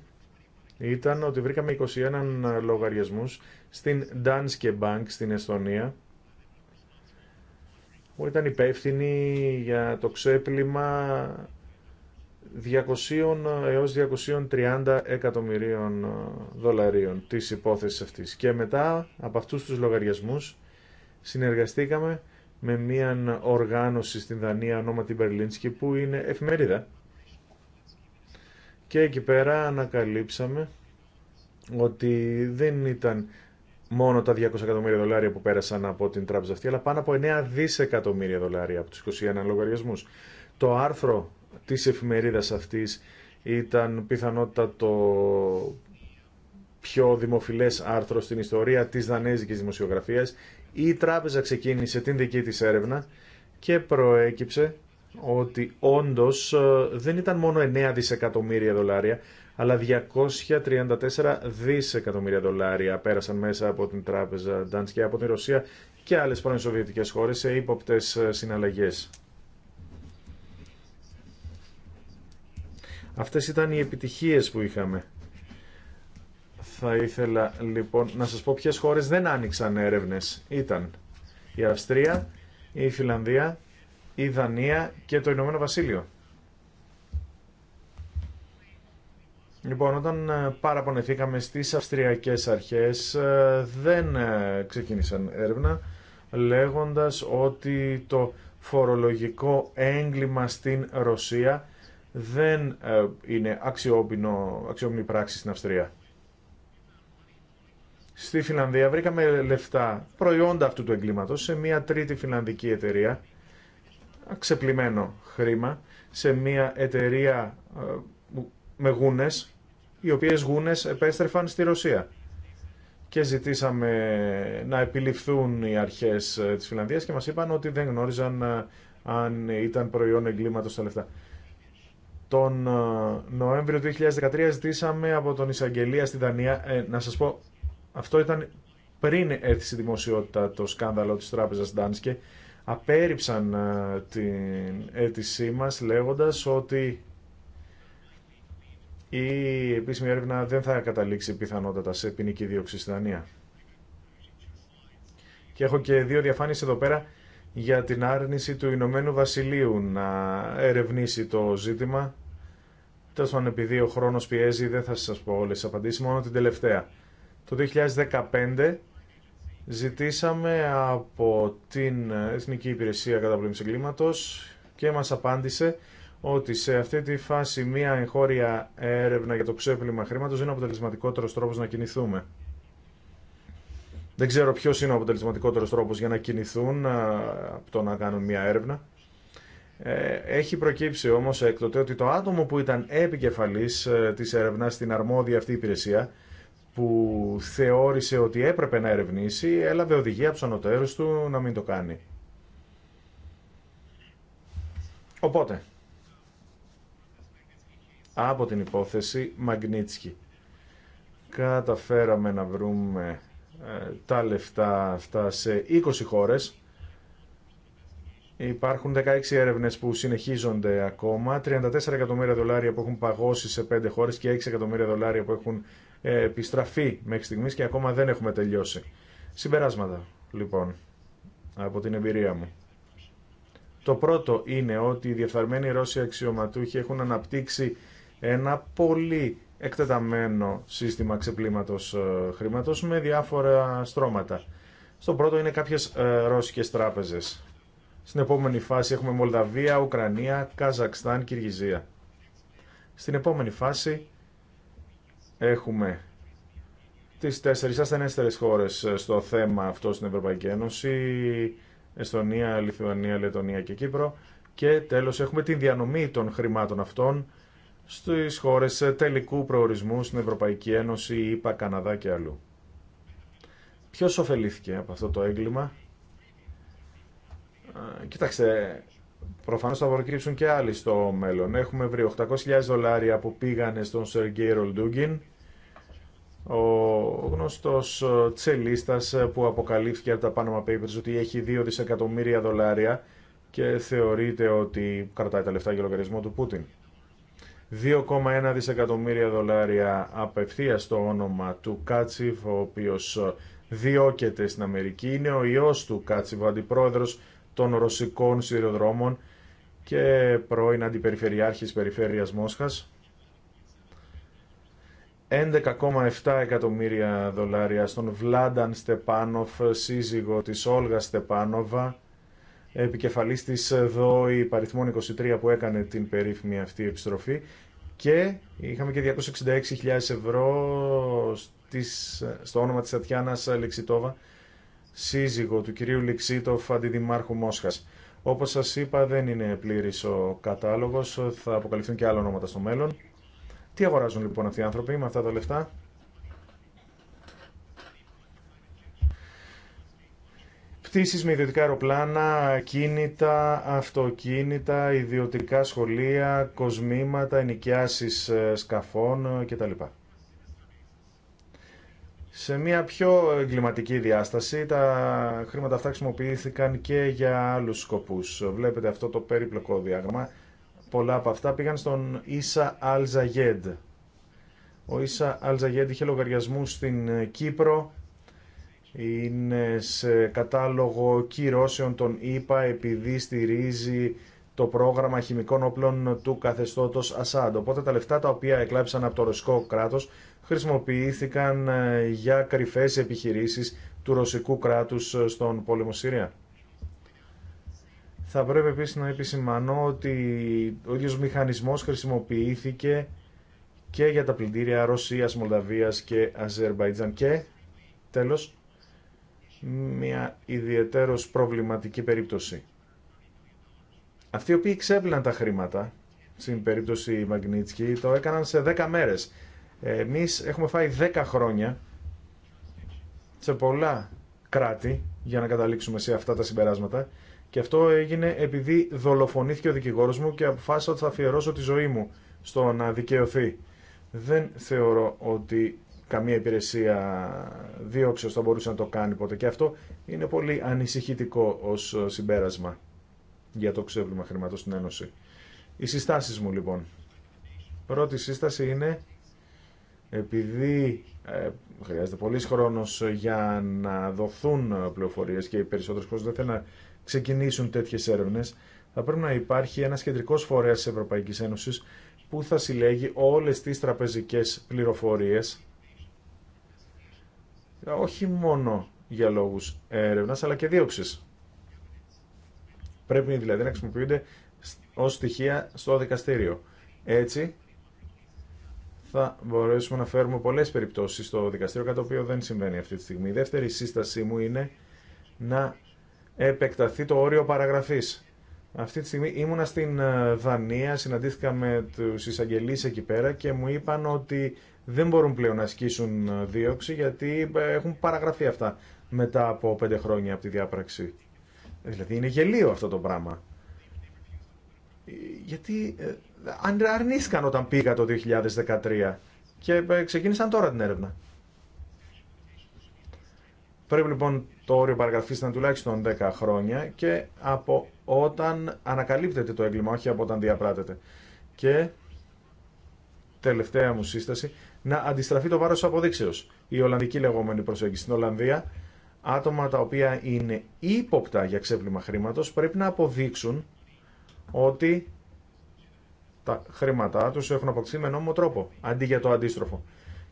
ήταν ότι βρήκαμε 21 λογαριασμούς στην Danske Bank στην Εστονία, που ήταν υπεύθυνη για το ξέπλυμα 200 έως 230 εκατομμυρίων δολαρίων της υπόθεσης αυτής. Και μετά από αυτούς τους λογαριασμούς συνεργαστήκαμε με μια οργάνωση στην Δανία ονόματι Μπερλίνσκι που είναι εφημερίδα. Και εκεί πέρα ανακαλύψαμε ότι δεν ήταν μόνο τα 200 εκατομμύρια δολάρια που πέρασαν από την τράπεζα αυτή, αλλά πάνω από 9 δισεκατομμύρια δολάρια από τους 21 λογαριασμούς. Το άρθρο της εφημερίδας αυτής ήταν πιθανότατα το πιο δημοφιλές άρθρο στην ιστορία της δανέζικης δημοσιογραφίας. Η τράπεζα ξεκίνησε την δική της έρευνα και προέκυψε ότι όντως ε, δεν ήταν μόνο 9 δισεκατομμύρια δολάρια, αλλά 234 δισεκατομμύρια δολάρια πέρασαν μέσα από την τράπεζα Danske και από την Ρωσία και άλλες πρώην Σοβιετικές χώρες σε ύποπτες συναλλαγές. Αυτές ήταν οι επιτυχίες που είχαμε. Θα ήθελα λοιπόν να σας πω ποιες χώρες δεν άνοιξαν έρευνες. Ήταν η Αυστρία, η Φιλανδία, η Δανία και το Ηνωμένο Βασίλειο. Λοιπόν, όταν ε, παραπονεθήκαμε στις αυστριακές αρχές ε, δεν ε, ξεκίνησαν έρευνα λέγοντας ότι το φορολογικό έγκλημα στην Ρωσία δεν είναι αξιόπινο, αξιόπινη πράξη στην Αυστρία. Στη Φιλανδία βρήκαμε λεφτά, προϊόντα αυτού του εγκλήματος, σε μια τρίτη φιλανδική εταιρεία, ξεπλημένο χρήμα, σε μια εταιρεία με γούνες οι οποίες γούνες επέστρεφαν στη Ρωσία. Και ζητήσαμε να επιληφθούν οι αρχές ε, της Φιλανδίας και μας είπαν ότι δεν γνώριζαν ε, αν ήταν προϊόν εγκλήματος τα λεφτά. Τον ε, Νοέμβριο του 2013 ζητήσαμε από τον Εισαγγελία στη Δανία, να σας πω, αυτό ήταν πριν έρθει στη δημοσιότητα το σκάνδαλο της τράπεζας Ντάνσκε, απέρριψαν την αίτησή μας λέγοντας ότι η επίσημη έρευνα δεν θα καταλήξει πιθανότατα σε ποινική δίωξη στην Δανία. Και έχω και δύο διαφάνειες εδώ πέρα για την άρνηση του Ηνωμένου Βασιλείου να ερευνήσει το ζήτημα. Τέλος πάντων, επειδή ο χρόνος πιέζει, δεν θα σας πω όλες τις απαντήσεις, μόνο την τελευταία. Το 2015 ζητήσαμε από την Εθνική Υπηρεσία Καταπολέμησης Εγκλήματος και μας απάντησε ότι σε αυτή τη φάση μια εγχώρια έρευνα για το ξέπλυμα χρήματος είναι ο αποτελεσματικότερος τρόπο να κινηθούμε. Δεν ξέρω ποιο είναι ο αποτελεσματικότερος τρόπος για να κινηθούν από το να κάνουν μια έρευνα. Ε, έχει προκύψει όμως έκτοτε ότι το άτομο που ήταν επικεφαλής ε, της έρευνα στην αρμόδια αυτή υπηρεσία που θεώρησε ότι έπρεπε να ερευνήσει έλαβε οδηγία από του ανωτέρου του να μην το κάνει. Οπότε, από την υπόθεση Μαγνίτσκι. Καταφέραμε να βρούμε ε, τα λεφτά αυτά σε 20 χώρες. Υπάρχουν 16 έρευνες που συνεχίζονται ακόμα, 34 εκατομμύρια δολάρια που έχουν παγώσει σε 5 χώρες και 6 εκατομμύρια δολάρια που έχουν ε, επιστραφεί μέχρι στιγμής και ακόμα δεν έχουμε τελειώσει. Συμπεράσματα, λοιπόν, από την εμπειρία μου. Το πρώτο είναι ότι οι διεφθαρμένοι Ρώσοι αξιωματούχοι έχουν αναπτύξει ένα πολύ εκτεταμένο σύστημα ξεπλήματος ε, χρήματος με διάφορα στρώματα. Στο πρώτο είναι κάποιες ε, ρώσικες τράπεζες. Στην επόμενη φάση έχουμε Μολδαβία, Ουκρανία, Καζακστάν, Κυργιζία. Στην επόμενη φάση έχουμε τις τέσσερις ασθενέστερες χώρες ε, στο θέμα αυτό στην Ευρωπαϊκή Ένωση, Εστονία, Λιθουανία, Λετωνία και Κύπρο και τέλος έχουμε την διανομή των χρημάτων αυτών στις χώρες τελικού προορισμού στην Ευρωπαϊκή Ένωση, ΗΠΑ Καναδά και αλλού. Ποιος ωφελήθηκε από αυτό το έγκλημα? Κοιτάξτε, προφανώς θα προκύψουν και άλλοι στο μέλλον. Έχουμε βρει 800.000 δολάρια που πήγανε στον Σεργέι Ρολντούγκιν, ο γνωστός ε, τσελίστας ε, που αποκαλύφθηκε από τα Panama Papers ότι έχει 2 δισεκατομμύρια δολάρια και θεωρείται ότι κρατάει τα λεφτά για λογαριασμό του Πούτιν. 2,1 δισεκατομμύρια δολάρια απευθεία στο όνομα του Κάτσιφ, ο οποίος διώκεται στην Αμερική. Είναι ο ιό του Κάτσιφ, ο αντιπρόεδρος των ρωσικών σιδηροδρόμων και πρώην αντιπεριφερειάρχης περιφέρειας Μόσχας. 11,7 εκατομμύρια δολάρια στον Βλάνταν Στεπάνοφ, σύζυγο της Όλγα Στεπάνοβα, επικεφαλής της ΔΟΗ παριθμών 23 που έκανε την περίφημη αυτή επιστροφή και είχαμε και 266.000 ευρώ στις, στο όνομα της ατιάνας Λεξιτόβα, σύζυγο του κυρίου Λεξίτοφ, αντιδημάρχου Μόσχας. Όπως σας είπα δεν είναι πλήρης ο κατάλογος, θα αποκαλυφθούν και άλλα ονόματα στο μέλλον. Τι αγοράζουν λοιπόν αυτοί οι άνθρωποι με αυτά τα λεφτά. Πτήσεις με ιδιωτικά αεροπλάνα, κίνητα, αυτοκίνητα, ιδιωτικά σχολεία, κοσμήματα, ενοικιάσεις ε, σκαφών ε, κτλ. Σε μια πιο εγκληματική διάσταση, τα χρήματα αυτά χρησιμοποιήθηκαν και για άλλους σκοπούς. Βλέπετε αυτό το περίπλοκο διάγραμμα. Πολλά από αυτά πήγαν στον Ίσα Αλζαγέντ. Ο Ίσα Αλζαγέντ είχε λογαριασμού στην ε, Κύπρο, είναι σε κατάλογο κυρώσεων των ΗΠΑ επειδή στηρίζει το πρόγραμμα χημικών όπλων του καθεστώτος Ασάντ. Οπότε τα λεφτά τα οποία εκλάψαν από το ρωσικό κράτος χρησιμοποιήθηκαν ε, για κρυφές επιχειρήσεις του ρωσικού κράτους ε, στον πόλεμο Συρία. Θα πρέπει επίσης να επισημανώ ότι ο ίδιος μηχανισμός χρησιμοποιήθηκε και για τα πλυντήρια Ρωσίας, Μολδαβίας και Αζερβαϊτζάν και τέλος μια ιδιαίτερος προβληματική περίπτωση. Αυτοί οι οποίοι ξέπλυναν τα χρήματα, στην περίπτωση Μαγνίτσκι, το έκαναν σε 10 μέρες. Εμείς έχουμε φάει 10 χρόνια σε πολλά κράτη για να καταλήξουμε σε αυτά τα συμπεράσματα και αυτό έγινε επειδή δολοφονήθηκε ο δικηγόρος μου και αποφάσισα ότι θα αφιερώσω τη ζωή μου στο να δικαιωθεί. Δεν θεωρώ ότι καμία υπηρεσία δίωξης θα μπορούσε να το κάνει ποτέ. Και αυτό είναι πολύ ανησυχητικό ως συμπέρασμα για το ξέβλημα χρηματός στην Ένωση. Οι συστάσεις μου λοιπόν. Πρώτη σύσταση είναι επειδή ε, χρειάζεται πολύς χρόνος για να δοθούν πληροφορίες και οι περισσότερες χώρες δεν θέλουν να ξεκινήσουν τέτοιες έρευνες, θα πρέπει να υπάρχει ένας κεντρικός φορέας της Ευρωπαϊκής Ένωσης που θα συλλέγει όλες τις τραπεζικές πληροφορίες ε, όχι μόνο για λόγους έρευνας αλλά και δίωξης. Πρέπει δηλαδή να χρησιμοποιούνται ως στοιχεία στο δικαστήριο. Έτσι θα μπορέσουμε να φέρουμε πολλές περιπτώσεις στο δικαστήριο, κατά το οποίο δεν συμβαίνει αυτή τη στιγμή. Η δεύτερη σύστασή μου είναι να επεκταθεί το όριο παραγραφής. Αυτή τη στιγμή ήμουνα στην ε, Δανία, συναντήθηκα με τους εισαγγελείς εκεί πέρα και μου είπαν ότι δεν μπορούν πλέον να ασκήσουν ε, δίωξη γιατί ε, έχουν παραγραφεί αυτά μετά από πέντε χρόνια από τη διάπραξη. Δηλαδή είναι γελίο αυτό το πράγμα. Ε, γιατί αρνήθηκαν όταν πήγα το 2013 και ξεκίνησαν τώρα την έρευνα. Πρέπει λοιπόν το όριο παραγραφή να τουλάχιστον 10 χρόνια και από όταν ανακαλύπτεται το έγκλημα, όχι από όταν διαπράτεται. Και τελευταία μου σύσταση, να αντιστραφεί το βάρο του αποδείξεω. Η Ολλανδική λεγόμενη προσέγγιση στην Ολλανδία, άτομα τα οποία είναι ύποπτα για ξέπλυμα χρήματο πρέπει να αποδείξουν ότι τα χρήματά του έχουν αποκτήσει με νόμιμο τρόπο, αντί για το αντίστροφο.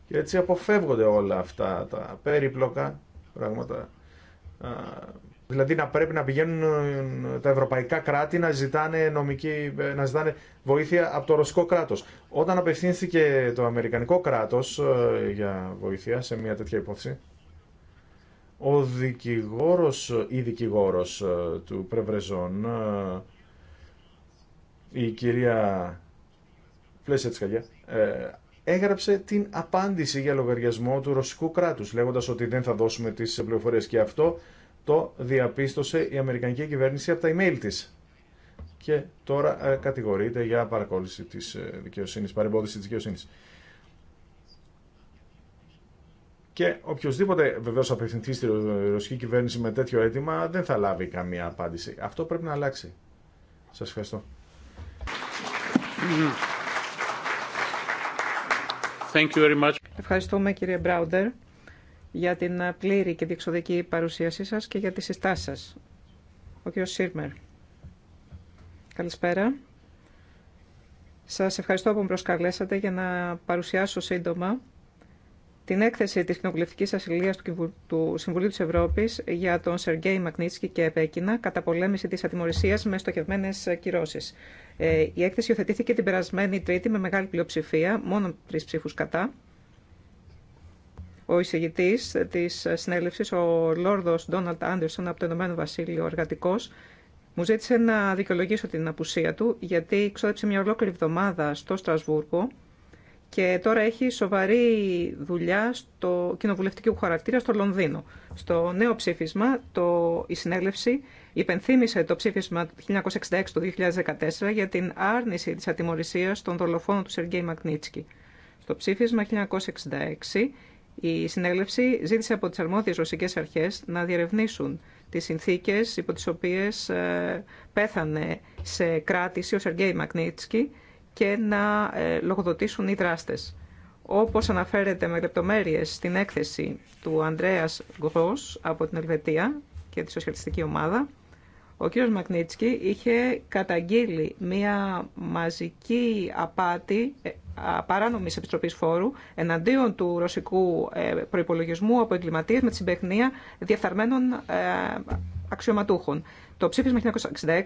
Και έτσι αποφεύγονται όλα αυτά τα περίπλοκα πράγματα Δηλαδή να πρέπει να πηγαίνουν ε, τα ευρωπαϊκά κράτη να ζητάνε, νομική, ε, να ζητάνε βοήθεια από το ρωσικό κράτος. Όταν απευθύνθηκε το αμερικανικό κράτος ε, για βοήθεια σε μια τέτοια υπόθεση, ο δικηγόρος ή δικηγόρος του Πρεβρεζών, η κυρία Πλέσια Τσκαγιά, έγραψε την απάντηση για λογαριασμό του ρωσικού κράτους, λέγοντας ότι δεν θα δώσουμε τις πληροφορίες και αυτό το διαπίστωσε η Αμερικανική κυβέρνηση από τα email της. Και τώρα ε, κατηγορείται για παρακόλληση της ε, δικαιοσύνης, παρεμπόδιση της δικαιοσύνης. Και οποιοδήποτε βεβαίω απευθυνθεί στη ρωσική κυβέρνηση με τέτοιο αίτημα δεν θα λάβει καμία απάντηση. Αυτό πρέπει να αλλάξει. Σα ευχαριστώ. Thank you very much. Ευχαριστούμε κύριε Μπράουντερ για την πλήρη και διεξοδική παρουσίασή σας και για τις συστάσεις σας. Ο κ. Σίρμερ. Καλησπέρα. Σας ευχαριστώ που με προσκαλέσατε για να παρουσιάσω σύντομα την έκθεση της Κοινοβουλευτικής Ασυλίας του Συμβουλίου της Ευρώπης για τον Σεργέη Μακνίτσκι και επέκεινα κατά πολέμηση της ατιμορρησίας με στοχευμένες κυρώσεις. Ε, η έκθεση υιοθετήθηκε την περασμένη Τρίτη με μεγάλη πλειοψηφία, μόνο τρεις ψήφους κατά ο εισηγητής της συνέλευσης, ο Λόρδος Ντόναλτ Άντερσον από το Ηνωμένο Βασίλειο Εργατικός, μου ζήτησε να δικαιολογήσω την απουσία του, γιατί ξόδεψε μια ολόκληρη εβδομάδα στο Στρασβούργο και τώρα έχει σοβαρή δουλειά στο κοινοβουλευτικό χαρακτήρα στο Λονδίνο. Στο νέο ψήφισμα, το, η συνέλευση υπενθύμησε το ψήφισμα 1966 του 2014 για την άρνηση της ατιμορρησίας των δολοφόνων του Σεργέη Μαγνίτσκι. Στο ψήφισμα 1966 η συνέλευση ζήτησε από τις αρμόδιες ρωσικές αρχές να διερευνήσουν τις συνθήκες υπό τις οποίες ε, πέθανε σε κράτηση ο Σεργέη Μακνίτσκι και να ε, λογοδοτήσουν οι δράστες. Όπως αναφέρεται με λεπτομέρειες στην έκθεση του Ανδρέας Γκρός από την Ελβετία και τη Σοσιαλιστική Ομάδα, ο κ. Μακνίτσκι είχε καταγγείλει μία μαζική απάτη ε, παράνομη επιστροπής φόρου εναντίον του ρωσικού ε, προπολογισμού από εγκληματίε με τη συμπεχνία διεφθαρμένων ε, αξιωματούχων. Το ψήφισμα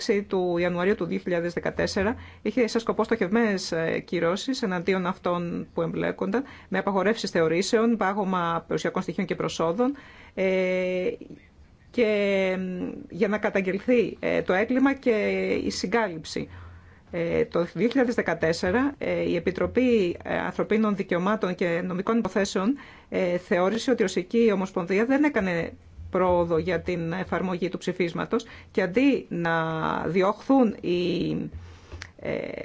1966 του Ιανουαρίου του 2014 είχε σαν σκοπό στοχευμένε ε, κυρώσει εναντίον αυτών που εμπλέκονταν, με απαγορεύσει θεωρήσεων, πάγωμα περιουσιακών στοιχείων και προσόδων, και για να καταγγελθεί το έγκλημα και η συγκάλυψη ε, το 2014 ε, η Επιτροπή ε, Ανθρωπίνων Δικαιωμάτων και Νομικών Υποθέσεων θεώρησε ότι η Ρωσική Ομοσπονδία δεν έκανε πρόοδο για την εφαρμογή του ψηφίσματος και αντί να διώχθουν οι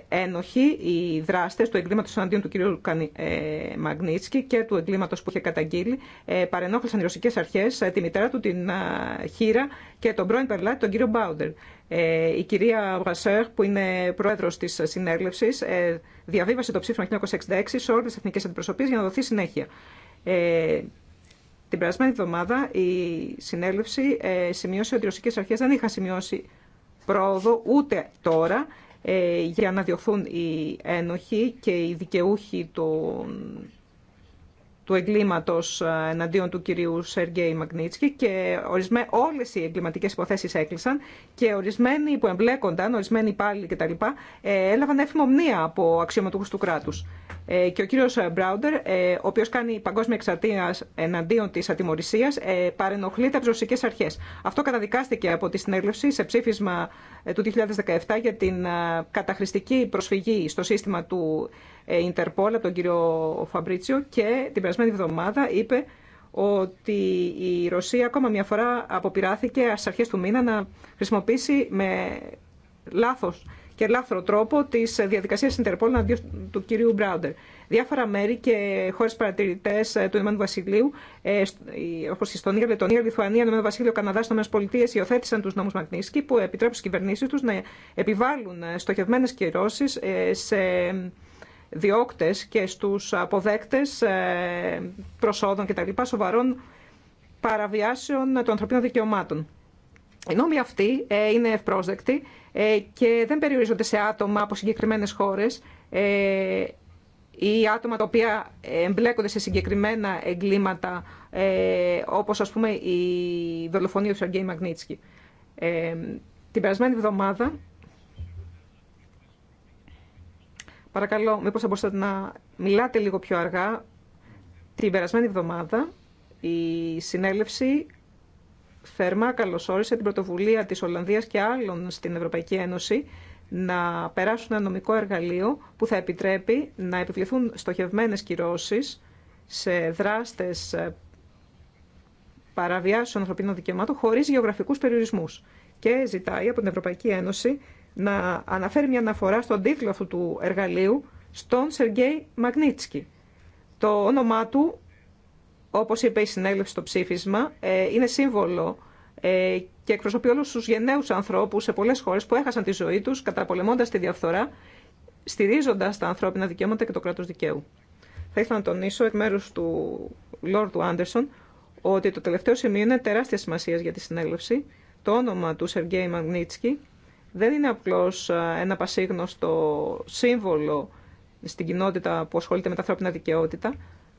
ένοχοι, οι δράστες του εγκλήματος εναντίον του κ. Μαγνίτσκι και του εγκλήματος που είχε καταγγείλει παρενόχλησαν οι ρωσικές αρχές τη μητέρα του, την Χίρα και τον πρώην περλάτη, τον κ. Μπάουντερ. Ε, η κυρία Βρασέρ, που είναι πρόεδρο τη συνέλευση, ε, διαβίβασε το ψήφισμα 1966 σε όλε τι εθνικέ αντιπροσωπείε για να δοθεί συνέχεια. Ε, την περασμένη εβδομάδα η συνέλευση σημείωσε ότι οι ρωσικέ αρχέ δεν είχαν σημειώσει πρόοδο ούτε τώρα για να διωχθούν οι ένοχοι και οι δικαιούχοι των του εγκλήματος ε, εναντίον του κυρίου Σεργέη Μαγνίτσκι και ορισμέ, όλες οι εγκληματικές υποθέσεις έκλεισαν και ορισμένοι που εμπλέκονταν, ορισμένοι υπάλληλοι κτλ. Ε, έλαβαν εφημομνία από αξιωματούχους του κράτους. Ε, και ο κύριος Μπράουντερ, ο οποίος κάνει παγκόσμια εξαρτία εναντίον της ατιμορρησίας, παρενοχλείται από τις ρωσικές αρχές. Αυτό καταδικάστηκε από τη συνέλευση σε ψήφισμα του 2017 για την καταχρηστική προσφυγή στο σύστημα του ε, Ιντερπόλ από τον κύριο Φαμπρίτσιο και την περασμένη εβδομάδα είπε ότι η Ρωσία ακόμα μια φορά αποπειράθηκε στις αρχές του μήνα να χρησιμοποιήσει με λάθος και λάθρο τρόπο τη διαδικασία Ιντερπόλ του κυρίου Μπράουντερ. Διάφορα μέρη και χώρε παρατηρητέ του Ηνωμένου Βασιλείου, όπω ε, η Στονία, Λετωνία, Λιθουανία, Ηνωμένο Βασίλειο, Καναδά, Πολιτείε, υιοθέτησαν του νόμου Μαγνίσκη που επιτρέπουν στι κυβερνήσει του να επιβάλλουν στοχευμένε κυρώσει ε, σε διώκτες και στους αποδέκτες ε, προσόδων κτλ. σοβαρών παραβιάσεων των ανθρωπίνων δικαιωμάτων. Οι νόμοι αυτοί ε, είναι ευπρόσδεκτοι ε, και δεν περιορίζονται σε άτομα από συγκεκριμένες χώρες ή άτομα τα οποία εμπλέκονται σε συγκεκριμένα εγκλήματα όπως ας πούμε η δολοφονία του Σαργέη Μαγνίτσκι. Την περασμένη εβδομάδα Παρακαλώ, μήπως θα μπορούσατε να μιλάτε λίγο πιο αργά. Την περασμένη εβδομάδα η συνέλευση φέρμα καλωσόρισε την πρωτοβουλία της Ολλανδίας και άλλων στην Ευρωπαϊκή Ένωση να περάσουν ένα νομικό εργαλείο που θα επιτρέπει να επιβληθούν στοχευμένες κυρώσεις σε δράστες παραβιάσεων ανθρωπίνων δικαιωμάτων χωρίς γεωγραφικούς περιορισμούς και ζητάει από την Ευρωπαϊκή Ένωση να αναφέρει μια αναφορά στον τίτλο αυτού του εργαλείου, στον Σεργέη Μαγνίτσκι. Το όνομά του, όπως είπε η συνέλευση στο ψήφισμα, ε, είναι σύμβολο ε, και εκπροσωπεί όλους τους γενναίους ανθρώπους σε πολλές χώρες που έχασαν τη ζωή τους καταπολεμώντας τη διαφθορά, στηρίζοντας τα ανθρώπινα δικαιώματα και το κράτος δικαίου. Θα ήθελα να τονίσω εκ μέρου του Λόρδου Άντερσον ότι το τελευταίο σημείο είναι τεράστια σημασία για τη συνέλευση. Το όνομα του Σεργέη Μαγνίτσκι δεν είναι απλώς ε, ένα πασίγνωστο σύμβολο στην κοινότητα που ασχολείται με τα ανθρώπινα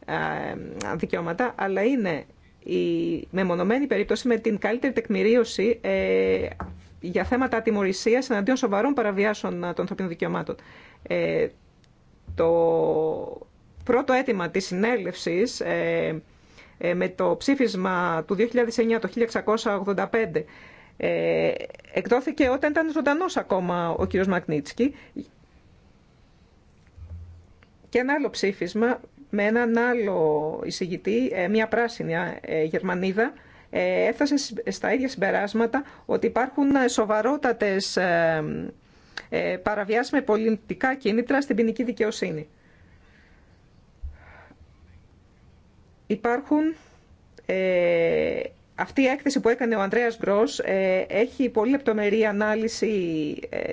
ε, δικαιώματα, αλλά είναι η μεμονωμένη περίπτωση με την καλύτερη τεκμηρίωση ε, για θέματα ατιμορρησία εναντίον σοβαρών παραβιάσεων ε, των ανθρωπίνων δικαιωμάτων. Ε, το πρώτο αίτημα της συνέλευσης ε, με το ψήφισμα του 2009, το 1685, ε, εκδόθηκε όταν ήταν ζωντανός ακόμα ο κύριος Μαγνίτσκι Και ένα άλλο ψήφισμα με έναν άλλο εισηγητή, ε, μια πράσινη ε, Γερμανίδα, ε, έφτασε στα ίδια συμπεράσματα ότι υπάρχουν σοβαρότατες παραβιάσεις με πολιτικά κίνητρα στην ποινική δικαιοσύνη. Υπάρχουν αυτή η έκθεση που έκανε ο Ανδρέας Γκρός ε, έχει πολύ λεπτομερή ανάλυση ε,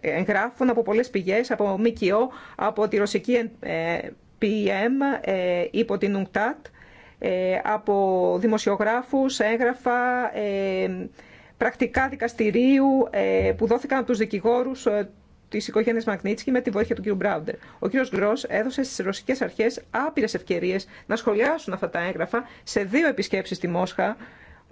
εγγράφων από πολλές πηγές, από ΜΚΟ, από τη ρωσική ε, PM, υπό την UNCTAD, από δημοσιογράφους, έγγραφα, πρακτικά δικαστηρίου που δόθηκαν από τους δικηγόρους τη οικογένεια Μαγνίτσκι με τη βοήθεια του κ. Μπράουντερ. Ο κ. Γκρό έδωσε στι ρωσικέ αρχέ άπειρε ευκαιρίε να σχολιάσουν αυτά τα έγγραφα σε δύο επισκέψει στη Μόσχα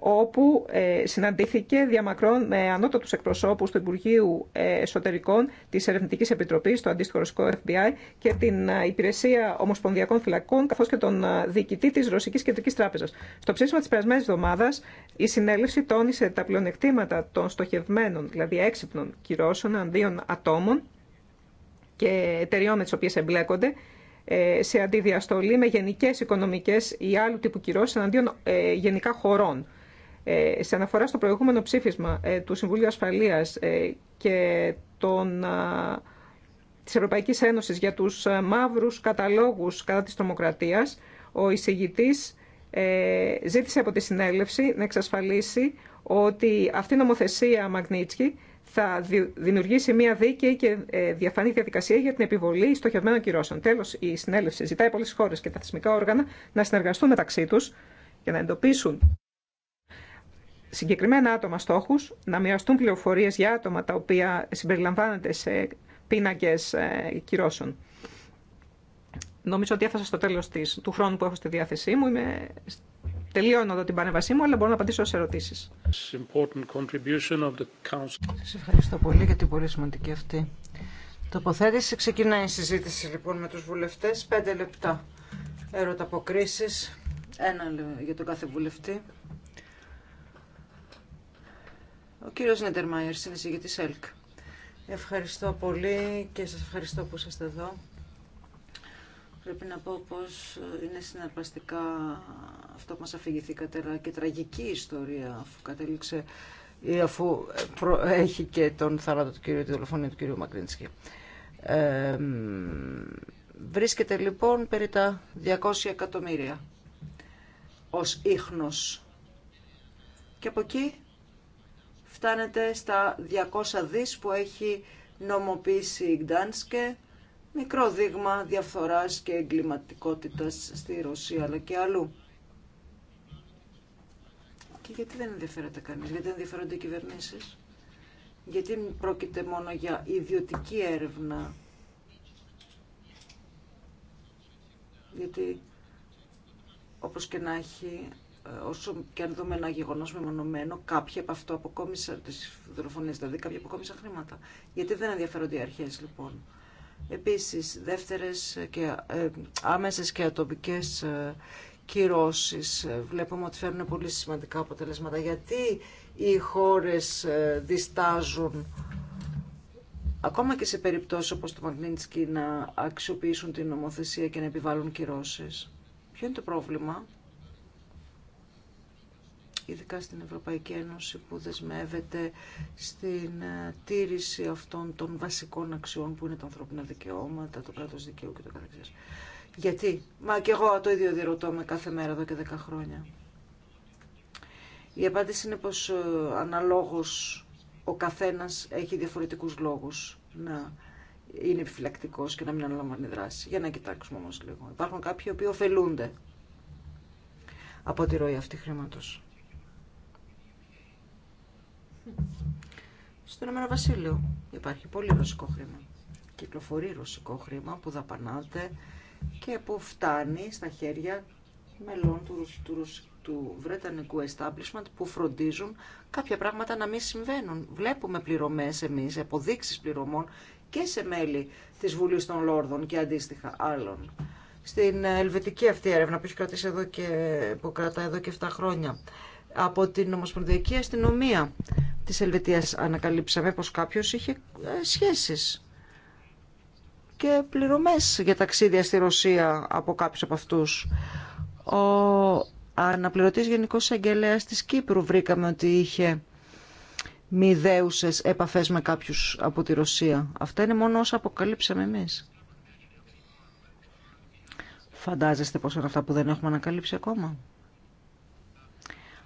όπου ε, συναντήθηκε διαμακρών με ανώτατους εκπροσώπους του Υπουργείου ε, Εσωτερικών της Ερευνητικής Επιτροπής, το αντίστοιχο ρωσικό FBI και την ε, Υπηρεσία Ομοσπονδιακών Φυλακών καθώς και τον διοικητή της Ρωσικής Κεντρικής Τράπεζας. Στο ψήφισμα της περασμένης εβδομάδας η συνέλευση τόνισε τα πλεονεκτήματα των στοχευμένων, δηλαδή έξυπνων κυρώσεων αντίον ατόμων και εταιριών με τις οποίες εμπλέκονται σε αντιδιαστολή με γενικές οικονομικές ή άλλου τύπου κυρώσεις εναντίον γενικά χωρών. Ε, σε αναφορά στο προηγούμενο ψήφισμα ε, του Συμβουλίου Ασφαλείας ε, και των, της Ευρωπαϊκής Ένωσης για τους μαύρους καταλόγους κατά της τρομοκρατίας, ο εισηγητής ζήτησε από τη συνέλευση να εξασφαλίσει ότι αυτή η νομοθεσία Μαγνίτσκι θα δημιουργήσει μια δίκαιη και διαφανή διαδικασία για την επιβολή στοχευμένων κυρώσεων. Τέλο, η συνέλευση ζητάει πολλέ χώρε και τα θεσμικά όργανα να συνεργαστούν μεταξύ του για να εντοπίσουν συγκεκριμένα άτομα στόχους, να μοιραστούν πληροφορίες για άτομα τα οποία συμπεριλαμβάνονται σε πίνακες ε, κυρώσεων. Νομίζω ότι έφτασα στο τέλος της, του χρόνου που έχω στη διάθεσή μου. Είμαι... Τελειώνω εδώ την πανεβασή μου, αλλά μπορώ να απαντήσω σε ερωτήσεις. Σας ευχαριστώ πολύ για την πολύ σημαντική αυτή τοποθέτηση. Ξεκινάει η συζήτηση λοιπόν με τους βουλευτές. Πέντε λεπτά ερωταποκρίσεις. Ένα για τον κάθε βουλευτή. Ο κύριος Νέντερμαϊερ, συνεισηγητής ΕΛΚ. Ευχαριστώ πολύ και σας ευχαριστώ που είστε εδώ. Πρέπει να πω πως είναι συναρπαστικά αυτό που μας αφηγηθήκατε, αλλά και τραγική ιστορία αφού κατέληξε ή αφού ε, έχει και τον θάνατο του κύριου, τη δολοφονία του κύριου Μακρίνσκι. βρίσκεται λοιπόν περί τα 200 εκατομμύρια ως ίχνος. Και από εκεί φτάνετε στα 200 δις που έχει νομοποιήσει η Γκτάνσκε, μικρό δείγμα διαφθοράς και εγκληματικότητας στη Ρωσία αλλά και αλλού. Και γιατί δεν ενδιαφέρεται κανείς, γιατί δεν ενδιαφέρονται οι κυβερνήσεις, γιατί πρόκειται μόνο για ιδιωτική έρευνα, γιατί όπως και να έχει όσο και αν δούμε ένα γεγονό μεμονωμένο, κάποιοι από αυτό αποκόμισαν τι δολοφονίε, δηλαδή κάποιοι αποκόμισαν χρήματα. Γιατί δεν ενδιαφέρονται οι αρχέ, λοιπόν. Επίση, δεύτερε και ε, άμεσε και ατομικέ ε, κυρώσει ε, βλέπουμε ότι φέρνουν πολύ σημαντικά αποτελέσματα. Γιατί οι χώρε ε, διστάζουν ακόμα και σε περιπτώσει όπω το Μαγνίτσκι να αξιοποιήσουν την νομοθεσία και να επιβάλλουν κυρώσει, Ποιο είναι το πρόβλημα, ειδικά στην Ευρωπαϊκή Ένωση που δεσμεύεται στην ε, τήρηση αυτών των βασικών αξιών που είναι τα ανθρώπινα δικαιώματα, το κράτος δικαίου και το καθεξής. Γιατί, μα και εγώ το ίδιο διερωτώ με κάθε μέρα εδώ και δέκα χρόνια. Η απάντηση είναι πως ε, αναλόγως ο καθένας έχει διαφορετικούς λόγους να είναι επιφυλακτικό και να μην αναλαμβάνει δράση. Για να κοιτάξουμε όμως λίγο. Υπάρχουν κάποιοι οποίοι ωφελούνται από τη ροή αυτή χρήματο. Στο Ηνωμένο Βασίλειο υπάρχει πολύ ρωσικό χρήμα. Κυκλοφορεί ρωσικό χρήμα που δαπανάται και που φτάνει στα χέρια μελών του, του, του βρετανικού establishment που φροντίζουν κάποια πράγματα να μην συμβαίνουν. Βλέπουμε πληρωμές εμείς, αποδείξεις πληρωμών και σε μέλη της Βουλής των Λόρδων και αντίστοιχα άλλων. Στην ελβετική αυτή έρευνα που έχει κρατήσει εδώ και, που εδώ και 7 χρόνια από την Ομοσπονδιακή Αστυνομία της Ελβετίας ανακαλύψαμε πως κάποιος είχε ε, σχέσεις και πληρωμές για ταξίδια στη Ρωσία από κάποιους από αυτούς. Ο αναπληρωτής Γενικός Αγγελέας της Κύπρου βρήκαμε ότι είχε μηδέουσες επαφές με κάποιους από τη Ρωσία. Αυτά είναι μόνο όσα αποκαλύψαμε εμείς. Φαντάζεστε πως είναι αυτά που δεν έχουμε ανακαλύψει ακόμα.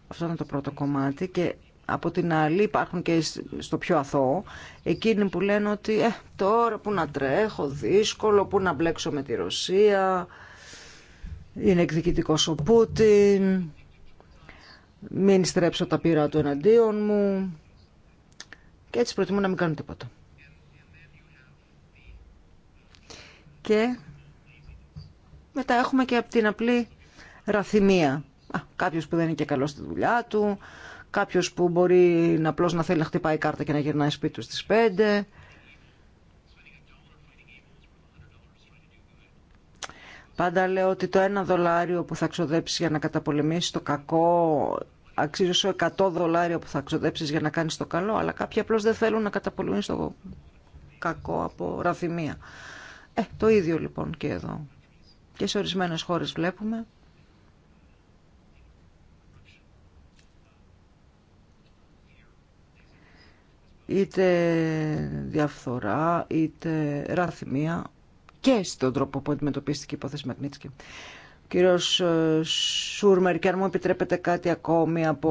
Αυτό είναι το πρώτο κομμάτι και από την άλλη υπάρχουν και στο πιο αθώο εκείνοι που λένε ότι ε, τώρα που να τρέχω δύσκολο, που να μπλέξω με τη Ρωσία, είναι εκδικητικός ο Πούτιν, μην στρέψω τα πυρά του εναντίον μου και έτσι προτιμώ να μην κάνω τίποτα. Και μετά έχουμε και από την απλή ραθυμία. Α, κάποιος που δεν είναι και καλός στη δουλειά του, Κάποιο που μπορεί να απλώ να θέλει να χτυπάει κάρτα και να γυρνάει σπίτι του στι 5. Πάντα λέω ότι το ένα δολάριο που θα ξοδέψει για να καταπολεμήσει το κακό αξίζει όσο 100 δολάρια που θα ξοδέψει για να κάνεις το καλό, αλλά κάποιοι απλώ δεν θέλουν να καταπολεμήσει το κακό από ραφημία. Ε, το ίδιο λοιπόν και εδώ. Και σε ορισμένες χώρες βλέπουμε είτε διαφθορά, είτε ραθυμία και στον τρόπο που αντιμετωπίστηκε η υπόθεση Μαγνίτσκι. Κύριο ε, Σούρμερ, και αν μου επιτρέπετε κάτι ακόμη από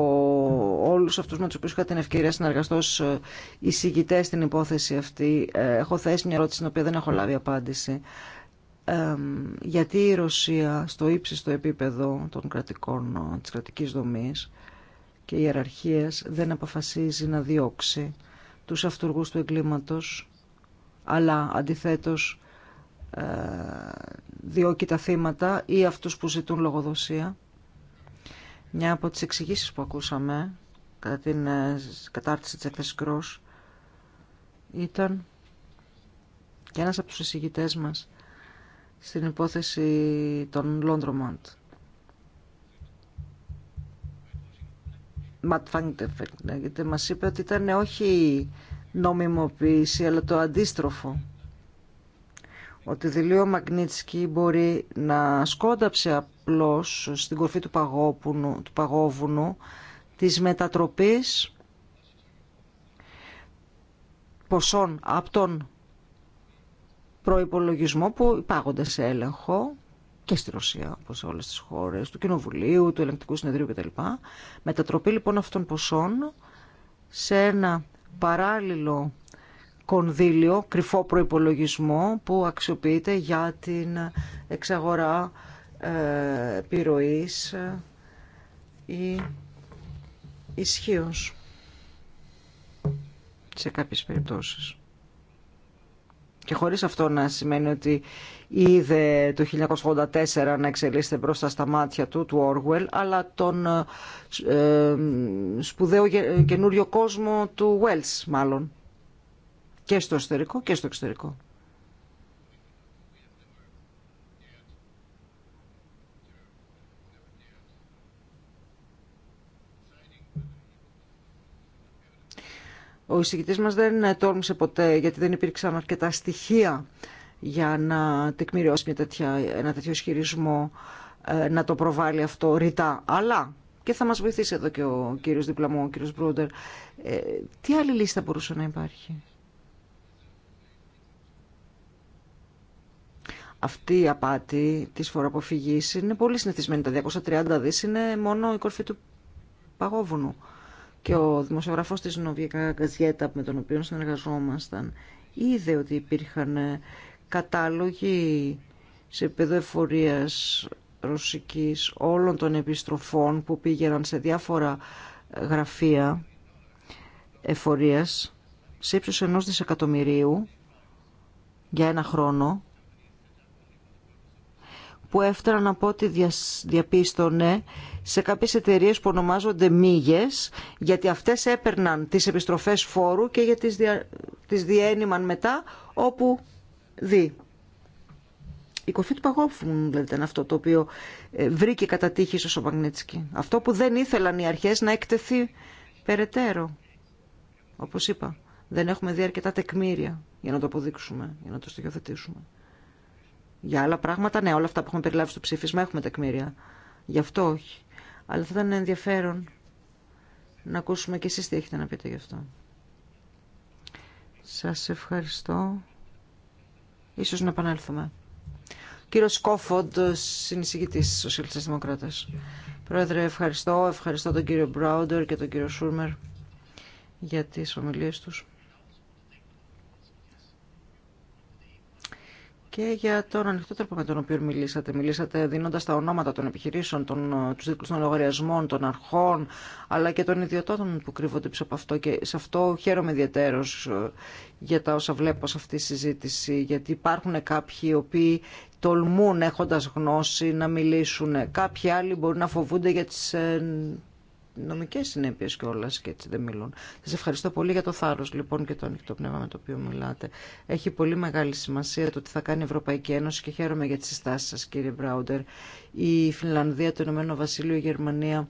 όλου αυτού με του οποίου είχα την ευκαιρία να συνεργαστώ ω ε, εισηγητέ στην υπόθεση αυτή, ε, έχω θέσει μια ερώτηση στην οποία δεν έχω λάβει απάντηση. Ε, γιατί η Ρωσία στο ύψιστο επίπεδο των κρατικών, της κρατικής δομής και ιεραρχίας δεν αποφασίζει να διώξει τους αυτούργους του εγκλήματος, αλλά αντιθέτως ε, διώκει τα θύματα ή αυτούς που ζητούν λογοδοσία. Μια από τις εξηγήσει που ακούσαμε κατά την ε, κατάρτιση της έκθεσης Κρός ήταν και ένας από τους εισηγητές μας στην υπόθεση των Λόντρομαντ Ματ γιατί μας είπε ότι ήταν όχι νομιμοποίηση, αλλά το αντίστροφο. Ότι ο Μαγνίτσκι μπορεί να σκόνταψε απλώς στην κορφή του, παγόπουνου, του παγόβουνου της μετατροπής ποσών από τον προϋπολογισμό που υπάγονται σε έλεγχο και στη Ρωσία, όπω σε όλες τις χώρες, του Κοινοβουλίου, του Ελεγκτικού Συνεδρίου κτλ. Μετατροπή λοιπόν αυτών ποσών σε ένα παράλληλο κονδύλιο, κρυφό προπολογισμό που αξιοποιείται για την εξαγορά ε, ε ή ισχύω σε κάποιες περιπτώσεις. Και χωρίς αυτό να σημαίνει ότι είδε το 1984 να εξελίσσεται μπροστά στα μάτια του, του Orwell, αλλά τον ε, σπουδαίο καινούριο κόσμο του Wells μάλλον. Και στο εσωτερικό και στο εξωτερικό. Ο εισηγητής μας δεν τόλμησε ποτέ γιατί δεν υπήρξαν αρκετά στοιχεία για να τεκμηριώσει μια τέτοια, ένα τέτοιο ισχυρισμό, ε, να το προβάλλει αυτό ρητά. Αλλά, και θα μας βοηθήσει εδώ και ο κύριος Διπλαμό, ο κύριος Μπρούντερ. Ε, τι άλλη λύση μπορούσε να υπάρχει. Αυτή η απάτη της φοροαποφυγής είναι πολύ συνηθισμένη. Τα 230 δις είναι μόνο η κορφή του παγόβουνου. Και ο δημοσιογραφός της Νοβιακά Γκαζιέτα με τον οποίο συνεργαζόμασταν είδε ότι υπήρχαν ε, κατάλογοι σε επίπεδο εφορίας ρωσικής όλων των επιστροφών που πήγαιναν σε διάφορα γραφεία εφορίας σε ύψος ενός δισεκατομμυρίου για ένα χρόνο που έφταναν από ό,τι διαπίστωνε σε κάποιες εταιρείες που ονομάζονται μύγε, γιατί αυτές έπαιρναν τις επιστροφές φόρου και για τις διένυμαν μετά όπου δει. Η κοφή του παγόφουν δηλαδή, ήταν αυτό το οποίο ε, βρήκε κατά τύχη ο Σοπαγνίτσκι. Αυτό που δεν ήθελαν οι αρχές να εκτεθεί περαιτέρω. Όπως είπα, δεν έχουμε δει αρκετά τεκμήρια για να το αποδείξουμε, για να το στοιχειοθετήσουμε. Για άλλα πράγματα, ναι, όλα αυτά που έχουμε περιλάβει στο ψήφισμα έχουμε τεκμήρια. Γι' αυτό όχι. Αλλά θα ήταν ενδιαφέρον να ακούσουμε και εσείς τι έχετε να πείτε γι' αυτό. Σας ευχαριστώ. Ίσως να επανέλθουμε. Κύριο Σκόφοντ, συνεισηγητή Σοσιαλιστέ Δημοκράτε. Πρόεδρε, ευχαριστώ. Ευχαριστώ τον κύριο Μπράουντερ και τον κύριο Σούρμερ για τι ομιλίε του. και για τον ανοιχτό τρόπο με τον οποίο μιλήσατε. Μιλήσατε δίνοντα τα ονόματα των επιχειρήσεων, των, ε, του δίκλου των λογαριασμών, των αρχών, αλλά και των ιδιωτών που κρύβονται πίσω από αυτό. Και σε αυτό χαίρομαι ιδιαίτερω ε, για τα όσα βλέπω σε αυτή τη συζήτηση, γιατί υπάρχουν κάποιοι οι οποίοι τολμούν έχοντα γνώση να μιλήσουν. Κάποιοι άλλοι μπορεί να φοβούνται για τι ε, νομικές συνέπειες κιόλα και έτσι δεν μιλούν. Σα ευχαριστώ πολύ για το θάρρο λοιπόν και το ανοιχτό πνεύμα με το οποίο μιλάτε. Έχει πολύ μεγάλη σημασία το τι θα κάνει η Ευρωπαϊκή Ένωση και χαίρομαι για τι συστάσει σα, κύριε Μπράουντερ. Η Φινλανδία, το Ηνωμένο Βασίλειο, η Γερμανία...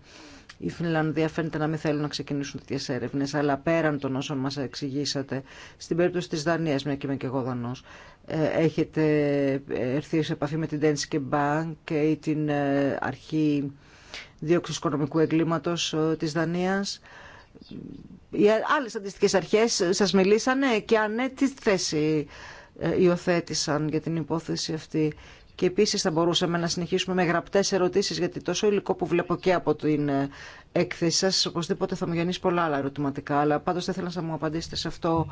Η Φινλανδία φαίνεται να μην θέλουν να ξεκινήσουν τέτοιε έρευνε, αλλά πέραν των όσων μα εξηγήσατε, στην περίπτωση τη Δανία, μια και είμαι και εγώ Δανό, ε, έχετε ε, έρθει σε επαφή με την Danske Bank ή την ε, αρχή δίωξη οικονομικού εγκλήματο ε, της Δανίας. Οι άλλες αντιστοιχέ αρχές ε, σα μιλήσανε και αν ναι, τι θέση ε, υιοθέτησαν για την υπόθεση αυτή. Και επίση θα μπορούσαμε να συνεχίσουμε με γραπτέ ερωτήσει γιατί τόσο υλικό που βλέπω και από την ε, έκθεση σα, οπωσδήποτε θα μου γεννήσει πολλά άλλα ερωτηματικά. Αλλά πάντω θα ήθελα να μου απαντήσετε σε, αυτό,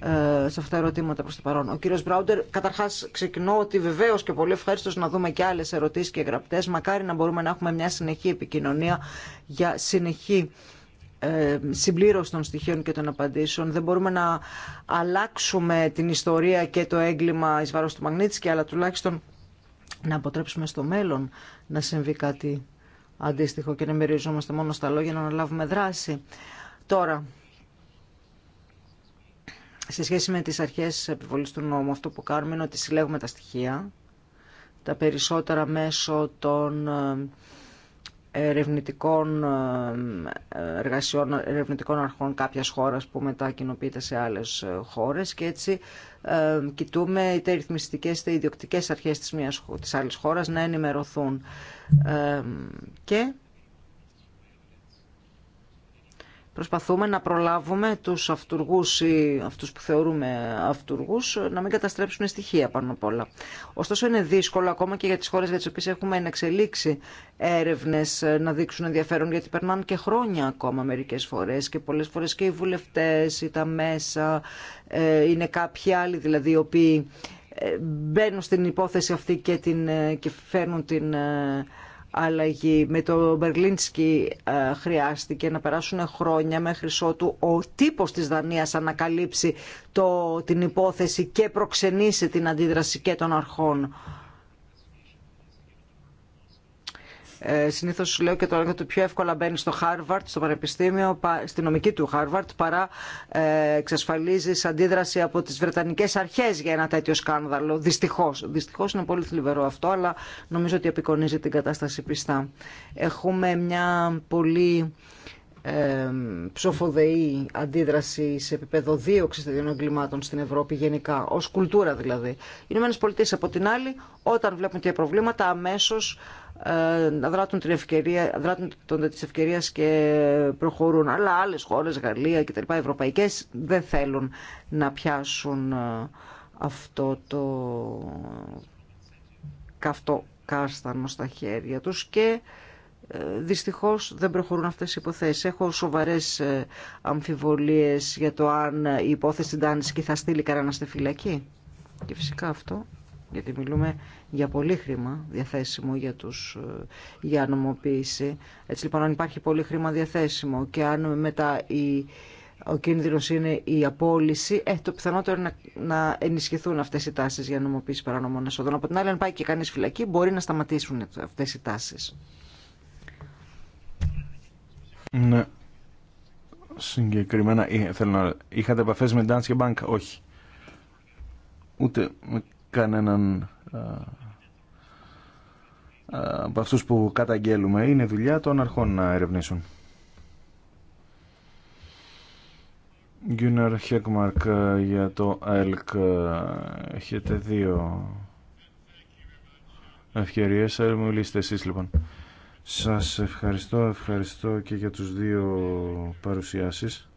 ε, σε αυτά τα ερωτήματα προ το παρόν. Ο κύριο Μπράουντερ, καταρχά ξεκινώ ότι βεβαίω και πολύ ευχαριστώ να δούμε και άλλε ερωτήσει και γραπτέ, Μακάρι να μπορούμε να έχουμε μια συνεχή επικοινωνία για συνεχή ε, συμπλήρωση των στοιχείων και των απαντήσεων. Δεν μπορούμε να αλλάξουμε την ιστορία και το έγκλημα εις βάρος του και αλλά τουλάχιστον να αποτρέψουμε στο μέλλον να συμβεί κάτι αντίστοιχο και να μεριζόμαστε μόνο στα λόγια να αναλάβουμε δράση. Τώρα, σε σχέση με τις αρχές επιβολής του νόμου, αυτό που κάνουμε είναι ότι συλλέγουμε τα στοιχεία, τα περισσότερα μέσω των ε, ερευνητικών ε, εργασιών, ερευνητικών αρχών κάποιας χώρας που μετά κοινοποιείται σε άλλες ε, χώρες και έτσι ε, κοιτούμε είτε οι είτε ιδιοκτικές αρχές της, μιας, της άλλης χώρας να ενημερωθούν. και προσπαθούμε να προλάβουμε τους αυτούργους ή αυτούς που θεωρούμε αυτούργους να μην καταστρέψουν στοιχεία πάνω απ' όλα. Ωστόσο είναι δύσκολο ακόμα και για τις χώρες για τις οποίες έχουμε εξελίξει έρευνες να δείξουν ενδιαφέρον γιατί περνάνε και χρόνια ακόμα μερικές φορές και πολλές φορές και οι βουλευτές ή τα μέσα ε, είναι κάποιοι άλλοι δηλαδή οι οποίοι ε, μπαίνουν στην υπόθεση αυτή και, την, ε, και φέρνουν την αλλαγή. Με το Μπερλίνσκι ε, χρειάστηκε να περάσουν χρόνια μέχρι ότου ο τύπος της Δανίας ανακαλύψει το, την υπόθεση και προξενήσει την αντίδραση και των αρχών. Ε, συνήθως λέω και το έργο του πιο εύκολα μπαίνει στο Χάρβαρτ, στο Πανεπιστήμιο, στη νομική του Χάρβαρτ, παρά ε, εξασφαλίζει αντίδραση από τις Βρετανικές αρχές για ένα τέτοιο σκάνδαλο. Δυστυχώς. Δυστυχώς είναι πολύ θλιβερό αυτό, αλλά νομίζω ότι απεικονίζει την κατάσταση πιστά. Έχουμε μια πολύ ε, ψοφοδεή αντίδραση σε επίπεδο δίωξη τέτοιων εγκλημάτων στην Ευρώπη γενικά, ω κουλτούρα δηλαδή. Οι Ηνωμένε Πολιτείε από την άλλη, όταν βλέπουν τέτοια προβλήματα, αμέσω ε, δράτουν την ευκαιρία, δράτουν τον της ευκαιρίας και προχωρούν. Αλλά άλλες χώρες, Γαλλία και τα λοιπά, ευρωπαϊκές, δεν θέλουν να πιάσουν ε, αυτό το καυτό κάστανο στα χέρια τους και ε, δυστυχώς δεν προχωρούν αυτές οι υποθέσεις. Έχω σοβαρές ε, αμφιβολίες για το αν η υπόθεση Ντάνσκι θα στείλει κανένα στη φυλακή. Και φυσικά αυτό, γιατί μιλούμε για πολύ χρήμα διαθέσιμο για, τους, ε, για νομοποίηση. Έτσι λοιπόν αν υπάρχει πολύ χρήμα διαθέσιμο και αν μετά η, ο κίνδυνος είναι η απόλυση, ε, το πιθανότερο είναι να, να ενισχυθούν αυτές οι τάσεις για νομοποίηση παρανομών εσόδων. Από την άλλη, αν πάει και κανείς φυλακή, μπορεί να σταματήσουν αυτές οι τάσεις. Ναι. Συγκεκριμένα ε, θέλω να... Είχατε επαφέ με Danske Bank? Όχι. Ούτε με κανέναν ε, ε, από αυτούς που καταγγέλουμε. Είναι δουλειά των αρχών να ερευνήσουν. Γκίνερ Χέκμαρκ για το ΑΕΛΚ. Έχετε δύο ευκαιρίες. Μιλήστε εσείς λοιπόν. Σας ευχαριστώ, ευχαριστώ και για τους δύο παρουσιάσεις.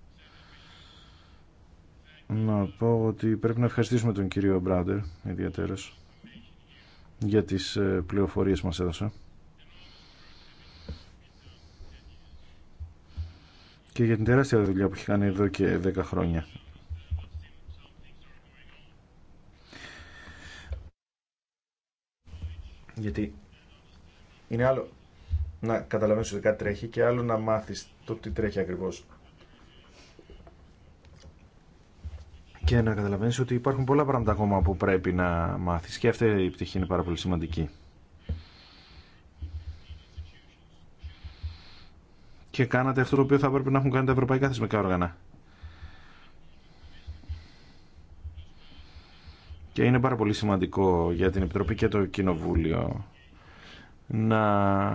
Να πω ότι πρέπει να ευχαριστήσουμε τον κύριο Μπράντερ ιδιαίτερος για τις ε, πληροφορίες μας έδωσε και για την τεράστια δουλειά που έχει κάνει εδώ και 10 χρόνια. Γιατί είναι άλλο να καταλαβαίνεις ότι κάτι τρέχει και άλλο να μάθεις το τι τρέχει ακριβώς. Και να καταλαβαίνεις ότι υπάρχουν πολλά πράγματα ακόμα που πρέπει να μάθεις και αυτή η πτυχή είναι πάρα πολύ σημαντική. Και κάνατε αυτό το οποίο θα πρέπει να έχουν κάνει τα ευρωπαϊκά θεσμικά όργανα. Και είναι πάρα πολύ σημαντικό για την Επιτροπή και το Κοινοβούλιο να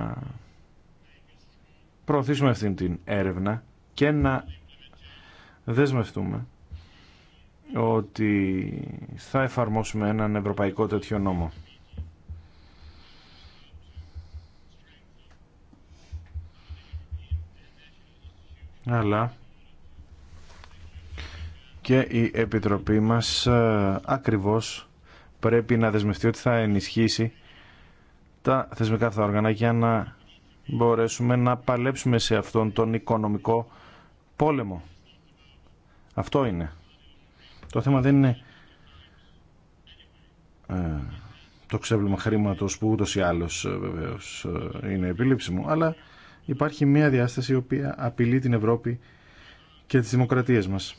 προωθήσουμε αυτή την έρευνα και να δεσμευτούμε ότι θα εφαρμόσουμε έναν ευρωπαϊκό τέτοιο νόμο. Αλλά και η Επιτροπή μας ε, ακριβώς πρέπει να δεσμευτεί ότι θα ενισχύσει τα θεσμικά αυτά όργανα για να μπορέσουμε να παλέψουμε σε αυτόν τον οικονομικό πόλεμο. Αυτό είναι. Το θέμα δεν είναι ε, το ξέβλημα χρήματος που ούτως ή άλλως ε, βεβαίως ε, είναι επιλήψιμο, αλλά υπάρχει μια διάσταση η οποία απειλεί την Ευρώπη και τις δημοκρατίες μας.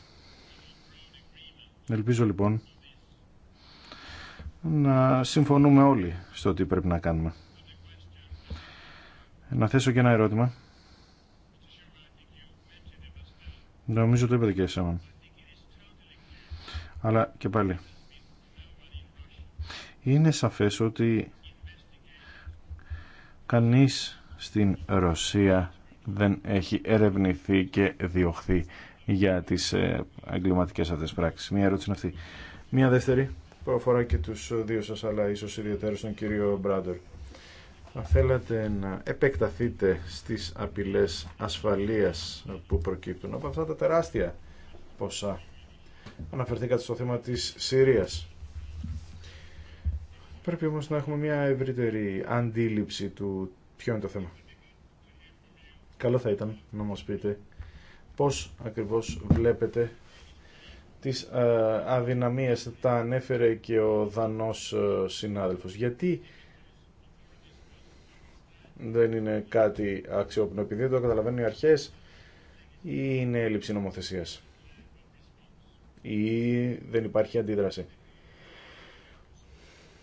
Ελπίζω λοιπόν να συμφωνούμε όλοι στο τι πρέπει να κάνουμε. Να θέσω και ένα ερώτημα. Νομίζω το είπατε και εσένα. Αλλά και πάλι. Είναι σαφές ότι κανείς στην Ρωσία δεν έχει ερευνηθεί και διωχθεί για τις ε, εγκληματικέ αυτές πράξεις. Μία ερώτηση είναι αυτή. Μία δεύτερη που αφορά και τους δύο σας αλλά ίσως ιδιαίτερα τον κύριο Μπράντερ θα θέλατε να επεκταθείτε στις απειλές ασφαλείας που προκύπτουν από αυτά τα τεράστια ποσά. Αναφερθήκατε στο θέμα της Συρίας. Πρέπει όμως να έχουμε μια ευρύτερη αντίληψη του ποιο είναι το θέμα. Καλό θα ήταν να μας πείτε πώς ακριβώς βλέπετε τις ε, αδυναμίες τα ανέφερε και ο Δανός ε, συνάδελφος. Γιατί δεν είναι κάτι αξιόπινο. Επειδή το καταλαβαίνουν οι αρχές ή είναι έλλειψη νομοθεσίας ή δεν υπάρχει αντίδραση.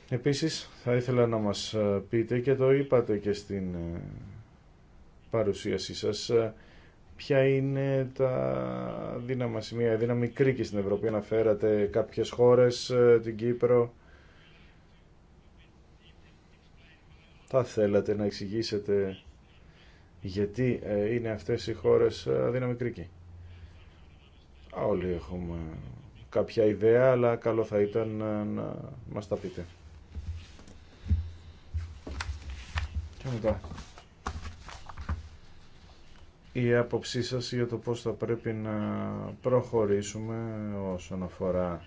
Επίσης θα ήθελα να μας ε, πείτε και το είπατε και στην ε, παρουσίασή σας ε, ποια είναι τα δύναμα σημεία, η δύναμη κρίκη στην Ευρώπη. Αναφέρατε κάποιες χώρες, την Κύπρο, θα θέλατε να εξηγήσετε γιατί ε, είναι αυτές οι χώρες ε, αδυναμικρικοί. Όλοι έχουμε κάποια ιδέα, αλλά καλό θα ήταν ε, να μας τα πείτε. Και μετά. Η άποψή σας για το πώς θα πρέπει να προχωρήσουμε όσον αφορά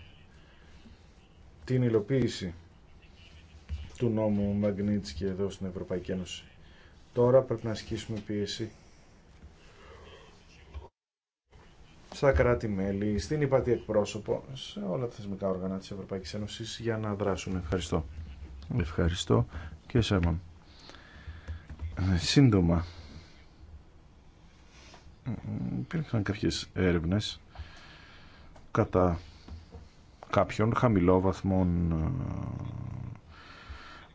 την υλοποίηση του νόμου και εδώ στην Ευρωπαϊκή Ένωση. Τώρα πρέπει να ασκήσουμε πίεση στα κράτη-μέλη, στην υπατή εκπρόσωπο, σε όλα τα θεσμικά όργανα της Ευρωπαϊκής Ένωσης για να δράσουν. Ευχαριστώ. Ευχαριστώ και εσένα. Σύντομα, υπήρχαν κάποιες έρευνες κατά κάποιων χαμηλόβαθμων ε,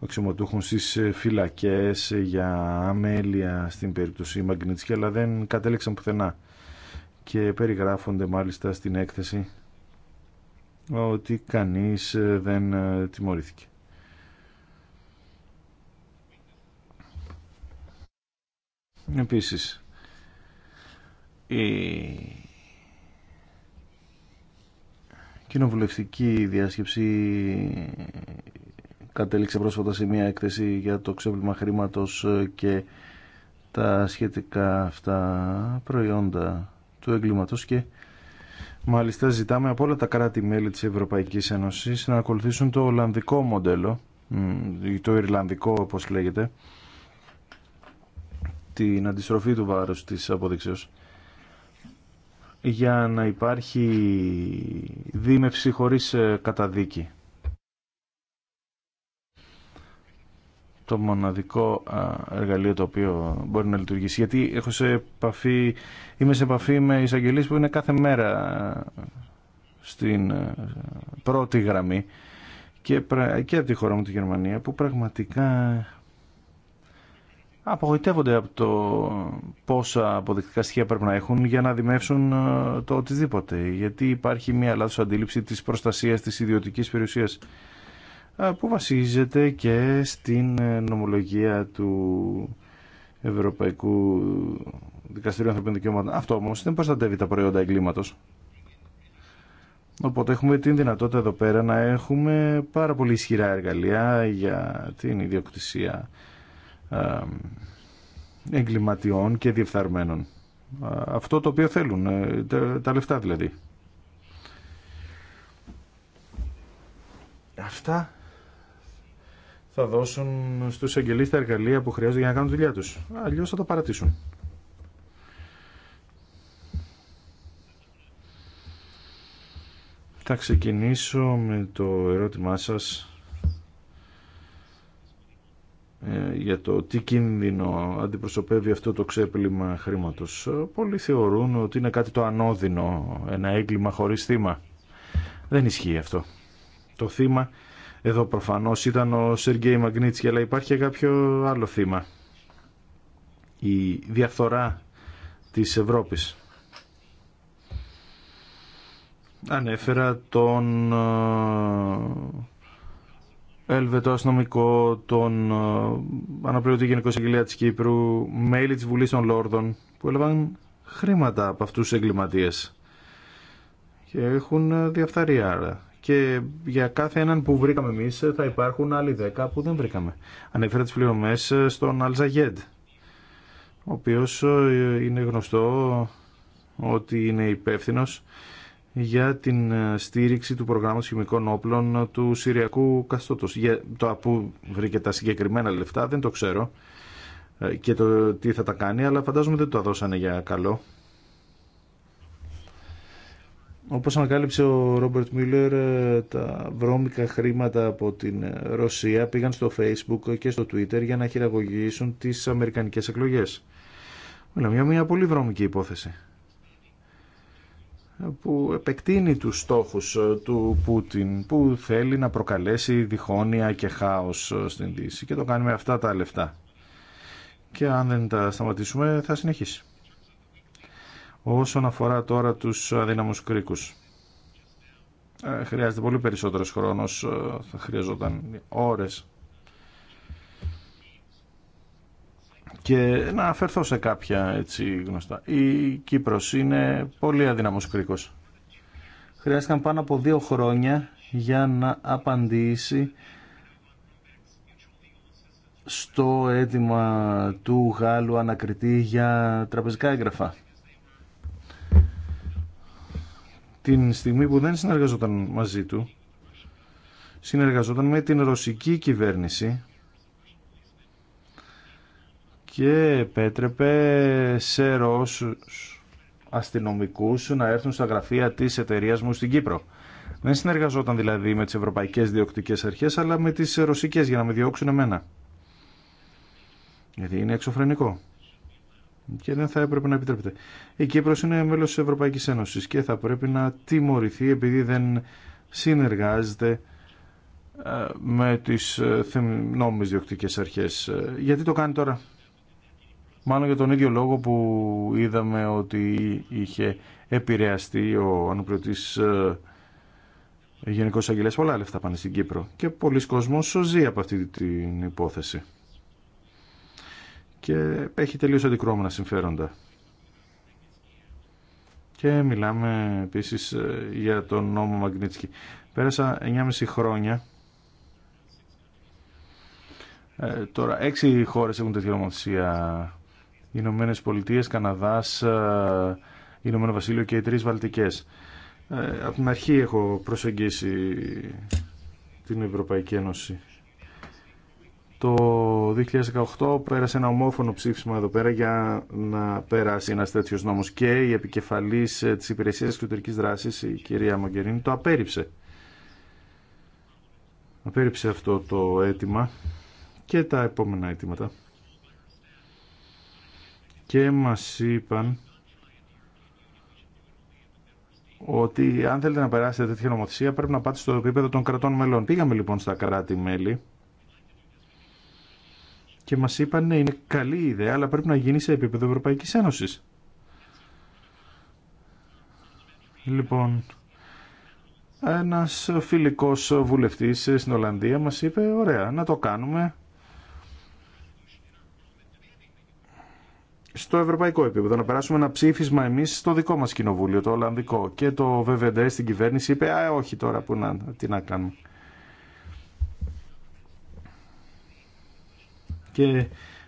αξιωματούχων στι ε, φυλακές ε, για αμέλεια στην περίπτωση μαγνητική αλλά δεν κατέληξαν πουθενά. Και περιγράφονται μάλιστα στην έκθεση ότι κανείς ε, δεν τιμωρήθηκε. Επίσης, η κοινοβουλευτική διάσκεψη κατέληξε πρόσφατα σε μια έκθεση για το ξέπλυμα χρήματος ε, και τα σχετικά αυτά προϊόντα του εγκλήματος και μάλιστα ζητάμε από όλα τα κράτη-μέλη της Ευρωπαϊκής Ένωσης να ακολουθήσουν το Ολλανδικό μοντέλο, το Ιρλανδικό όπως λέγεται, την αντιστροφή του βάρους της αποδείξεως για να υπάρχει δίμευση χωρίς ε, καταδίκη. το μοναδικό εργαλείο το οποίο μπορεί να λειτουργήσει. Γιατί έχω σε είμαι σε επαφή με εισαγγελίε που είναι κάθε μέρα στην πρώτη γραμμή και, και από τη χώρα μου τη Γερμανία που πραγματικά απογοητεύονται από το πόσα αποδεικτικά στοιχεία πρέπει να έχουν για να δημεύσουν το οτιδήποτε. Γιατί υπάρχει μια λάθος αντίληψη της προστασίας της ιδιωτικής περιουσίας που βασίζεται και στην ε, νομολογία του Ευρωπαϊκού Δικαστηρίου Ανθρωπίνων Δικαιωμάτων. Αυτό όμως δεν προστατεύει τα προϊόντα εγκλήματος. Οπότε έχουμε την δυνατότητα εδώ πέρα να έχουμε πάρα πολύ ισχυρά εργαλεία για την ιδιοκτησία εγκληματιών και διεφθαρμένων. Αυτό το οποίο θέλουν, ε, τα λεφτά δηλαδή. Αυτά θα δώσουν στους εγγελεί τα εργαλεία που χρειάζονται για να κάνουν τη δουλειά του. Αλλιώ θα το παρατήσουν. Θα ξεκινήσω με το ερώτημά σας ε, για το τι κίνδυνο αντιπροσωπεύει αυτό το ξέπλυμα χρήματος. Πολλοί θεωρούν ότι είναι κάτι το ανώδυνο, ένα έγκλημα χωρίς θύμα. Δεν ισχύει αυτό. Το θύμα εδώ προφανώς ήταν ο Σεργέη Μαγνίτσκι, αλλά υπάρχει κάποιο άλλο θύμα. Η διαφθορά της Ευρώπης. Ανέφερα τον Ελβετό αστυνομικό, τον ε, αναπληρωτή Γενικό της Κύπρου, μέλη της Βουλής των Λόρδων, που έλαβαν χρήματα από αυτούς τους εγκληματίες. Και έχουν ε, διαφθαρεί άρα και για κάθε έναν που βρήκαμε εμείς θα υπάρχουν άλλοι 10 που δεν βρήκαμε. Ανέφερα τι πληρωμέ στον Αλζαγέντ, ο οποίο ε, είναι γνωστό ότι είναι υπεύθυνο για την ε, στήριξη του προγράμματος χημικών όπλων του Συριακού Καστότος. Για το από βρήκε τα συγκεκριμένα λεφτά δεν το ξέρω ε, και το τι θα τα κάνει, αλλά φαντάζομαι δεν το δώσανε για καλό. Όπως ανακάλυψε ο Ρόμπερτ Μίλλερ, ε, τα βρώμικα χρήματα από την ε, Ρωσία πήγαν στο Facebook και στο Twitter για να χειραγωγήσουν τις αμερικανικές εκλογές. Μιλάμε μια πολύ βρώμικη υπόθεση που επεκτείνει τους στόχους ε, του Πούτιν που θέλει να προκαλέσει διχόνοια και χάος στην Δύση και το κάνει με αυτά τα λεφτά. Και αν δεν τα σταματήσουμε θα συνεχίσει. Όσον αφορά τώρα τους αδύναμους κρίκους. Ε, χρειάζεται πολύ περισσότερος χρόνος, ε, θα χρειαζόταν ώρες. Και να αφαιρθώ σε κάποια έτσι γνωστά. Η Κύπρος είναι πολύ αδύναμος κρίκος. Χρειάστηκαν πάνω από δύο χρόνια για να απαντήσει στο αίτημα του Γάλλου ανακριτή για τραπεζικά έγγραφα. την στιγμή που δεν συνεργαζόταν μαζί του, συνεργαζόταν με την ρωσική κυβέρνηση και επέτρεπε σε Ρώσους αστυνομικούς να έρθουν στα γραφεία της εταιρείας μου στην Κύπρο. Δεν συνεργαζόταν δηλαδή με τις ευρωπαϊκές διοκτικές αρχές, αλλά με τις ρωσικές για να με διώξουν εμένα. Γιατί είναι εξωφρενικό και δεν θα έπρεπε να επιτρέπεται. Η Κύπρος είναι μέλος της Ευρωπαϊκής Ένωσης και θα πρέπει να τιμωρηθεί επειδή δεν συνεργάζεται ε, με τις ε, νόμιμες διοκτικές αρχές. Ε, γιατί το κάνει τώρα. Μάλλον για τον ίδιο λόγο που είδαμε ότι είχε επηρεαστεί ο ανοπλωτής Γενικός Αγγελέας. Πολλά λεφτά πάνε στην Κύπρο και πολλοί κόσμος ζει από αυτή την υπόθεση και έχει τελείως αντικρώμενα συμφέροντα. Και μιλάμε επίσης ε, για τον νόμο Μαγνίτσκι. Πέρασα 9,5 χρόνια. Ε, τώρα, 6 χώρες έχουν τέτοια νομοθεσία. Ηνωμένε Πολιτείες, Καναδάς, ε, Ηνωμένο Βασίλειο και οι τρεις Βαλτικές. Ε, από την αρχή έχω προσεγγίσει την Ευρωπαϊκή Ένωση το 2018 πέρασε ένα ομόφωνο ψήφισμα εδώ πέρα για να πέρασει ένα τέτοιο νόμος και η επικεφαλής ε, της Υπηρεσίας εξωτερική Δράσης, η κυρία Μογκερίνη, το απέρριψε. Απέρριψε αυτό το αίτημα και τα επόμενα αίτηματα. Και μας είπαν ότι αν θέλετε να περάσετε τέτοια νομοθεσία πρέπει να πάτε στο επίπεδο των κρατών μελών. Πήγαμε λοιπόν στα κράτη-μέλη και μας είπαν ναι, είναι καλή ιδέα, αλλά πρέπει να γίνει σε επίπεδο Ευρωπαϊκής Ένωσης. Λοιπόν, ένας φιλικός βουλευτής στην Ολλανδία μας είπε, ωραία, να το κάνουμε στο ευρωπαϊκό επίπεδο, να περάσουμε ένα ψήφισμα εμείς στο δικό μας κοινοβούλιο, το Ολλανδικό. Και το ΒΒΔ στην κυβέρνηση είπε, α, όχι τώρα, που τι να κάνουμε. Και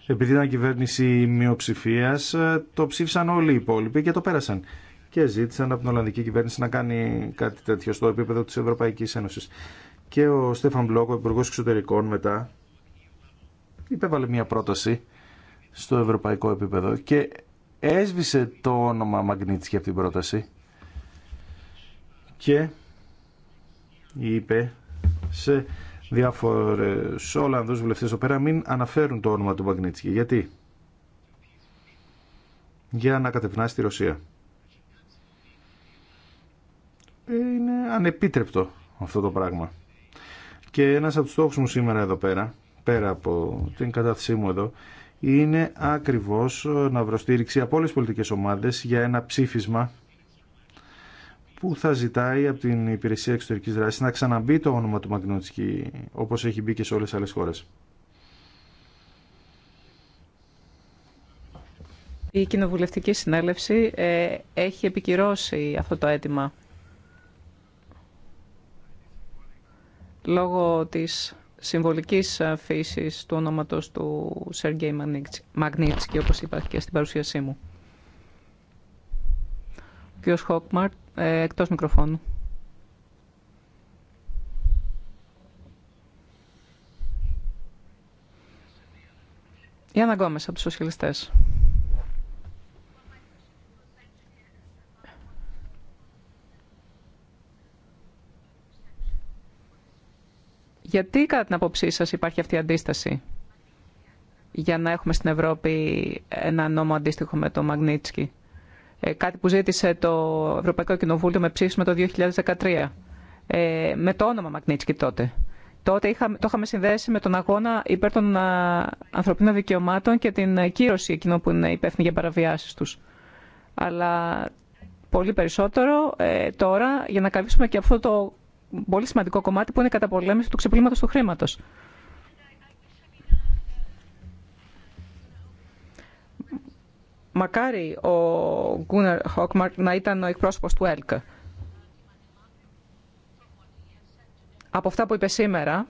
επειδή ήταν κυβέρνηση μειοψηφία, ε, το ψήφισαν όλοι οι υπόλοιποι και το πέρασαν. Και ζήτησαν από την Ολλανδική κυβέρνηση να κάνει κάτι τέτοιο στο επίπεδο τη Ευρωπαϊκή Ένωση. Και ο Στέφαν Μπλοκ, ο Υπουργό Εξωτερικών, μετά υπέβαλε μια πρόταση στο ευρωπαϊκό επίπεδο και έσβησε το όνομα Μαγνίτσκι από την πρόταση και είπε σε διάφορες Ολλανδούς βουλευτέ εδώ πέρα μην αναφέρουν το όνομα του Μαγνίτσκι. Γιατί? Για να κατευνάσει τη Ρωσία. Ε, είναι ανεπίτρεπτο αυτό το πράγμα. Και ένα από του στόχου μου σήμερα εδώ πέρα, πέρα από την κατάθεσή μου εδώ, είναι ακριβώς να βρω στήριξη από όλε πολιτικές ομάδες για ένα ψήφισμα που θα ζητάει από την Υπηρεσία εξωτερική δράση να ξαναμπεί το όνομα του Μαγνότσκι όπως έχει μπει και σε όλες τις άλλε χώρες. Η Κοινοβουλευτική Συνέλευση ε, έχει επικυρώσει αυτό το αίτημα λόγω της συμβολικής ε, φύσης του ονόματος του Σεργέη Μαγνίτσκι, όπως είπα και στην παρουσίασή μου κύριος Χόκμαρτ, ε, εκτός μικροφώνου. Η Άννα από τους σοσιαλιστές. Γιατί κατά την απόψή σας υπάρχει αυτή η αντίσταση για να έχουμε στην Ευρώπη ένα νόμο αντίστοιχο με το Μαγνίτσκι. Ε, κάτι που ζήτησε το Ευρωπαϊκό Κοινοβούλιο με ψήφισμα το 2013, ε, με το όνομα Μαγνίτσκι τότε. Τότε το είχαμε συνδέσει με τον αγώνα υπέρ των ανθρωπίνων δικαιωμάτων και την ε, κύρωση εκείνων που είναι υπεύθυνοι για παραβιάσεις τους. Αλλά πολύ περισσότερο τώρα για να καλύψουμε και αυτό το πολύ σημαντικό κομμάτι που είναι η καταπολέμηση του ξεπλήματο του χρήματο. Μακάρι ο Γκούνερ Χόκμαρκ να ήταν ο εκπρόσωπο του ΕΛΚ. Από αυτά που είπε σήμερα,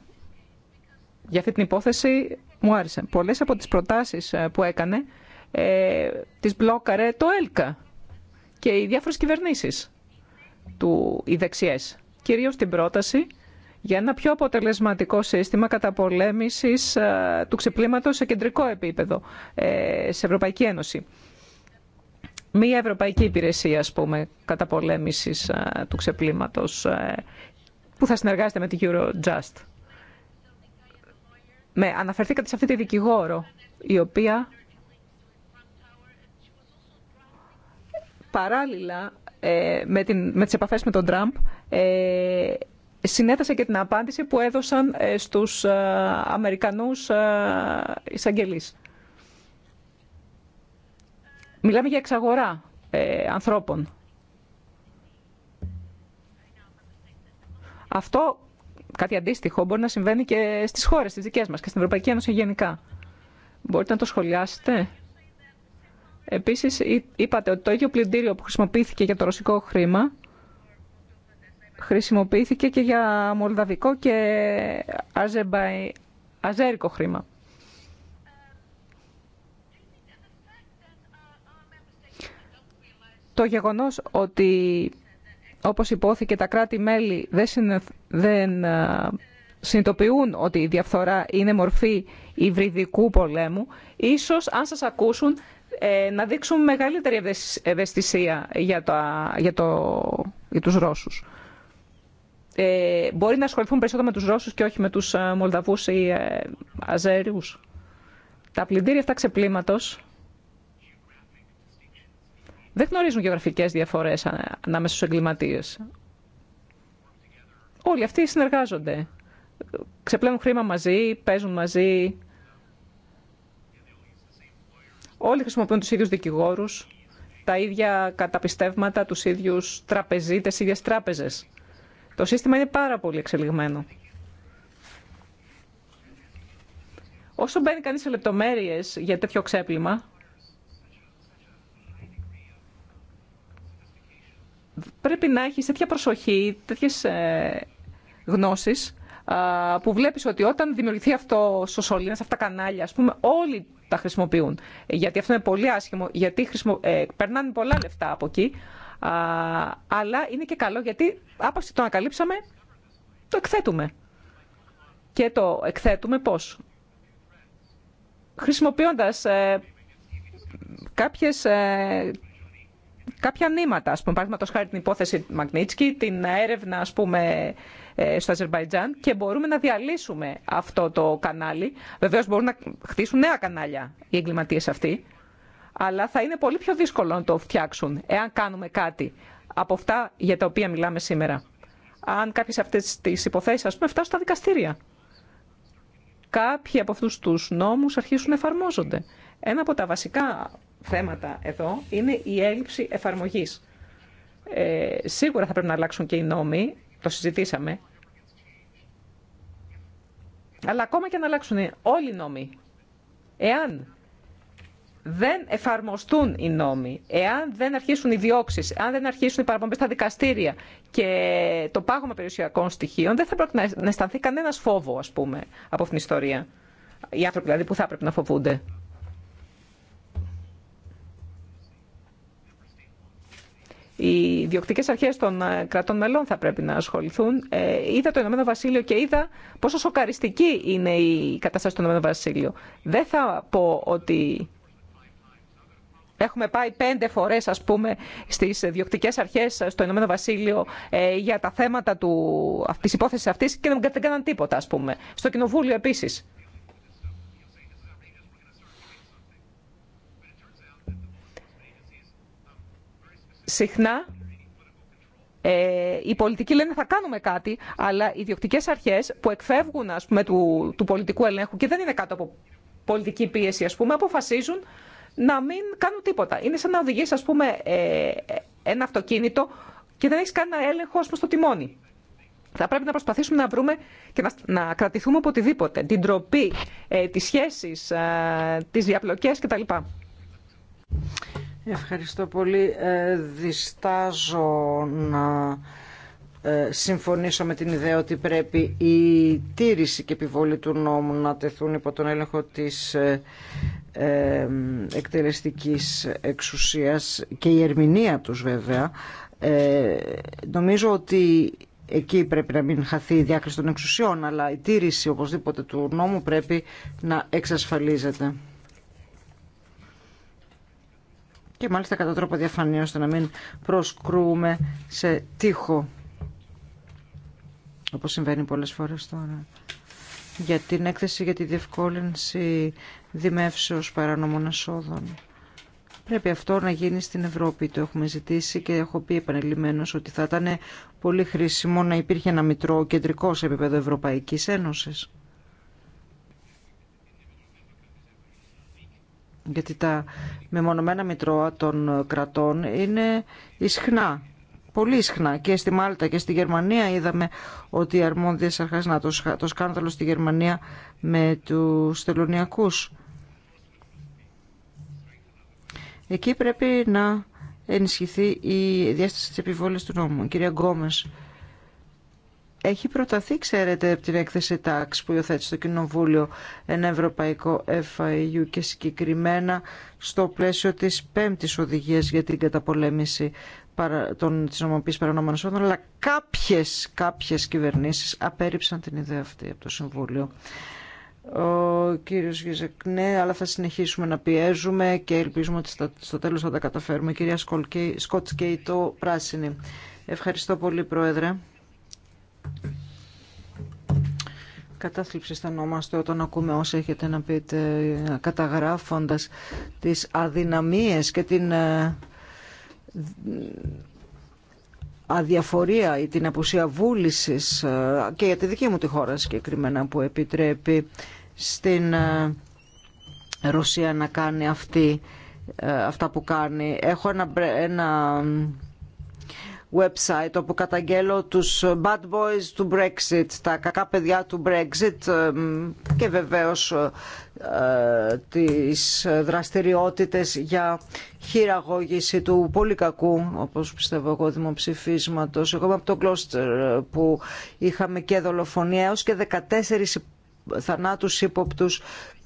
για αυτή την υπόθεση μου άρεσε. Πολλές από τις προτάσεις ε, που έκανε ε, τις μπλόκαρε το ΕΛΚΑ και οι διάφορες κυβερνήσεις, του, οι δεξιές. Κυρίως την πρόταση για ένα πιο αποτελεσματικό σύστημα καταπολέμησης ε, του ξεπλήματος σε κεντρικό επίπεδο ε, σε Ευρωπαϊκή Ένωση μία ευρωπαϊκή υπηρεσία, ας πούμε, καταπολέμησης ε, του ξεπλήματος ε, που θα συνεργάζεται με την Eurojust. Με αναφερθήκατε σε αυτή τη δικηγόρο, η οποία παράλληλα ε, με, την, με τις επαφές με τον Τραμπ συνέτασε και την απάντηση που έδωσαν στους Αμερικανούς εισαγγελείς. Μιλάμε για εξαγορά ε, ανθρώπων. Αυτό, κάτι αντίστοιχο, μπορεί να συμβαίνει και στις χώρες, στις δικές μας και στην Ευρωπαϊκή Ένωση γενικά. Μπορείτε να το σχολιάσετε. Επίσης, είπατε ότι το ίδιο πλυντήριο που χρησιμοποιήθηκε για το ρωσικό χρήμα, χρησιμοποιήθηκε και για μολδαβικό και αζερικο χρήμα. Το γεγονός ότι, όπως υπόθηκε, τα κράτη-μέλη δεν ε, συνειδητοποιούν ότι η διαφθορά είναι μορφή υβριδικού πολέμου, ίσως αν σας ακούσουν ε, να δείξουν μεγαλύτερη ευαισθησία για, τα, για, τους Ρώσους. Ε, μπορεί να ασχοληθούν περισσότερο με τους Ρώσους και όχι με τους Μολδαβούς ή ε, Αζέριους. Τα πλυντήρια αυτά ξεπλήματος δεν γνωρίζουν γεωγραφικές διαφορές ανάμεσα στους εγκληματίες. Όλοι αυτοί συνεργάζονται. Ξεπλένουν χρήμα μαζί, παίζουν μαζί. Όλοι χρησιμοποιούν τους ίδιους δικηγόρους, τα ίδια καταπιστεύματα, τους ίδιους τραπεζίτες, ίδιες τράπεζες. Το σύστημα είναι πάρα πολύ εξελιγμένο. Όσο μπαίνει κανείς σε λεπτομέρειες για τέτοιο ξέπλυμα, πρέπει να έχεις τέτοια προσοχή, τέτοιες ε, γνώσεις, που βλέπεις ότι όταν δημιουργηθεί αυτό σωλήνα, σε αυτά τα κανάλια, ας πούμε, όλοι τα χρησιμοποιούν. Γιατί αυτό είναι πολύ άσχημο, γιατί χρησιμο... Ε, περνάνε πολλά λεφτά από εκεί, αλλά είναι και καλό γιατί άπαξε το ανακαλύψαμε, το εκθέτουμε. Και το εκθέτουμε πώς. Χρησιμοποιώντας ε, κάποιες ε, κάποια νήματα, α πούμε, παραδείγματος χάρη την υπόθεση Μαγνίτσκι, την έρευνα, ας πούμε, ε, στο Αζερβαϊτζάν και μπορούμε να διαλύσουμε αυτό το κανάλι. Βεβαίω μπορούν να χτίσουν νέα κανάλια οι εγκληματίες αυτοί, αλλά θα είναι πολύ πιο δύσκολο να το φτιάξουν εάν κάνουμε κάτι από αυτά για τα οποία μιλάμε σήμερα. Αν κάποιε αυτέ τι υποθέσει, α πούμε, φτάσουν στα δικαστήρια. Κάποιοι από αυτού του νόμου αρχίσουν να εφαρμόζονται. Ένα από τα βασικά θέματα εδώ είναι η έλλειψη εφαρμογής. Ε, σίγουρα θα πρέπει να αλλάξουν και οι νόμοι, το συζητήσαμε. Αλλά ακόμα και να αλλάξουν όλοι οι νόμοι, εάν δεν εφαρμοστούν οι νόμοι, εάν δεν αρχίσουν οι διώξει, εάν δεν αρχίσουν οι παραπομπές στα δικαστήρια και το πάγωμα περιουσιακών στοιχείων, δεν θα πρέπει να αισθανθεί κανένα φόβο, α πούμε, από αυτήν την ιστορία. Οι άνθρωποι δηλαδή που θα πρέπει να φοβούνται. οι διοκτικέ αρχές των ε, κρατών μελών θα πρέπει να ασχοληθούν. Ε, είδα το Ηνωμένο Βασίλειο και είδα πόσο σοκαριστική είναι η κατάσταση του Ηνωμένου Βασίλειου. Δεν θα πω ότι Έχουμε πάει πέντε φορέ, ας πούμε, στι διοκτικέ αρχέ στο Ηνωμένο Βασίλειο ε, για τα θέματα τη υπόθεση αυτή και δεν κάναν τίποτα, α πούμε. Στο Κοινοβούλιο επίση. συχνά ε, οι πολιτικοί λένε θα κάνουμε κάτι, αλλά οι διοκτικές αρχές που εκφεύγουν του, του πολιτικού ελέγχου και δεν είναι κάτω από πολιτική πίεση, ας πούμε, αποφασίζουν να μην κάνουν τίποτα. Είναι σαν να οδηγεί, πούμε, ε, ένα αυτοκίνητο και δεν έχεις κανένα έλεγχο ας στο τιμόνι. Θα πρέπει να προσπαθήσουμε να βρούμε και να, να κρατηθούμε από οτιδήποτε. Την τροπή, ε, τις σχέσεις, ε, τις διαπλοκές κτλ. Ευχαριστώ πολύ. Ε, διστάζω να ε, συμφωνήσω με την ιδέα ότι πρέπει η τήρηση και επιβολή του νόμου να τεθούν υπό τον έλεγχο της ε, εκτελεστικής εξουσίας και η ερμηνεία τους βέβαια. Νομίζω ότι εκεί πρέπει να μην χαθεί η διάκριση των εξουσιών αλλά η τήρηση οπωσδήποτε του νόμου πρέπει να εξασφαλίζεται. και μάλιστα κατά τρόπο διαφανή ώστε να μην προσκρούμε σε τείχο όπως συμβαίνει πολλές φορές τώρα για την έκθεση για τη διευκόλυνση δημεύσεως παρανομών ασόδων. Πρέπει αυτό να γίνει στην Ευρώπη. Το έχουμε ζητήσει και έχω πει επανελειμμένως ότι θα ήταν πολύ χρήσιμο να υπήρχε ένα μητρό κεντρικό σε επίπεδο Ευρωπαϊκής Ένωσης. γιατί τα μεμονωμένα μητρώα των κρατών είναι ισχνά, πολύ ισχνά. Και στη Μάλτα και στη Γερμανία είδαμε ότι οι αρμόδιες αρχές, να, το σκάνδαλο στη Γερμανία με τους τελωνιακούς. Εκεί πρέπει να ενισχυθεί η διάσταση της επιβόλης του νόμου. Κυρία Γκόμες, έχει προταθεί, ξέρετε, από την έκθεση τάξη που υιοθέτει στο Κοινοβούλιο ένα ευρωπαϊκό FIU και συγκεκριμένα στο πλαίσιο της πέμπτης οδηγίας για την καταπολέμηση των, της νομοποίησης εσόδων, αλλά κάποιες, κάποιες κυβερνήσεις απέρριψαν την ιδέα αυτή από το Συμβούλιο. Ο κύριος Γιζεκ, ναι, αλλά θα συνεχίσουμε να πιέζουμε και ελπίζουμε ότι στο τέλος θα τα καταφέρουμε. κυρία Σκοτ Κέιτο, πράσινη. Ευχαριστώ πολύ, Πρόεδρε κατάθλιψη αισθανόμαστε όταν ακούμε όσα έχετε να πείτε καταγράφοντας τις αδυναμίες και την ε, αδιαφορία ή την απουσία βούλησης ε, και για τη δική μου τη χώρα συγκεκριμένα που επιτρέπει στην ε, Ρωσία να κάνει αυτή, αυτά που κάνει. Έχω ένα website όπου καταγγέλλω τους bad boys του Brexit, τα κακά παιδιά του Brexit και βεβαίως ε, τις δραστηριότητες για χειραγώγηση του πολύ κακού, όπως πιστεύω εγώ, δημοψηφίσματος. Εγώ είμαι από το Κλώστερ που είχαμε και δολοφονία έως και 14 θανάτους ύποπτους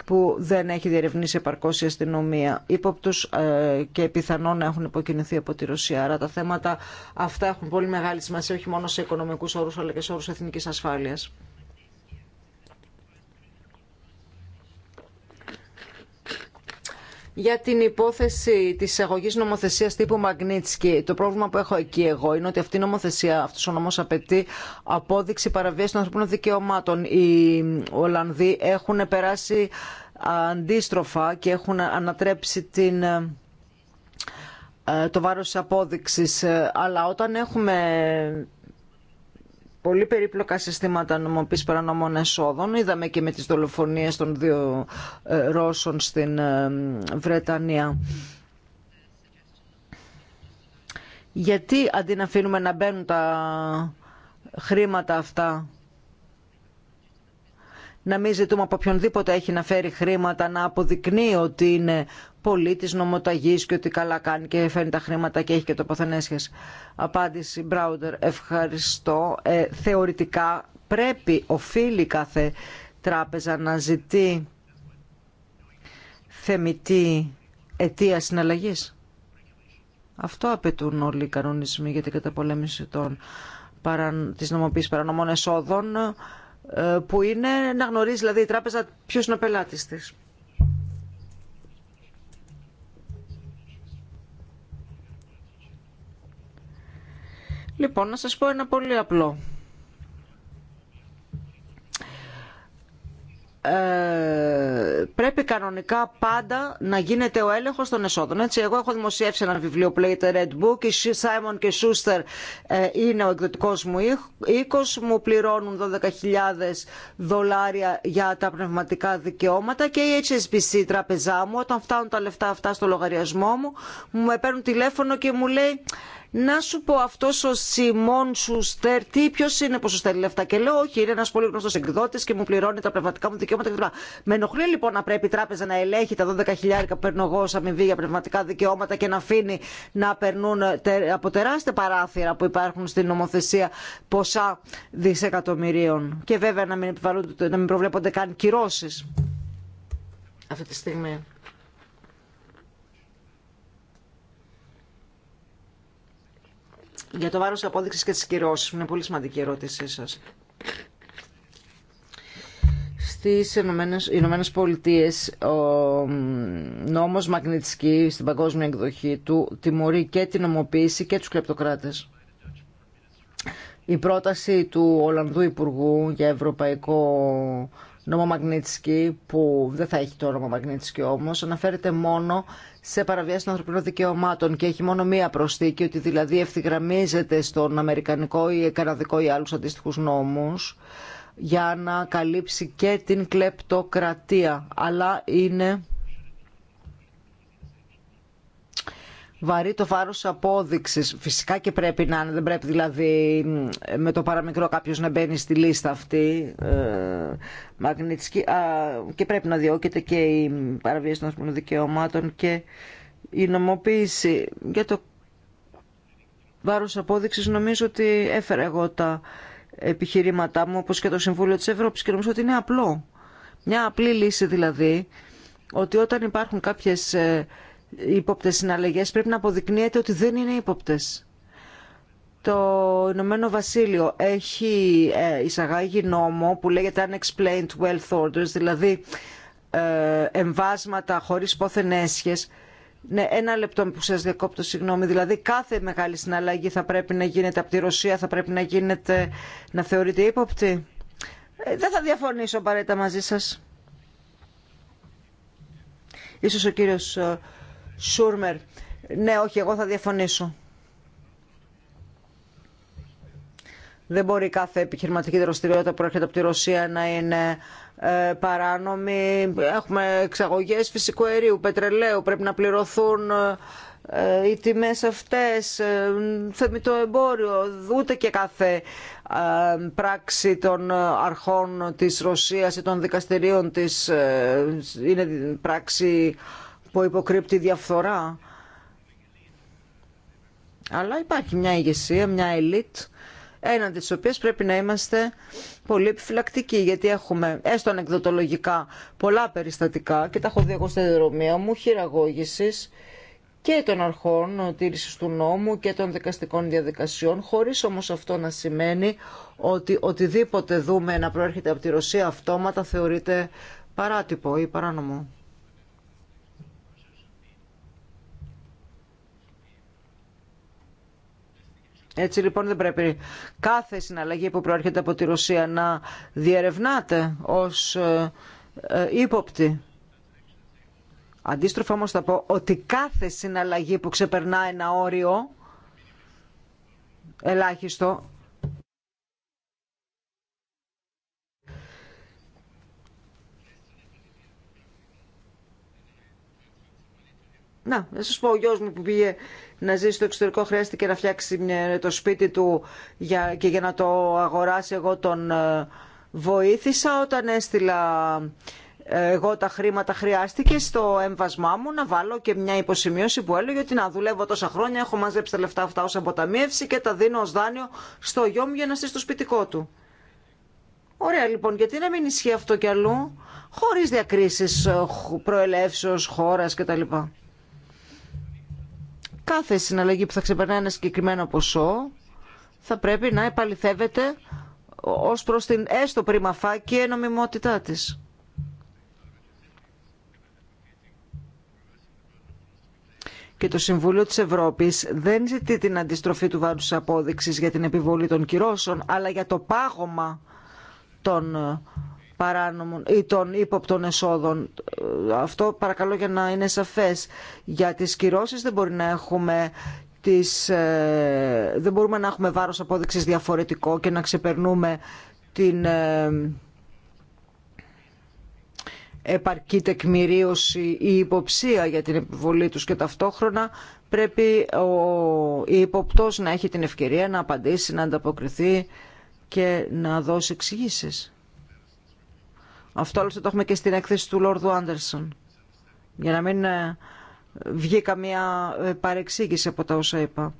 που δεν έχει διερευνήσει επαρκώ η αστυνομία. Υπόπτους ε, και πιθανόν να έχουν υποκινηθεί από τη Ρωσία. Άρα τα θέματα αυτά έχουν πολύ μεγάλη σημασία όχι μόνο σε οικονομικούς όρου, αλλά και σε όρου εθνική ασφάλειας. για την υπόθεση τη εισαγωγή νομοθεσία τύπου Μαγνίτσκι. Το πρόβλημα που έχω εκεί εγώ είναι ότι αυτή η νομοθεσία, αυτό ο νόμο απαιτεί απόδειξη παραβίαση των ανθρωπίνων δικαιωμάτων. Οι Ολλανδοί έχουν περάσει αντίστροφα και έχουν ανατρέψει την ε, το βάρος της απόδειξης. Αλλά όταν έχουμε πολύ περίπλοκα συστήματα νομοποίηση παρανομών εσόδων. Είδαμε και με τις δολοφονίες των δύο ε, Ρώσων στην ε, Βρετανία. Γιατί αντί να αφήνουμε να μπαίνουν τα χρήματα αυτά να μην ζητούμε από οποιονδήποτε έχει να φέρει χρήματα να αποδεικνύει ότι είναι της νομοταγή και ότι καλά κάνει και φέρνει τα χρήματα και έχει και το Απάντηση Μπράουντερ, ευχαριστώ. Ε, θεωρητικά πρέπει, οφείλει κάθε τράπεζα να ζητεί θεμητή αιτία συναλλαγή. Αυτό απαιτούν όλοι οι κανονισμοί για την καταπολέμηση των, παρα... της νομοποίησης παρανομών εσόδων ε, που είναι να γνωρίζει δηλαδή η τράπεζα ποιος είναι ο πελάτης της. Λοιπόν, να σας πω ένα πολύ απλό. Ε, πρέπει κανονικά πάντα να γίνεται ο έλεγχος των εσόδων. Έτσι, εγώ έχω δημοσιεύσει ένα βιβλίο που λέγεται Red Book, η Simon και Schuster ε, είναι ο εκδοτικός μου οίκος, μου πληρώνουν 12.000 δολάρια για τα πνευματικά δικαιώματα και η HSBC η τραπεζά μου όταν φτάνουν τα λεφτά αυτά στο λογαριασμό μου, μου παίρνουν τηλέφωνο και μου λέει να σου πω αυτό ο Σιμών Σουστέρ, τι ποιο είναι που σου στέλνει λεφτά. Και λέω, Όχι, είναι ένα πολύ γνωστό εκδότη και μου πληρώνει τα πνευματικά μου δικαιώματα κτλ. Με ενοχλεί λοιπόν να πρέπει η τράπεζα να ελέγχει τα 12.000 που παίρνω εγώ ω αμοιβή για πνευματικά δικαιώματα και να αφήνει να περνούν από τεράστια παράθυρα που υπάρχουν στην νομοθεσία ποσά δισεκατομμυρίων. Και βέβαια να μην, να μην προβλέπονται καν κυρώσει αυτή τη στιγμή. Για το βάρος απόδειξης και τις κυρώσεις. Είναι πολύ σημαντική η ερώτησή σας. Στις Ηνωμένε Πολιτείε ο νόμος Μαγνητσκή στην παγκόσμια εκδοχή του τιμωρεί και την ομοποίηση και τους κλεπτοκράτες. Η πρόταση του Ολλανδού Υπουργού για Ευρωπαϊκό νόμο Μαγνίτσκι, που δεν θα έχει το όνομα Μαγνίτσκι όμως, αναφέρεται μόνο σε παραβιάσεις των ανθρωπίνων δικαιωμάτων και έχει μόνο μία προσθήκη, ότι δηλαδή ευθυγραμμίζεται στον Αμερικανικό ή Καναδικό ή άλλους αντίστοιχου νόμους για να καλύψει και την κλεπτοκρατία. Αλλά είναι βαρύ το βάρο απόδειξη. Φυσικά και πρέπει να είναι, δεν πρέπει δηλαδή με το παραμικρό κάποιο να μπαίνει στη λίστα αυτή ε, και πρέπει να διώκεται και η παραβίαση των δικαιωμάτων και η νομοποίηση. Για το βάρο απόδειξη νομίζω ότι έφερα εγώ τα επιχειρήματά μου, όπω και το Συμβούλιο τη Ευρώπη, και νομίζω ότι είναι απλό. Μια απλή λύση δηλαδή, ότι όταν υπάρχουν κάποιες ε, ύποπτε συναλλαγέ, πρέπει να αποδεικνύεται ότι δεν είναι ύποπτε. Το Ηνωμένο Βασίλειο έχει ε, εισαγάγει νόμο που λέγεται Unexplained Wealth Orders, δηλαδή ε, εμβάσματα χωρίς πόθεν έσχε. Ναι, ένα λεπτό που σας διακόπτω, συγγνώμη. Δηλαδή κάθε μεγάλη συναλλαγή θα πρέπει να γίνεται από τη Ρωσία, θα πρέπει να γίνεται, να θεωρείται ύποπτη. Ε, δεν θα διαφωνήσω απαραίτητα μαζί σας. Ίσως ο κύριος Σούρμερ. Ναι, όχι, εγώ θα διαφωνήσω. Δεν μπορεί κάθε επιχειρηματική δραστηριότητα που έρχεται από τη Ρωσία να είναι ε, παράνομη. Έχουμε εξαγωγές φυσικού αερίου, πετρελαίου, πρέπει να πληρωθούν ε, ε, οι τιμές αυτές, ε, θεμητό εμπόριο, ούτε και κάθε πράξη των αρχών της Ρωσίας ή των δικαστηρίων της είναι πράξη που υποκρύπτει διαφθορά. Αλλά υπάρχει μια ηγεσία, μια ελίτ, έναντι της οποίας πρέπει να είμαστε πολύ επιφυλακτικοί, γιατί έχουμε έστω ανεκδοτολογικά πολλά περιστατικά, και τα έχω δει εγώ στα δρομία μου, χειραγώγησης και των αρχών τήρησης του νόμου και των δικαστικών διαδικασιών, χωρίς όμως αυτό να σημαίνει ότι οτιδήποτε δούμε να προέρχεται από τη Ρωσία αυτόματα θεωρείται παράτυπο ή παράνομο. Έτσι λοιπόν δεν πρέπει κάθε συναλλαγή που προέρχεται από τη Ρωσία να διερευνάται ως ε, ε, ύποπτη. Αντίστροφα όμως θα πω ότι κάθε συναλλαγή που ξεπερνά ένα όριο ελάχιστο Να, να σας πω ο γιος μου που πήγε να ζήσει στο εξωτερικό χρειάστηκε να φτιάξει το σπίτι του για, και για να το αγοράσει εγώ τον ε, βοήθησα όταν έστειλα ε, εγώ τα χρήματα χρειάστηκε στο έμβασμά μου να βάλω και μια υποσημείωση που έλεγε ότι να δουλεύω τόσα χρόνια, έχω μαζέψει τα λεφτά αυτά ως αποταμίευση και τα δίνω ως δάνειο στο γιο μου για να στήσει το σπιτικό του. Ωραία λοιπόν, γιατί να μην ισχύει αυτό κι αλλού, χωρίς διακρίσεις ε, προελεύσεως, χώρας κτλ κάθε συναλλαγή που θα ξεπερνά ένα συγκεκριμένο ποσό θα πρέπει να επαληθεύεται ως προς την έστω πρίμα φάκη νομιμότητά της. Και το Συμβούλιο της Ευρώπης δεν ζητεί την αντιστροφή του βάρους της απόδειξης για την επιβολή των κυρώσεων, αλλά για το πάγωμα των ε, παράνομων ή των ύποπτων εσόδων. Αυτό παρακαλώ για να είναι σαφές. Για τις κυρώσεις δεν μπορεί να έχουμε τις, ε, δεν μπορούμε να έχουμε βάρος απόδειξης διαφορετικό και να ξεπερνούμε την ε, επαρκή τεκμηρίωση ή υποψία για την επιβολή τους και ταυτόχρονα πρέπει ο υποπτός να έχει την ευκαιρία να απαντήσει, να ανταποκριθεί και να δώσει εξηγήσεις. Αυτό άλλωστε το έχουμε και στην έκθεση του Λόρδου Άντερσον. Για να μην ε, βγει καμία ε, παρεξήγηση από τα όσα είπα.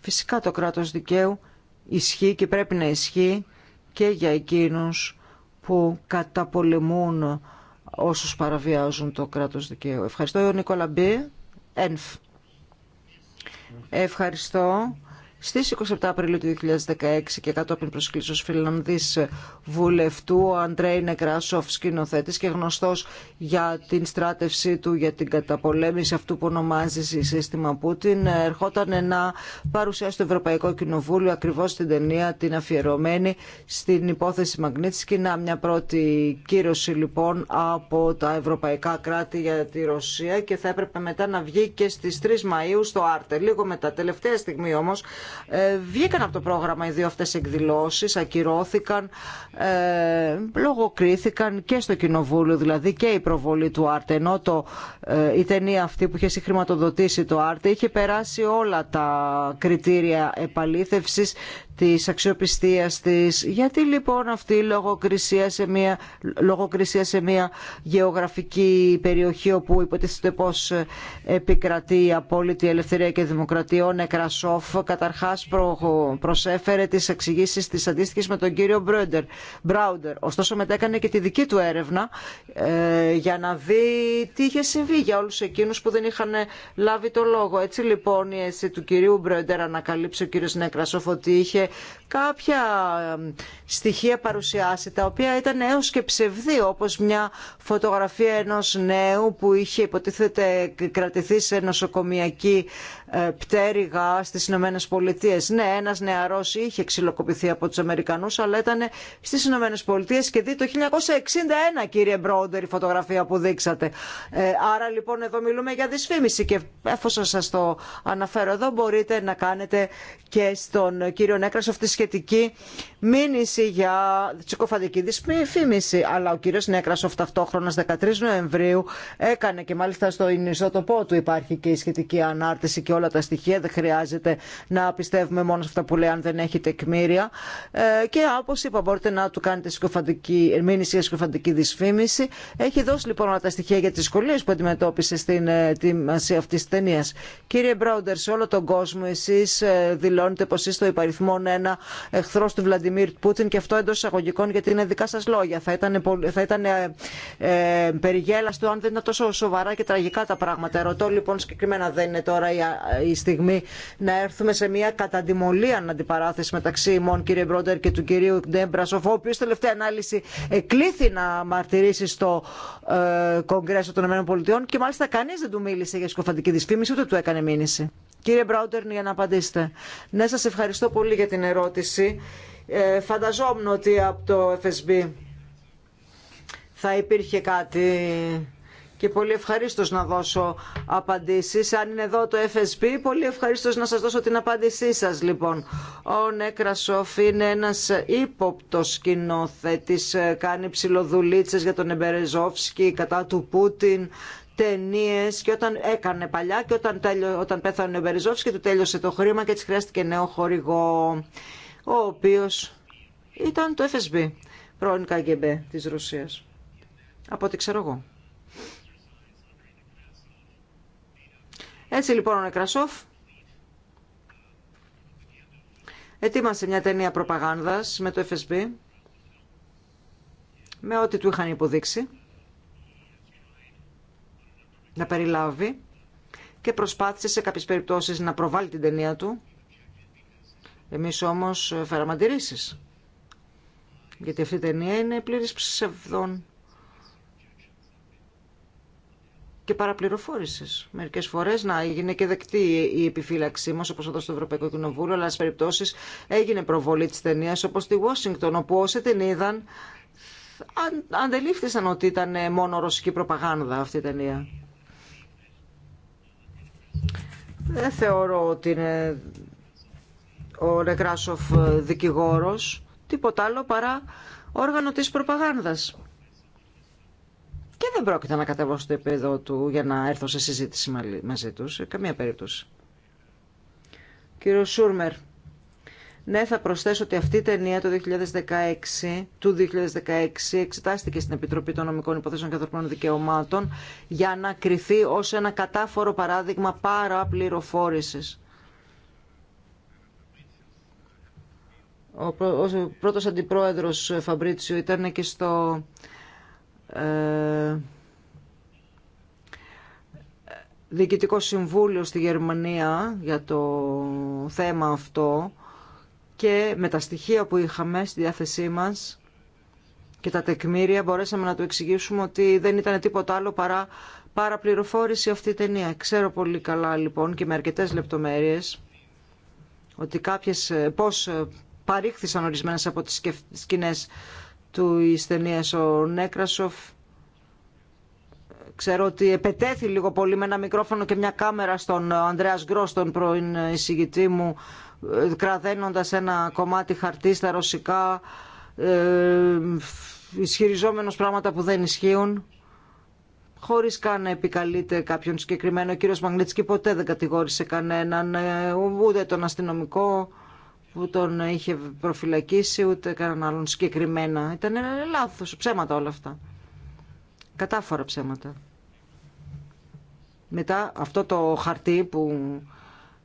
Φυσικά το κράτος δικαίου ισχύει και πρέπει να ισχύει και για εκείνους που καταπολεμούν όσους παραβιάζουν το κράτος δικαίου. Ευχαριστώ, Νικόλα Μπή. Ευχαριστώ. Στι 27 Απριλίου του 2016 και κατόπιν προσκλήσεως φιλανδή βουλευτού, ο Αντρέι Νεκράσοφ, σκηνοθέτη και γνωστό για την στράτευσή του για την καταπολέμηση αυτού που ονομάζει σύστημα Πούτιν, ερχόταν να παρουσιάσει το Ευρωπαϊκό Κοινοβούλιο ακριβώ την ταινία την αφιερωμένη στην υπόθεση Μαγνίτσκι. Να μια πρώτη κύρωση λοιπόν από τα ευρωπαϊκά κράτη για τη Ρωσία και θα έπρεπε μετά να βγει και στι 3 Μαου στο Άρτε. Λίγο μετά, τελευταία στιγμή όμω. Ε, βγήκαν από το πρόγραμμα οι δύο αυτές εκδηλώσει, ακυρώθηκαν, ε, λογοκρίθηκαν και στο κοινοβούλιο, δηλαδή και η προβολή του Άρτε, ενώ το, ε, η ταινία αυτή που είχε συγχρηματοδοτήσει το Άρτε είχε περάσει όλα τα κριτήρια επαλήθευση της αξιοπιστίας της. Γιατί λοιπόν αυτή η λογοκρισία σε μια, λογοκρισία γεωγραφική περιοχή όπου υποτίθεται πως ε, επικρατεί η απόλυτη ελευθερία και δημοκρατία ο Νεκρασόφ καταρχάς προσέφερε τις εξηγήσει της αντίστοιχης με τον κύριο Μπρόντερ, Μπράουντερ. Ωστόσο μετά έκανε και τη δική του έρευνα ε, για να δει τι είχε συμβεί για όλους εκείνους που δεν είχαν ε, λάβει το λόγο. Έτσι λοιπόν η αίσθηση του κυρίου Μπρόντερ ανακαλύψει ο κύριος Νεκρασόφ ότι είχε κάποια στοιχεία παρουσιάσει τα οποία ήταν έως και ψευδή όπως μια φωτογραφία ενός νέου που είχε υποτίθεται κρατηθεί σε νοσοκομιακή ε, πτέρυγα στις Ηνωμένε Πολιτείε. Ναι, ένας νεαρός είχε ξυλοκοπηθεί από τους Αμερικανούς, αλλά ήταν στις Ηνωμένε Πολιτείε και δει το 1961, κύριε Μπρόντερ, η φωτογραφία που δείξατε. Ε, άρα λοιπόν εδώ μιλούμε για δυσφήμιση και εφόσον σας το αναφέρω εδώ μπορείτε να κάνετε και στον κύριο Νέκρασοφ τη σχετική μήνυση για τσικοφαντική δυσφήμιση. Αλλά ο κύριος Νέκρασοφ ταυτόχρονα 13 Νοεμβρίου έκανε και μάλιστα στο τοπό του υπάρχει και η σχετική ανάρτηση και όλα τα στοιχεία, δεν χρειάζεται να πιστεύουμε μόνο σε αυτά που λέει αν δεν έχει τεκμήρια. Ε, και όπω είπα, μπορείτε να του κάνετε σκοφαντική, για σκοφαντική δυσφήμιση. Έχει δώσει λοιπόν όλα τα στοιχεία για τι δυσκολίε που αντιμετώπισε στην ετοιμασία αυτή τη ταινία. Κύριε Μπράουντερ, σε όλο τον κόσμο εσεί ε, δηλώνετε πω είστε ο υπαριθμόν ένα εχθρό του Βλαντιμίρ Πούτιν και αυτό εντό εισαγωγικών γιατί είναι δικά σα λόγια. Θα ήταν, θα ήταν ε, ε, περιγέλαστο αν δεν ήταν τόσο σοβαρά και τραγικά τα πράγματα. Ρωτώ λοιπόν συγκεκριμένα δεν είναι τώρα η η στιγμή να έρθουμε σε μια καταντιμολία αντιπαράθεση μεταξύ ημών κύριε Μπρόντερ και του κυρίου Ντέμπρασοφ, ο οποίο τελευταία ανάλυση εκλήθη να μαρτυρήσει στο ε, Κογκρέσο των ΗΠΑ και μάλιστα κανεί δεν του μίλησε για σκοφαντική δυσφήμιση ούτε του έκανε μήνυση. Κύριε Μπρόντερ, για να απαντήσετε. Ναι, σας ευχαριστώ πολύ για την ερώτηση. Ε, φανταζόμουν ότι από το FSB θα υπήρχε κάτι και πολύ ευχαρίστως να δώσω απαντήσεις. Αν είναι εδώ το FSB, πολύ ευχαρίστως να σας δώσω την απάντησή σας λοιπόν. Ο Νέκρασοφ είναι ένας ύποπτος σκηνοθέτης, κάνει ψηλοδουλίτσες για τον Εμπερεζόφσκι κατά του Πούτιν, ταινίε και όταν έκανε παλιά και όταν, όταν πέθανε ο Εμπεριζόφσκι, του τέλειωσε το χρήμα και έτσι χρειάστηκε νέο χορηγό ο οποίος ήταν το FSB πρώην KGB της Ρωσίας από ό,τι ξέρω εγώ Έτσι λοιπόν ο Νεκρασόφ ετοίμασε μια ταινία προπαγάνδας με το FSB, με ό,τι του είχαν υποδείξει, να περιλάβει και προσπάθησε σε κάποιες περιπτώσεις να προβάλλει την ταινία του. Εμείς όμως ε, φέραμε αντιρρήσεις, γιατί αυτή η ταινία είναι πλήρης ψευδών και παραπληροφόρηση. Μερικέ φορέ να έγινε και δεκτή η επιφύλαξή μα, όπω εδώ στο Ευρωπαϊκό Κοινοβούλιο, αλλά σε περιπτώσει έγινε προβολή τη ταινία, όπω στη Ουάσιγκτον, όπου όσοι την είδαν αντελήφθησαν ότι ήταν μόνο ρωσική προπαγάνδα αυτή η ταινία. Δεν θεωρώ ότι είναι ο Νεκράσοφ δικηγόρος, τίποτα άλλο παρά όργανο της προπαγάνδας και δεν πρόκειται να κατεβώ το επίπεδο του για να έρθω σε συζήτηση μαζί τους, καμία περίπτωση. Κύριο Σούρμερ, ναι, θα προσθέσω ότι αυτή η ταινία το 2016, του 2016 εξετάστηκε στην Επιτροπή των Νομικών Υποθέσεων και Ανθρωπίνων Δικαιωμάτων για να κριθεί ως ένα κατάφορο παράδειγμα παραπληροφόρησης. Ο πρώτος αντιπρόεδρος Φαμπρίτσιο ήταν και στο ε, διοικητικό συμβούλιο στη Γερμανία για το θέμα αυτό και με τα στοιχεία που είχαμε στη διάθεσή μας και τα τεκμήρια μπορέσαμε να του εξηγήσουμε ότι δεν ήταν τίποτα άλλο παρά παραπληροφόρηση αυτή η ταινία. Ξέρω πολύ καλά λοιπόν και με αρκετές λεπτομέρειες ότι κάποιες, ε, πώς ε, παρήχθησαν ορισμένες από τις σκηνές του ταινία ο Νέκρασοφ. Ξέρω ότι επετέθη λίγο πολύ με ένα μικρόφωνο και μια κάμερα στον Ανδρέας Γκρό, τον πρώην εισηγητή μου, κραδένοντα ένα κομμάτι χαρτί στα ρωσικά, ε, ισχυριζόμενος πράγματα που δεν ισχύουν χωρί καν να επικαλείται κάποιον συγκεκριμένο. Ο κύριο Μαγνίτσκι ποτέ δεν κατηγόρησε κανέναν, ε, ούτε τον αστυνομικό που τον είχε προφυλακίσει ούτε κανέναν άλλον συγκεκριμένα. Ήταν λάθος, ψέματα όλα αυτά. Κατάφορα ψέματα. Μετά αυτό το χαρτί που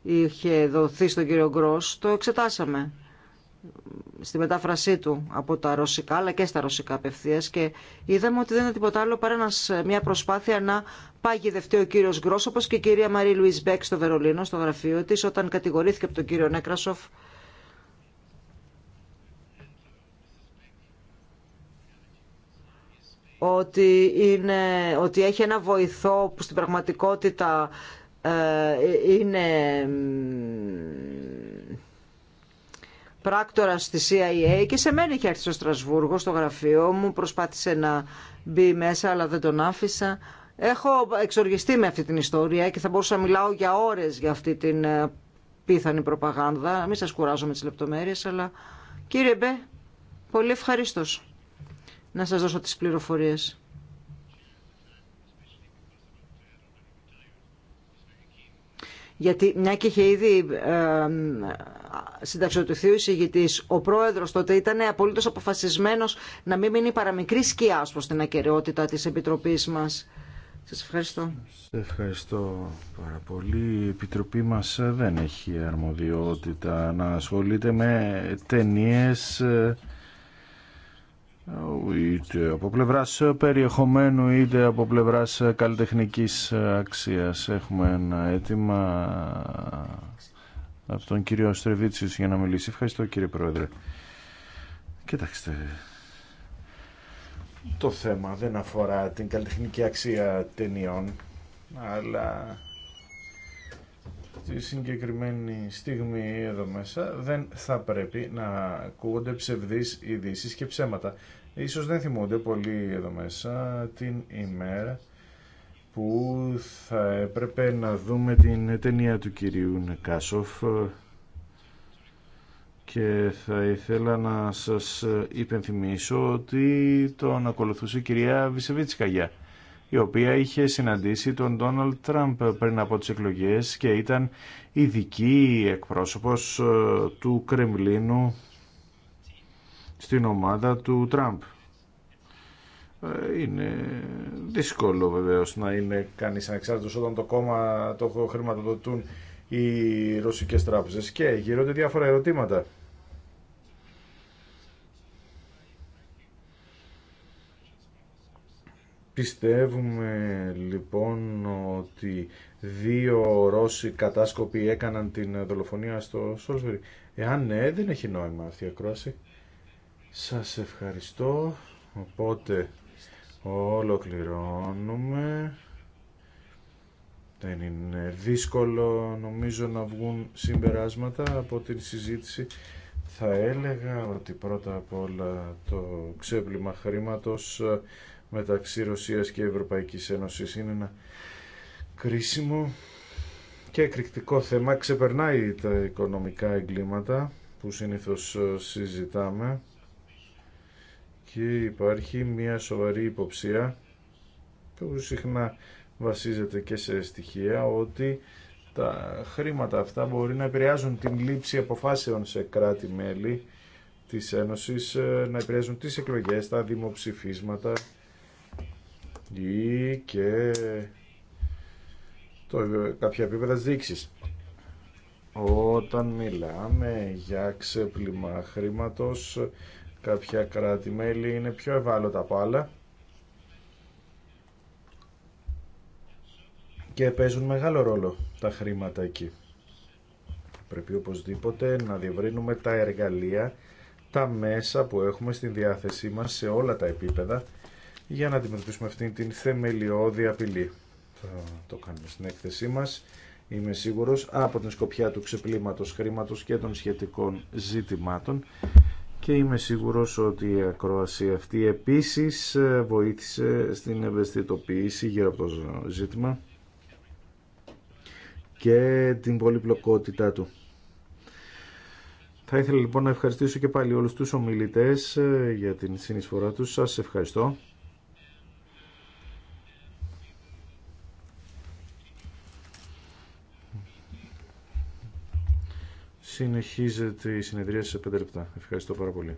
είχε δοθεί στον κύριο Γκρός το εξετάσαμε στη μετάφρασή του από τα ρωσικά αλλά και στα ρωσικά απευθεία και είδαμε ότι δεν είναι τίποτα άλλο παρά μια προσπάθεια να παγιδευτεί ο κύριο Γκρός όπως και η κυρία Μαρή Λουίς Μπέκ στο Βερολίνο, στο γραφείο της, όταν κατηγορήθηκε από τον κύριο Νέκρασοφ ότι, είναι, ότι έχει ένα βοηθό που στην πραγματικότητα ε, είναι πράκτορα στη CIA και σε μένα είχε έρθει στο Στρασβούργο, στο γραφείο μου, προσπάθησε να μπει μέσα αλλά δεν τον άφησα. Έχω εξοργιστεί με αυτή την ιστορία και θα μπορούσα να μιλάω για ώρες για αυτή την ε, πίθανη προπαγάνδα. Μην σας κουράζω με τις λεπτομέρειες, αλλά κύριε Μπέ, πολύ ευχαριστώ να σας δώσω τις πληροφορίες. Γιατί μια και είχε ήδη ε, συνταξιοτηθεί ο εισηγητής, ο πρόεδρος τότε ήταν απολύτως αποφασισμένος να μην μείνει παραμικρή σκιά προ την ακαιρεότητα της επιτροπής μας. Σας ευχαριστώ. Σε ευχαριστώ πάρα πολύ. Η επιτροπή μας δεν έχει αρμοδιότητα να ασχολείται με ταινίε. Ε, είτε από πλευρά περιεχομένου είτε από πλευρά καλλιτεχνικής αξίας. Έχουμε ένα αίτημα από τον κύριο στρεβίτσης για να μιλήσει. Ευχαριστώ κύριε Πρόεδρε. Κοιτάξτε, το θέμα δεν αφορά την καλλιτεχνική αξία ταινιών, αλλά στη συγκεκριμένη στιγμή εδώ μέσα δεν θα πρέπει να ακούγονται ψευδείς ειδήσει και ψέματα. Ίσως δεν θυμούνται πολύ εδώ μέσα την ημέρα που θα έπρεπε να δούμε την ταινία του κυρίου Νεκάσοφ και θα ήθελα να σας υπενθυμίσω ότι τον ακολουθούσε η κυρία Βυσεβίτσικα για η οποία είχε συναντήσει τον Ντόναλτ Τραμπ πριν από τις εκλογές και ήταν ειδική εκπρόσωπος ε, του Κρεμλίνου στην ομάδα του Τραμπ. Ε, είναι δύσκολο βεβαίω να είναι κανεί ανεξάρτητο όταν το κόμμα το χρηματοδοτούν οι ρωσικέ τράπεζε και γύρονται διάφορα ερωτήματα. Πιστεύουμε λοιπόν ότι δύο Ρώσοι κατάσκοποι έκαναν την δολοφονία στο Σόλσβερι. Εάν ναι, δεν έχει νόημα αυτή η ακρόαση. Σας ευχαριστώ. Οπότε ολοκληρώνουμε. Δεν είναι δύσκολο νομίζω να βγουν συμπεράσματα από την συζήτηση. Θα έλεγα ότι πρώτα απ' όλα το ξέπλυμα χρήματος μεταξύ Ρωσίας και Ευρωπαϊκής Ένωσης είναι ένα κρίσιμο και εκρηκτικό θέμα. Ξεπερνάει τα οικονομικά εγκλήματα που συνήθως ε, συζητάμε και υπάρχει μια σοβαρή υποψία που συχνά βασίζεται και σε στοιχεία ότι τα χρήματα αυτά μπορεί να επηρεάζουν την λήψη αποφάσεων σε κράτη-μέλη της Ένωσης, ε, να επηρεάζουν τις εκλογές, τα δημοψηφίσματα ή και το, κάποια επίπεδα δείξεις. Όταν μιλάμε για ξεπλήμα χρήματος, κάποια κράτη-μέλη είναι πιο ευάλωτα από άλλα και παίζουν μεγάλο ρόλο τα χρήματα εκεί. Πρέπει οπωσδήποτε να διευρύνουμε τα εργαλεία, τα μέσα που έχουμε στην διάθεσή μας σε όλα τα επίπεδα για να αντιμετωπίσουμε αυτήν την θεμελιώδη απειλή. Θα το κάνουμε στην έκθεσή μας, είμαι σίγουρος, από την σκοπιά του ξεπλήματος χρήματος και των σχετικών ζητημάτων και είμαι σίγουρος ότι η ακρόαση αυτή επίσης ε, βοήθησε στην ευαισθητοποίηση γύρω από το ζήτημα και την πολυπλοκότητά του. Θα ήθελα λοιπόν να ευχαριστήσω και πάλι όλους τους ομιλητές ε, για την συνεισφορά τους. Σας ευχαριστώ. Συνεχίζεται η συνεδρία σε 5 λεπτά. Ευχαριστώ πάρα πολύ.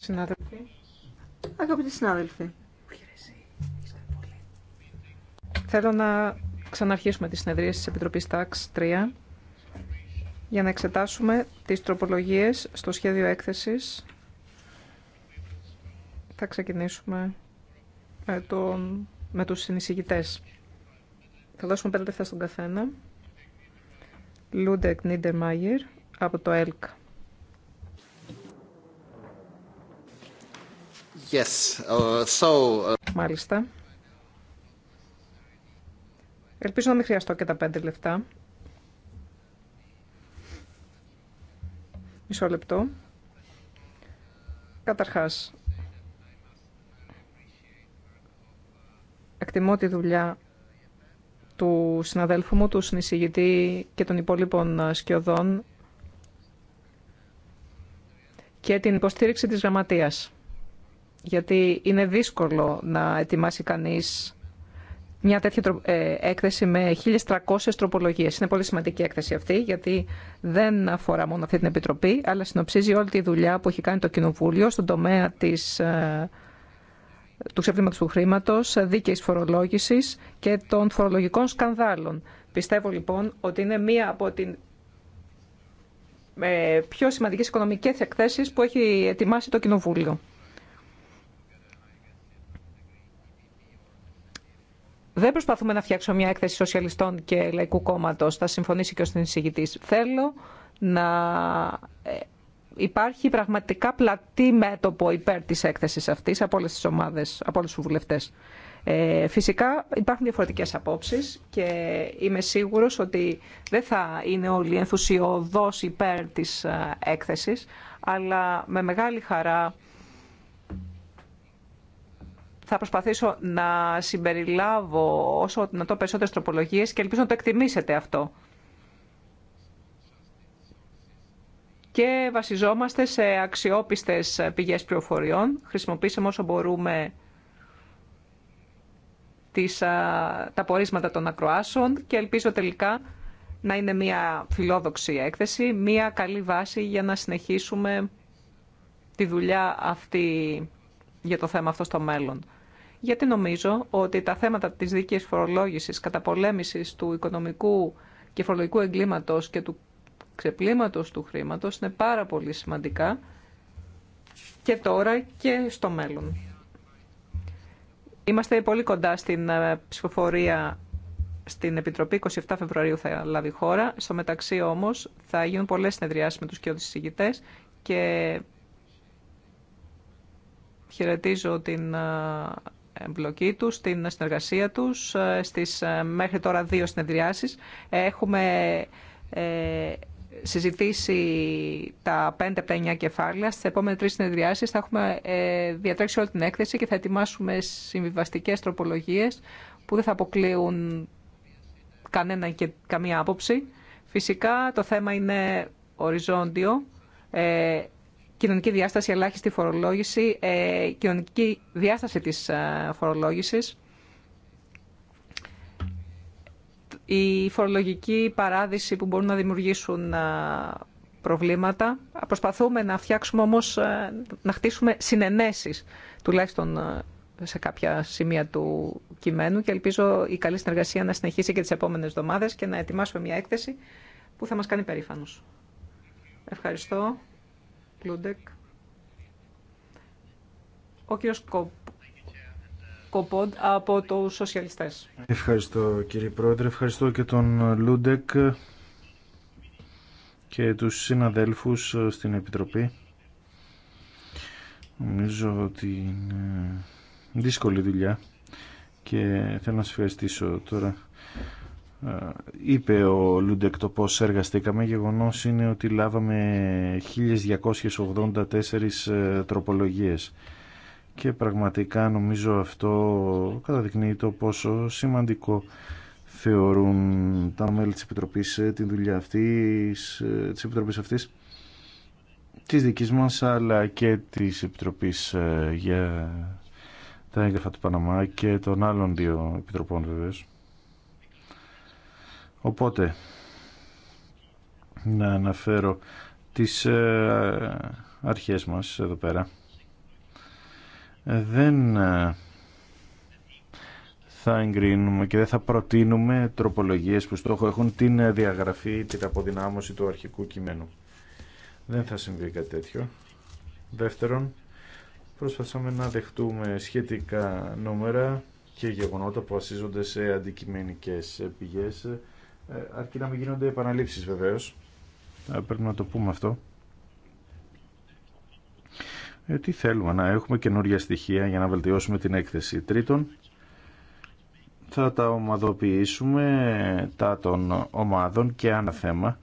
Συνάδελφοι. Αγαπητοί συνάδελφοι. Θέλω να ξαναρχίσουμε τη συνεδρία της Επιτροπής ΤΑΞ 3 για να εξετάσουμε τις τροπολογίες στο σχέδιο έκθεσης. Θα ξεκινήσουμε με, τον, με τους συνεισηγητές. Θα δώσουμε πέντε λεφτά στον καθένα. Λούντεκ Μάγερ από το ΕΛΚ. Uh, uh, Μάλιστα. Ελπίζω να μην χρειαστώ και τα πέντε λεπτά. Μισό λεπτό. Καταρχάς, εκτιμώ τη δουλειά του συναδέλφου μου, του συνεισηγητή και των υπόλοιπων ε, σκιωδών και την υποστήριξη της γραμματείας γιατί είναι δύσκολο να ετοιμάσει κανείς μια τέτοια ε, έκθεση με 1.300 τροπολογίες. Είναι πολύ σημαντική έκθεση αυτή, γιατί δεν αφορά μόνο αυτή την Επιτροπή, αλλά συνοψίζει όλη τη δουλειά που έχει κάνει το Κοινοβούλιο στον τομέα της, ε, του ξεπλήματος του χρήματος, δίκαιης φορολόγησης και των φορολογικών σκανδάλων. Πιστεύω λοιπόν ότι είναι μία από την ε, πιο σημαντικές οικονομικές εκθέσεις που έχει ετοιμάσει το Κοινοβούλιο. Δεν προσπαθούμε να φτιάξουμε μια έκθεση σοσιαλιστών και λαϊκού κόμματο. Θα συμφωνήσει και ο συνεισηγητή. Θέλω να ε, υπάρχει πραγματικά πλατή μέτωπο υπέρ τη έκθεση αυτή από όλε τι ομάδε, από όλου του βουλευτέ. Ε, φυσικά υπάρχουν διαφορετικές απόψεις και είμαι σίγουρος ότι δεν θα είναι όλοι ενθουσιοδός υπέρ της ε, έκθεσης, αλλά με μεγάλη χαρά θα προσπαθήσω να συμπεριλάβω όσο να το περισσότερες τροπολογίες και ελπίζω να το εκτιμήσετε αυτό. Και βασιζόμαστε σε αξιόπιστες πηγές πληροφοριών. Χρησιμοποίησαμε όσο μπορούμε τις, τα πορίσματα των ακροάσεων και ελπίζω τελικά να είναι μια φιλόδοξη έκθεση, μια καλή βάση για να συνεχίσουμε τη δουλειά αυτή για το θέμα αυτό στο μέλλον γιατί νομίζω ότι τα θέματα της δικής φορολόγησης, καταπολέμησης του οικονομικού και φορολογικού εγκλήματος και του ξεπλήματος του χρήματος είναι πάρα πολύ σημαντικά και τώρα και στο μέλλον. Είμαστε πολύ κοντά στην ε, ψηφοφορία στην Επιτροπή. 27 Φεβρουαρίου θα λάβει χώρα. Στο μεταξύ όμως θα γίνουν πολλές συνεδριάσεις με τους συζητητές και χαιρετίζω την ε, εμπλοκή τους, στην συνεργασία τους, ε, στις ε, μέχρι τώρα δύο συνεδριάσεις. Έχουμε ε, συζητήσει τα 5 από τα 9 κεφάλαια. Στις επόμενες τρεις συνεδριάσεις θα έχουμε ε, διατρέξει όλη την έκθεση και θα ετοιμάσουμε συμβιβαστικές τροπολογίες που δεν θα αποκλείουν κανένα και καμία άποψη. Φυσικά το θέμα είναι οριζόντιο. Ε, κοινωνική διάσταση, ελάχιστη φορολόγηση, ε, κοινωνική διάσταση της ε, φορολόγησης, η φορολογική παράδειση που μπορούν να δημιουργήσουν ε, προβλήματα. Προσπαθούμε να φτιάξουμε όμως, ε, να χτίσουμε συνενέσεις, τουλάχιστον ε, σε κάποια σημεία του κειμένου και ελπίζω η καλή συνεργασία να συνεχίσει και τις επόμενες εβδομάδες και να ετοιμάσουμε μια έκθεση που θα μας κάνει περήφανος. Ευχαριστώ. Κλούντεκ. Ο κύριος Κοπ, από τους σοσιαλιστές. Ευχαριστώ κύριε Πρόεδρε, ευχαριστώ και τον Λούντεκ και τους συναδέλφους στην Επιτροπή. Νομίζω ότι είναι δύσκολη δουλειά και θέλω να σας ευχαριστήσω τώρα ε, είπε ο Λούντεκ το πώς εργαστήκαμε. Γεγονός είναι ότι λάβαμε 1284 ε, τροπολογίες και πραγματικά νομίζω αυτό καταδεικνύει το πόσο σημαντικό θεωρούν τα μέλη της Επιτροπής ε, την δουλειά αυτής, της Επιτροπής αυτής της δικής μας αλλά και της Επιτροπής για τα έγγραφα του Παναμά και των άλλων δύο επιτροπών βεβαίως. Οπότε, να αναφέρω τις ε, αρχές μας εδώ πέρα. Ε, δεν ε, θα εγκρίνουμε και δεν θα προτείνουμε τροπολογίες που στόχο έχουν την διαγραφή την αποδυνάμωση του αρχικού κειμένου. Δεν θα συμβεί κάτι τέτοιο. Δεύτερον, προσπαθούμε να δεχτούμε σχετικά νούμερα και γεγονότα που ασίζονται σε αντικειμενικές πηγές ε, αρκεί να μην γίνονται επαναλήψεις βεβαίως. Ε, πρέπει να το πούμε αυτό. Ε, τι θέλουμε, να έχουμε καινούργια στοιχεία για να βελτιώσουμε την έκθεση. Τρίτον, θα τα ομαδοποιήσουμε τα των ομάδων και ένα θέμα.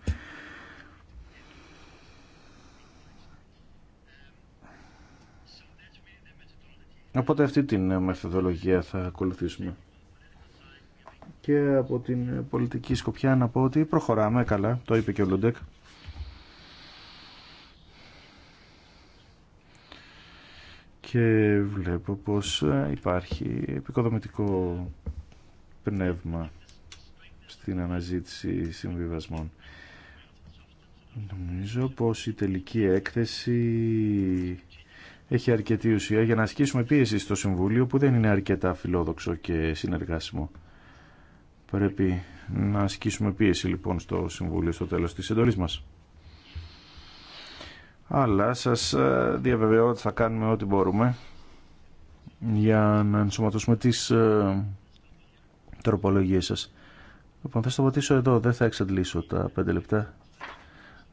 Οπότε αυτή την μεθοδολογία θα ακολουθήσουμε και από την πολιτική σκοπιά να πω ότι προχωράμε καλά, το είπε και ο Λοντέκ. Και βλέπω πως ε, υπάρχει επικοδομητικό πνεύμα στην αναζήτηση συμβιβασμών. Νομίζω πως η τελική έκθεση έχει αρκετή ουσία για να ασκήσουμε πίεση στο Συμβούλιο που δεν είναι αρκετά φιλόδοξο και συνεργάσιμο. Πρέπει να ασκήσουμε πίεση λοιπόν στο Συμβούλιο στο τέλος της εντολής μας. Αλλά σας ε, διαβεβαιώ ότι θα κάνουμε ό,τι μπορούμε για να ενσωματώσουμε τις ε, τροπολογίες σας. Λοιπόν, θα σταματήσω εδώ, δεν θα εξαντλήσω τα πέντε λεπτά.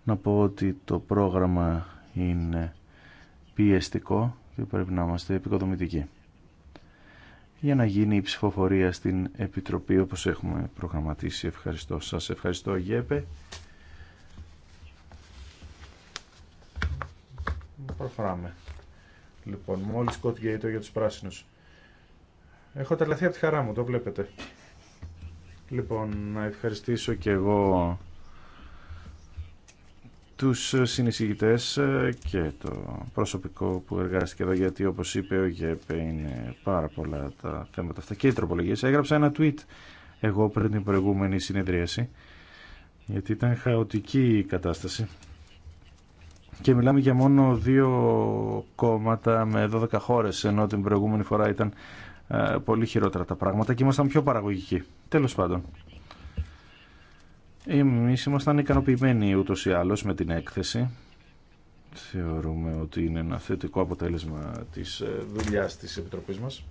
Να πω ότι το πρόγραμμα είναι πιεστικό και πρέπει να είμαστε επικοδομητικοί για να γίνει η ψηφοφορία στην Επιτροπή όπως έχουμε προγραμματίσει. Ευχαριστώ σας. Ευχαριστώ Γέπε. Προχωράμε. Λοιπόν, μόλις κότγεται για τους πράσινους. Έχω τελεθεί από τη χαρά μου, το βλέπετε. Λοιπόν, να ευχαριστήσω και εγώ τους συνεισηγητές ε, και το προσωπικό που εργάστηκε εδώ γιατί όπως είπε ο ΓΕΠΕ είναι πάρα πολλά τα θέματα αυτά και οι τροπολογίες. Έγραψα ένα tweet εγώ πριν την προηγούμενη συνεδρίαση γιατί ήταν χαοτική η κατάσταση και μιλάμε για μόνο δύο κόμματα με 12 χώρες ενώ την προηγούμενη φορά ήταν ε, πολύ χειρότερα τα πράγματα και ήμασταν πιο παραγωγικοί. Τέλος πάντων. Εμείς ήμασταν ικανοποιημένοι ούτως ή άλλως με την έκθεση. Θεωρούμε ότι είναι ένα θετικό αποτέλεσμα της ε, δουλειάς της Επιτροπής μας.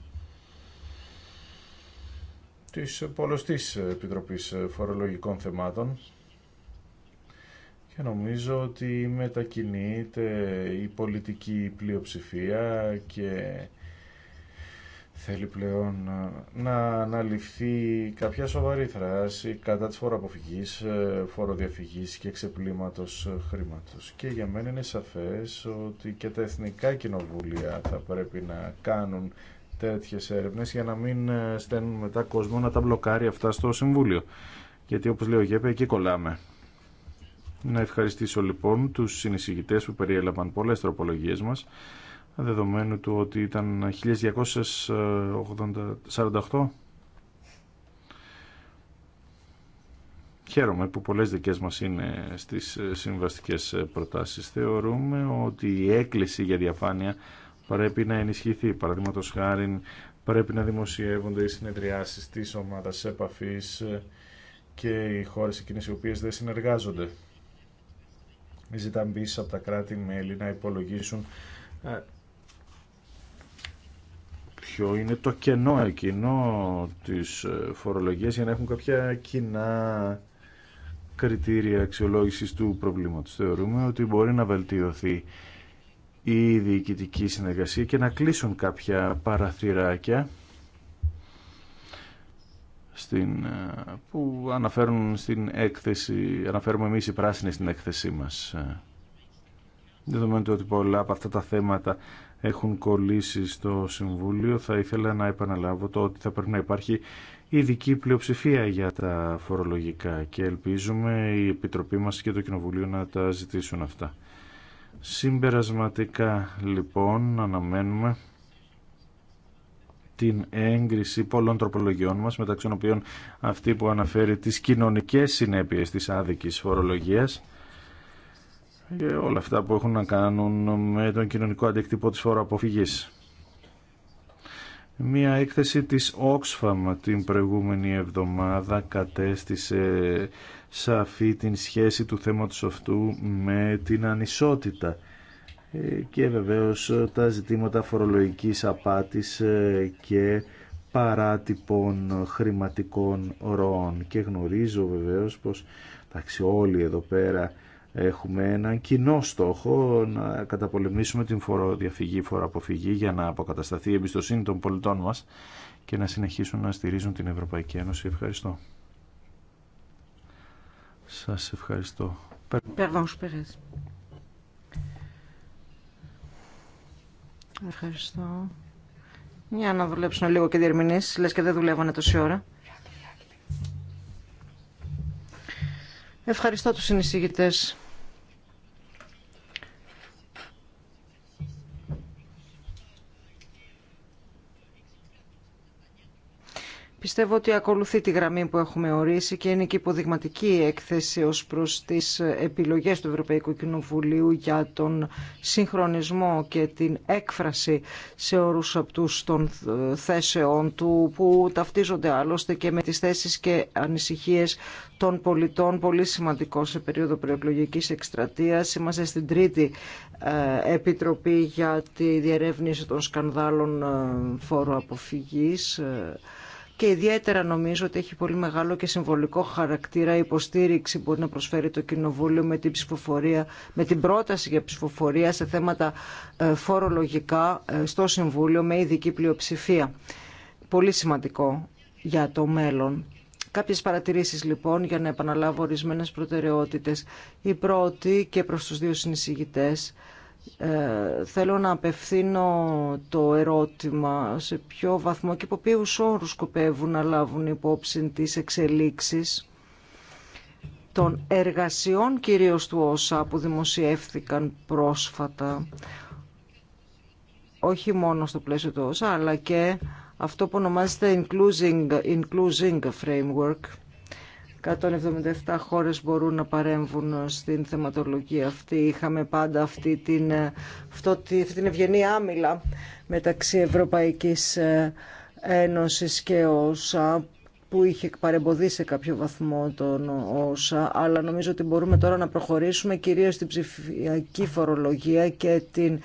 Της ε, πολλωστής ε, Επιτροπής Φορολογικών Θεμάτων. Και νομίζω ότι μετακινείται η πολιτική πλειοψηφία και θέλει πλέον ε, να αναλυφθεί κάποια σοβαρή θράση κατά της φοροαποφυγής, ε, φοροδιαφυγής και ξεπλήματος ε, χρήματος. Και για μένα είναι σαφές ότι και τα εθνικά κοινοβούλια θα πρέπει να κάνουν τέτοιες έρευνες για να μην στέλνουν μετά κόσμο να τα μπλοκάρει αυτά στο Συμβούλιο. Γιατί όπως λέει ο Γέπε, εκεί κολλάμε. Να ευχαριστήσω λοιπόν τους συνεισηγητές που περιέλαβαν πολλές τροπολογίες μας δεδομένου του ότι ήταν 1248 Χαίρομαι που πολλές δικές μας είναι στις ε, συμβαστικές ε, προτάσεις. Θεωρούμε ότι η έκκληση για διαφάνεια πρέπει να ενισχυθεί. Παραδείγματο χάρη πρέπει να δημοσιεύονται οι συνεδριάσεις της ομάδας επαφής ε, και οι χώρες εκείνες οι οποίες δεν συνεργάζονται. Ζητάμε επίση από τα κράτη-μέλη να υπολογίσουν ποιο είναι το κενό εκείνο της ε, φορολογίας για να έχουν κάποια κοινά κριτήρια αξιολόγησης του προβλήματος. Θεωρούμε ότι μπορεί να βελτιωθεί η διοικητική συνεργασία και να κλείσουν κάποια παραθυράκια στην, ε, που αναφέρουν στην έκθεση, αναφέρουμε εμείς οι πράσινοι στην έκθεσή μας. Ε, δεδομένου ότι πολλά από αυτά τα θέματα έχουν κολλήσει στο Συμβούλιο, θα ήθελα να επαναλάβω το ότι θα πρέπει να υπάρχει ειδική πλειοψηφία για τα φορολογικά και ελπίζουμε η Επιτροπή μας και το Κοινοβουλίο να τα ζητήσουν αυτά. Συμπερασματικά λοιπόν αναμένουμε την έγκριση πολλών τροπολογιών μας μεταξύ των οποίων αυτή που αναφέρει τις κοινωνικές συνέπειες της άδικης φορολογίας και όλα αυτά που έχουν να κάνουν με τον κοινωνικό αντίκτυπο της φοροαποφυγής. Μία έκθεση της Oxfam την προηγούμενη εβδομάδα κατέστησε σαφή την σχέση του θέματος αυτού με την ανισότητα ε, και βεβαίως τα ζητήματα φορολογικής απάτης ε, και παράτυπων χρηματικών ροών. Και γνωρίζω βεβαίως πως εντάξει, όλοι εδώ πέρα έχουμε έναν κοινό στόχο να καταπολεμήσουμε την φοροδιαφυγή, φοροαποφυγή για να αποκατασταθεί η εμπιστοσύνη των πολιτών μας και να συνεχίσουν να στηρίζουν την Ευρωπαϊκή Ένωση. Ευχαριστώ. Σας ευχαριστώ. Ευχαριστώ. Για να δουλέψουν λίγο και διερμηνείς, λες και δεν δουλεύανε τόση ώρα. Ευχαριστώ τους συνεισηγητές. Πιστεύω ότι ακολουθεί τη γραμμή που έχουμε ορίσει και είναι και υποδειγματική η έκθεση ως προς τις επιλογές του Ευρωπαϊκού Κοινοβουλίου για τον συγχρονισμό και την έκφραση σε όρους αυτού των θέσεών του που ταυτίζονται άλλωστε και με τις θέσεις και ανησυχίες των πολιτών, πολύ σημαντικό σε περίοδο προεκλογικής εκστρατείας. Είμαστε στην τρίτη ε, Επιτροπή για τη διερεύνηση των σκανδάλων ε, φόρου αποφυγής ε, και ιδιαίτερα νομίζω ότι έχει πολύ μεγάλο και συμβολικό χαρακτήρα η υποστήριξη που μπορεί να προσφέρει το Κοινοβούλιο με την, ψηφοφορία, με την πρόταση για ψηφοφορία σε θέματα ε, φορολογικά ε, στο Συμβούλιο με ειδική πλειοψηφία. Πολύ σημαντικό για το μέλλον. Κάποιες παρατηρήσεις λοιπόν για να επαναλάβω ορισμένες προτεραιότητες. Η πρώτη και προς τους δύο συνεισηγητές ε, θέλω να απευθύνω το ερώτημα σε ποιο βαθμό και από ποιου όρους σκοπεύουν να λάβουν υπόψη τις εξελίξεις των εργασιών κυρίως του ΩΣΑ που δημοσιεύθηκαν πρόσφατα όχι μόνο στο πλαίσιο του ΩΣΑ αλλά και αυτό που ονομάζεται «Inclusing Framework 177 χώρες μπορούν να παρέμβουν στην θεματολογία αυτή. Είχαμε πάντα αυτή την, αυτή την ευγενή άμυλα μεταξύ Ευρωπαϊκής ε, Ένωσης και όσα που είχε παρεμποδίσει σε κάποιο βαθμό τον ΩΣΑ, αλλά νομίζω ότι μπορούμε τώρα να προχωρήσουμε κυρίως στην ψηφιακή φορολογία και την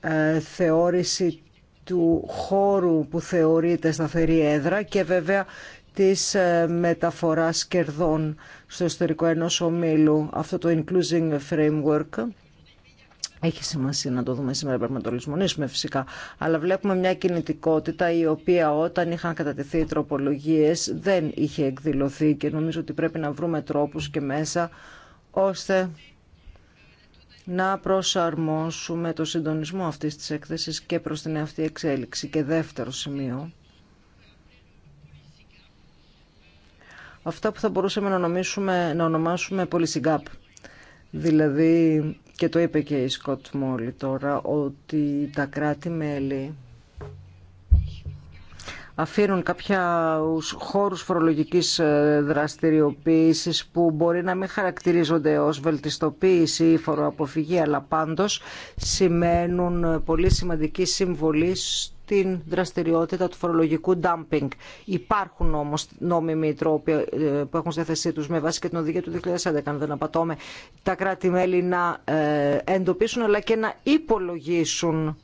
ε, θεώρηση του χώρου που θεωρείται σταθερή έδρα και βέβαια της ε, μεταφοράς κερδών στο ιστορικό ενός ομίλου. Αυτό το inclusion Framework έχει σημασία να το δούμε σήμερα, πρέπει να το λησμονήσουμε φυσικά. Αλλά βλέπουμε μια κινητικότητα η οποία όταν είχαν κατατεθεί οι τροπολογίες δεν είχε εκδηλωθεί και νομίζω ότι πρέπει να βρούμε τρόπους και μέσα ώστε να προσαρμόσουμε το συντονισμό αυτής της έκθεσης και προς την αυτή εξέλιξη. Και δεύτερο σημείο αυτά που θα μπορούσαμε να, νομίσουμε, να ονομάσουμε πολυσυγκάπ. Δηλαδή, και το είπε και η Σκοτ Μόλι τώρα, ότι τα κράτη-μέλη αφήνουν κάποια χώρους φορολογικής ε, δραστηριοποίησης που μπορεί να μην χαρακτηρίζονται ως βελτιστοποίηση ή φοροαποφυγή, αλλά πάντως σημαίνουν ε, πολύ σημαντική συμβολή την δραστηριότητα του φορολογικού dumping. Υπάρχουν όμως νόμιμοι τρόποι ε, που έχουν στη θέση τους με βάση και την οδηγία του 2011, αν δεν απατώμε, τα κράτη-μέλη να ε, εντοπίσουν αλλά και να υπολογίσουν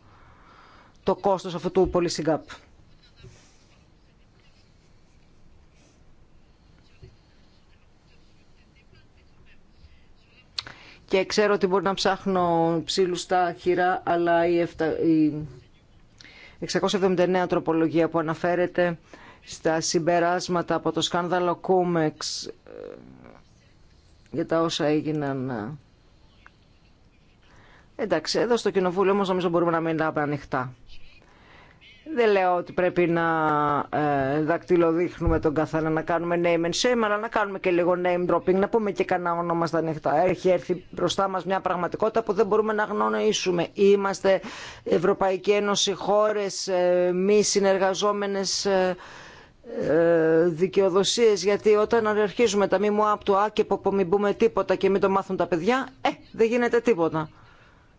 το κόστος αυτού του policy gap. Και ξέρω ότι μπορεί να ψάχνω ψήλου στα χειρά, αλλά η, 679 τροπολογία που αναφέρεται στα συμπεράσματα από το σκάνδαλο Κούμεξ ε, για τα όσα έγιναν. Ε. Εντάξει, εδώ στο Κοινοβούλιο όμως νομίζω μπορούμε να μην τα ανοιχτά. Δεν λέω ότι πρέπει να ε, δακτυλοδείχνουμε τον καθένα, να κάνουμε name and shame, αλλά να κάνουμε και λίγο name dropping, να πούμε και κανένα όνομα στα νύχτα. Έχει έρθει μπροστά μας μια πραγματικότητα που δεν μπορούμε να γνωρίσουμε. Είμαστε Ευρωπαϊκή Ένωση, χώρες ε, μη συνεργαζόμενες ε, δικαιοδοσίες γιατί όταν αρχίζουμε τα μη μου απ' του άκεπο που μην πούμε τίποτα και μην το μάθουν τα παιδιά ε, δεν γίνεται τίποτα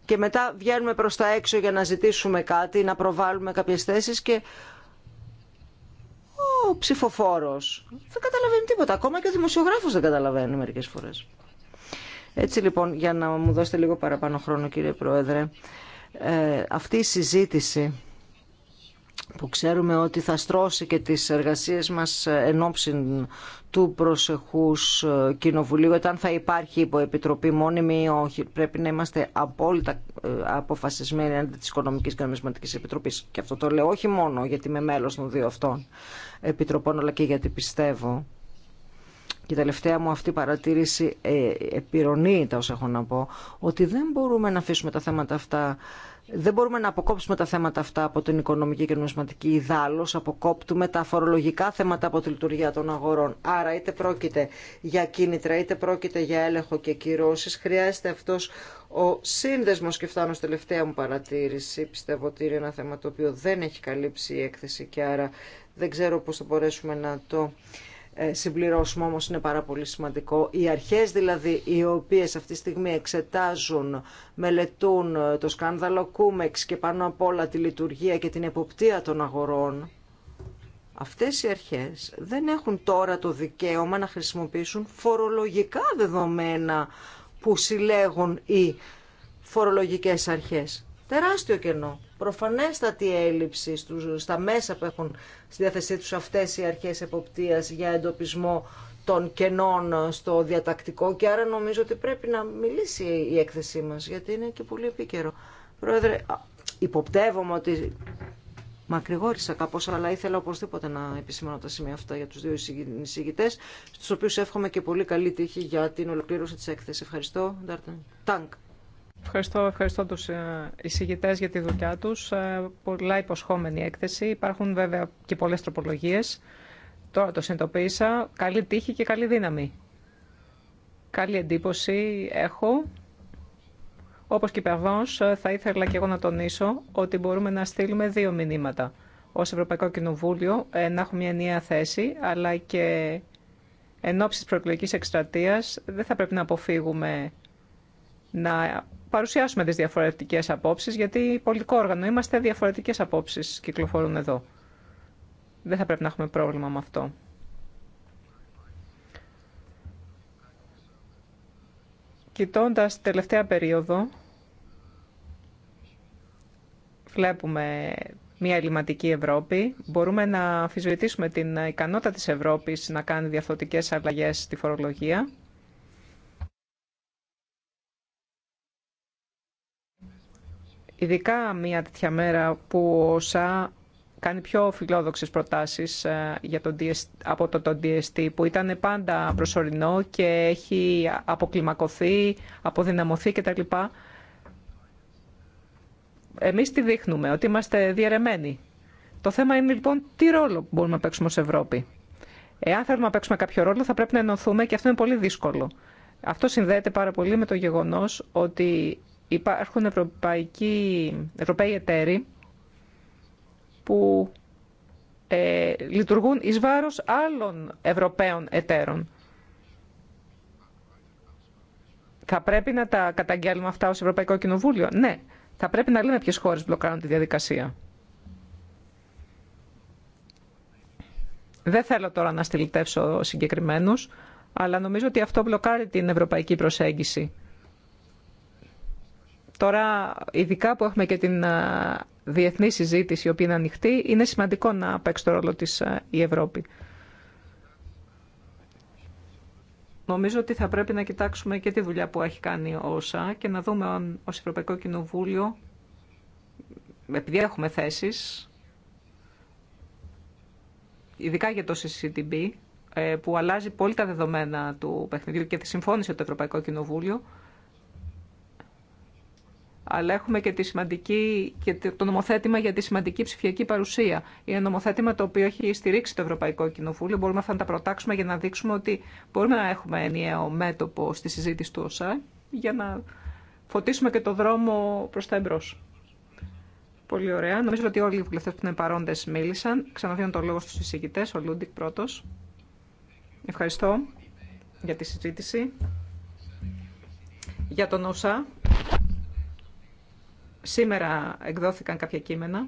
και μετά βγαίνουμε προς τα έξω για να ζητήσουμε κάτι, να προβάλλουμε κάποιες θέσεις και ο ψηφοφόρος δεν καταλαβαίνει τίποτα. Ακόμα και ο δημοσιογράφος δεν καταλαβαίνει μερικές φορές. Έτσι λοιπόν, για να μου δώσετε λίγο παραπάνω χρόνο κύριε Πρόεδρε, ε, αυτή η συζήτηση που ξέρουμε ότι θα στρώσει και τις εργασίες μας εν ώψη του προσεχούς ε, κοινοβουλίου όταν θα υπάρχει υποεπιτροπή μόνιμη ή όχι πρέπει να είμαστε απόλυτα ε, αποφασισμένοι αντί της Οικονομικής και Νομισματικής Επιτροπής και αυτό το λέω όχι μόνο γιατί είμαι μέλος των δύο αυτών επιτροπών αλλά και γιατί πιστεύω και η τελευταία μου αυτή παρατήρηση ε, επιρρονεί τα όσα έχω να πω ότι δεν μπορούμε να αφήσουμε τα θέματα αυτά δεν μπορούμε να αποκόψουμε τα θέματα αυτά από την οικονομική και νομισματική ιδάλω. αποκόπτουμε τα φορολογικά θέματα από τη λειτουργία των αγορών. Άρα είτε πρόκειται για κίνητρα, είτε πρόκειται για έλεγχο και κυρώσεις, χρειάζεται αυτός ο σύνδεσμος και φτάνω στη τελευταία μου παρατήρηση. Πιστεύω ότι είναι ένα θέμα το οποίο δεν έχει καλύψει η έκθεση και άρα δεν ξέρω πώς θα μπορέσουμε να το ε, συμπληρώσουμε όμως είναι πάρα πολύ σημαντικό. Οι αρχές δηλαδή οι οποίες αυτή τη στιγμή εξετάζουν, μελετούν ε, το σκάνδαλο Κούμεξ και πάνω απ' όλα τη λειτουργία και την εποπτεία των αγορών, αυτές οι αρχές δεν έχουν τώρα το δικαίωμα να χρησιμοποιήσουν φορολογικά δεδομένα που συλλέγουν οι φορολογικές αρχές. Τεράστιο κενό προφανέστατη έλλειψη στα μέσα που έχουν στη διάθεσή τους αυτές οι αρχές εποπτείας για εντοπισμό των κενών στο διατακτικό και άρα νομίζω ότι πρέπει να μιλήσει η έκθεσή μας γιατί είναι και πολύ επίκαιρο. Πρόεδρε, υποπτεύομαι ότι μακρηγόρησα κάπως αλλά ήθελα οπωσδήποτε να επισημάνω τα σημεία αυτά για τους δύο εισηγητές στους οποίους εύχομαι και πολύ καλή τύχη για την ολοκλήρωση της έκθεσης. Ευχαριστώ. Τάνκ. Ευχαριστώ, ευχαριστώ τους ε, εισηγητές για τη δουλειά τους. Ε, πολλά υποσχόμενη έκθεση. Υπάρχουν βέβαια και πολλές τροπολογίες. Τώρα το συνειδητοποίησα. Καλή τύχη και καλή δύναμη. Καλή εντύπωση έχω. Όπως και η ε, θα ήθελα και εγώ να τονίσω ότι μπορούμε να στείλουμε δύο μηνύματα. Ως Ευρωπαϊκό Κοινοβούλιο να έχουμε μια ενιαία θέση, αλλά και εν ώψη προεκλογικής εκστρατείας δεν θα πρέπει να αποφύγουμε να παρουσιάσουμε τις διαφορετικές απόψεις, γιατί πολιτικό όργανο είμαστε, διαφορετικές απόψεις κυκλοφορούν εδώ. Δεν θα πρέπει να έχουμε πρόβλημα με αυτό. Κοιτώντας τελευταία περίοδο, βλέπουμε μια ελληματική Ευρώπη. Μπορούμε να αφισβητήσουμε την ικανότητα της Ευρώπης να κάνει διαφορετικές αλλαγές στη φορολογία. Ειδικά μια τέτοια μέρα που ο ΣΑ κάνει πιο φιλόδοξες προτάσεις ε, για τον DST, από το, το DST που ήταν πάντα προσωρινό και έχει αποκλιμακωθεί, αποδυναμωθεί κτλ. Εμείς τι δείχνουμε, ότι είμαστε διαιρεμένοι. Το θέμα είναι λοιπόν τι ρόλο μπορούμε να παίξουμε ως Ευρώπη. Εάν θέλουμε να παίξουμε κάποιο ρόλο θα πρέπει να ενωθούμε και αυτό είναι πολύ δύσκολο. Αυτό συνδέεται πάρα πολύ με το γεγονός ότι υπάρχουν ευρωπαϊκοί, ευρωπαίοι εταίροι που ε, λειτουργούν εις βάρος άλλων ευρωπαίων εταίρων. Θα πρέπει να τα καταγγέλουμε αυτά ως Ευρωπαϊκό Κοινοβούλιο. Ναι, θα πρέπει να λέμε ποιες χώρες μπλοκάρουν τη διαδικασία. Δεν θέλω τώρα να στυλιτεύσω συγκεκριμένους, αλλά νομίζω ότι αυτό μπλοκάρει την ευρωπαϊκή προσέγγιση τώρα, ειδικά που έχουμε και την διεθνή συζήτηση, η οποία είναι ανοιχτή, είναι σημαντικό να παίξει το ρόλο της η Ευρώπη. Νομίζω ότι θα πρέπει να κοιτάξουμε και τη δουλειά που έχει κάνει ο και να δούμε αν Ευρωπαϊκό Κοινοβούλιο, επειδή έχουμε θέσεις, ειδικά για το CCTB, ε, που αλλάζει πολύ τα δεδομένα του παιχνιδιού και τη συμφώνησε το Ευρωπαϊκό Κοινοβούλιο, αλλά έχουμε και, σημαντική, και το νομοθέτημα για τη σημαντική ψηφιακή παρουσία. Είναι νομοθέτημα το οποίο έχει στηρίξει το Ευρωπαϊκό Κοινοβούλιο. Μπορούμε αυτά να τα προτάξουμε για να δείξουμε ότι μπορούμε να έχουμε ενιαίο μέτωπο στη συζήτηση του ΩΣΑ για να φωτίσουμε και το δρόμο προ τα εμπρό. Πολύ ωραία. Νομίζω ότι όλοι οι βουλευτέ που είναι παρόντε μίλησαν. Ξαναδίνω το λόγο στου εισηγητέ. Ο Λούντικ πρώτο. Ευχαριστώ για τη συζήτηση. Για τον ΩΣΑ Σήμερα εκδόθηκαν κάποια κείμενα.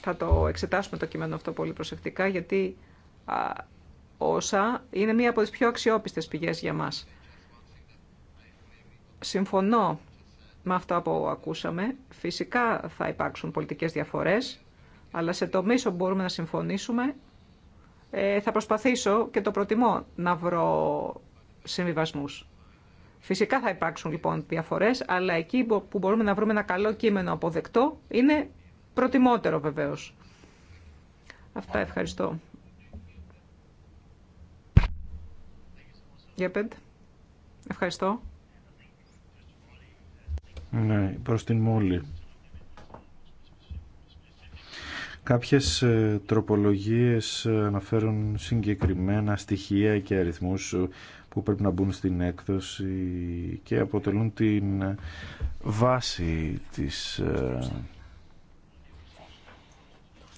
Θα το εξετάσουμε το κείμενο αυτό πολύ προσεκτικά, γιατί όσα είναι μία από τις πιο αξιόπιστες πηγές για μας. Συμφωνώ με αυτό που ακούσαμε. Φυσικά θα υπάρξουν πολιτικές διαφορές, αλλά σε τομείς όπου μπορούμε να συμφωνήσουμε, ε, θα προσπαθήσω και το προτιμώ να βρω συμβιβασμούς. Φυσικά θα υπάρξουν λοιπόν διαφορές, αλλά εκεί που μπορούμε να βρούμε ένα καλό κείμενο αποδεκτό είναι προτιμότερο βεβαίως. Αυτά ευχαριστώ. Γεπέντ, ευχαριστώ. Ναι, προς την μόλη. Κάποιες ε, τροπολογίες ε, αναφέρουν συγκεκριμένα στοιχεία και αριθμούς ε, που πρέπει να μπουν στην έκδοση και αποτελούν την βάση της ε,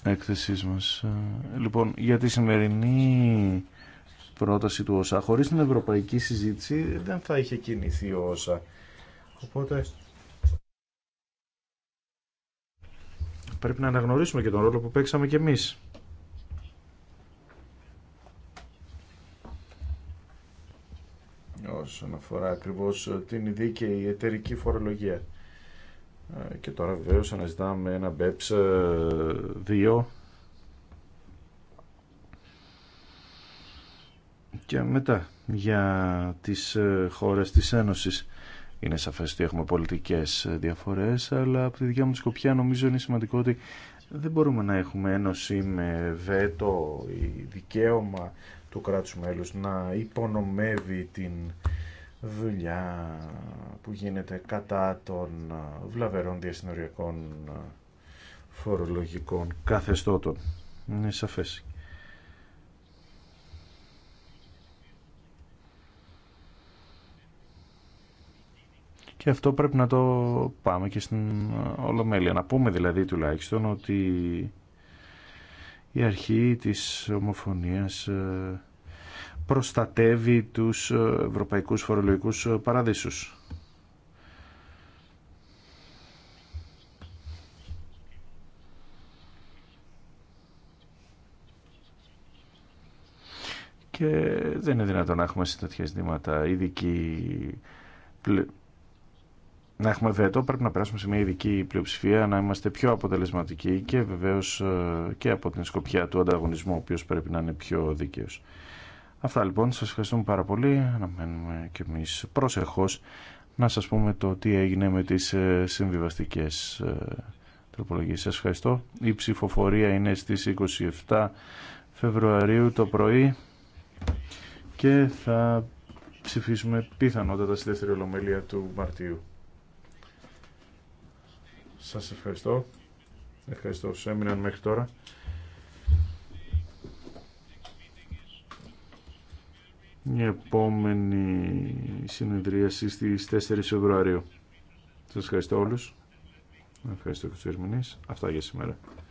έκθεσής μας. Ε, λοιπόν, για τη σημερινή πρόταση του ΩΣΑ, χωρίς την ευρωπαϊκή συζήτηση δεν θα είχε κινηθεί ο ΩΣΑ. Οπότε πρέπει να αναγνωρίσουμε και τον ρόλο που παίξαμε κι εμείς. όσον αφορά ακριβώς ε, την δίκαιη εταιρική φορολογία. Ε, και τώρα βεβαίως αναζητάμε ένα BEPS 2 ε, και μετά για τις χώρες της Ένωσης. Είναι σαφές ότι έχουμε πολιτικές διαφορές, αλλά από τη δικιά μου σκοπιά νομίζω είναι σημαντικό ότι δεν μπορούμε να έχουμε ένωση με βέτο ή δικαίωμα του κράτους μέλους να υπονομεύει την δουλειά που γίνεται κατά των ε, βλαβερών διασυνοριακών ε, φορολογικών καθεστώτων. Είναι σαφές. Και αυτό πρέπει να το πάμε και στην ε, Ολομέλεια. Να πούμε δηλαδή τουλάχιστον ότι η αρχή της ομοφωνίας ε, προστατεύει τους ε, ευρωπαϊκούς φορολογικούς ε, παραδείσους. Και δεν είναι δυνατόν να έχουμε σε τέτοια ζητήματα ειδική να έχουμε βέτο, πρέπει να περάσουμε σε μια ειδική πλειοψηφία, να είμαστε πιο αποτελεσματικοί και βεβαίω ε, και από την σκοπιά του ανταγωνισμού, ο οποίο πρέπει να είναι πιο δίκαιο. Αυτά λοιπόν, Σα ευχαριστούμε πάρα πολύ. Αναμένουμε κι εμεί προσεχώ να σα πούμε το τι έγινε με τι ε, συμβιβαστικέ ε, τροπολογίε. Σα ευχαριστώ. Η ψηφοφορία είναι στι 27 Φεβρουαρίου το πρωί και θα ψηφίσουμε πιθανότατα στη δεύτερη ολομέλεια του Μαρτίου. Σας ευχαριστώ. Ευχαριστώ όσους έμειναν μέχρι τώρα. Η επόμενη συνεδρίαση στις 4 Φεβρουαρίου. Σας ευχαριστώ όλους. Ευχαριστώ και τους ερμηνείς. Αυτά για σήμερα.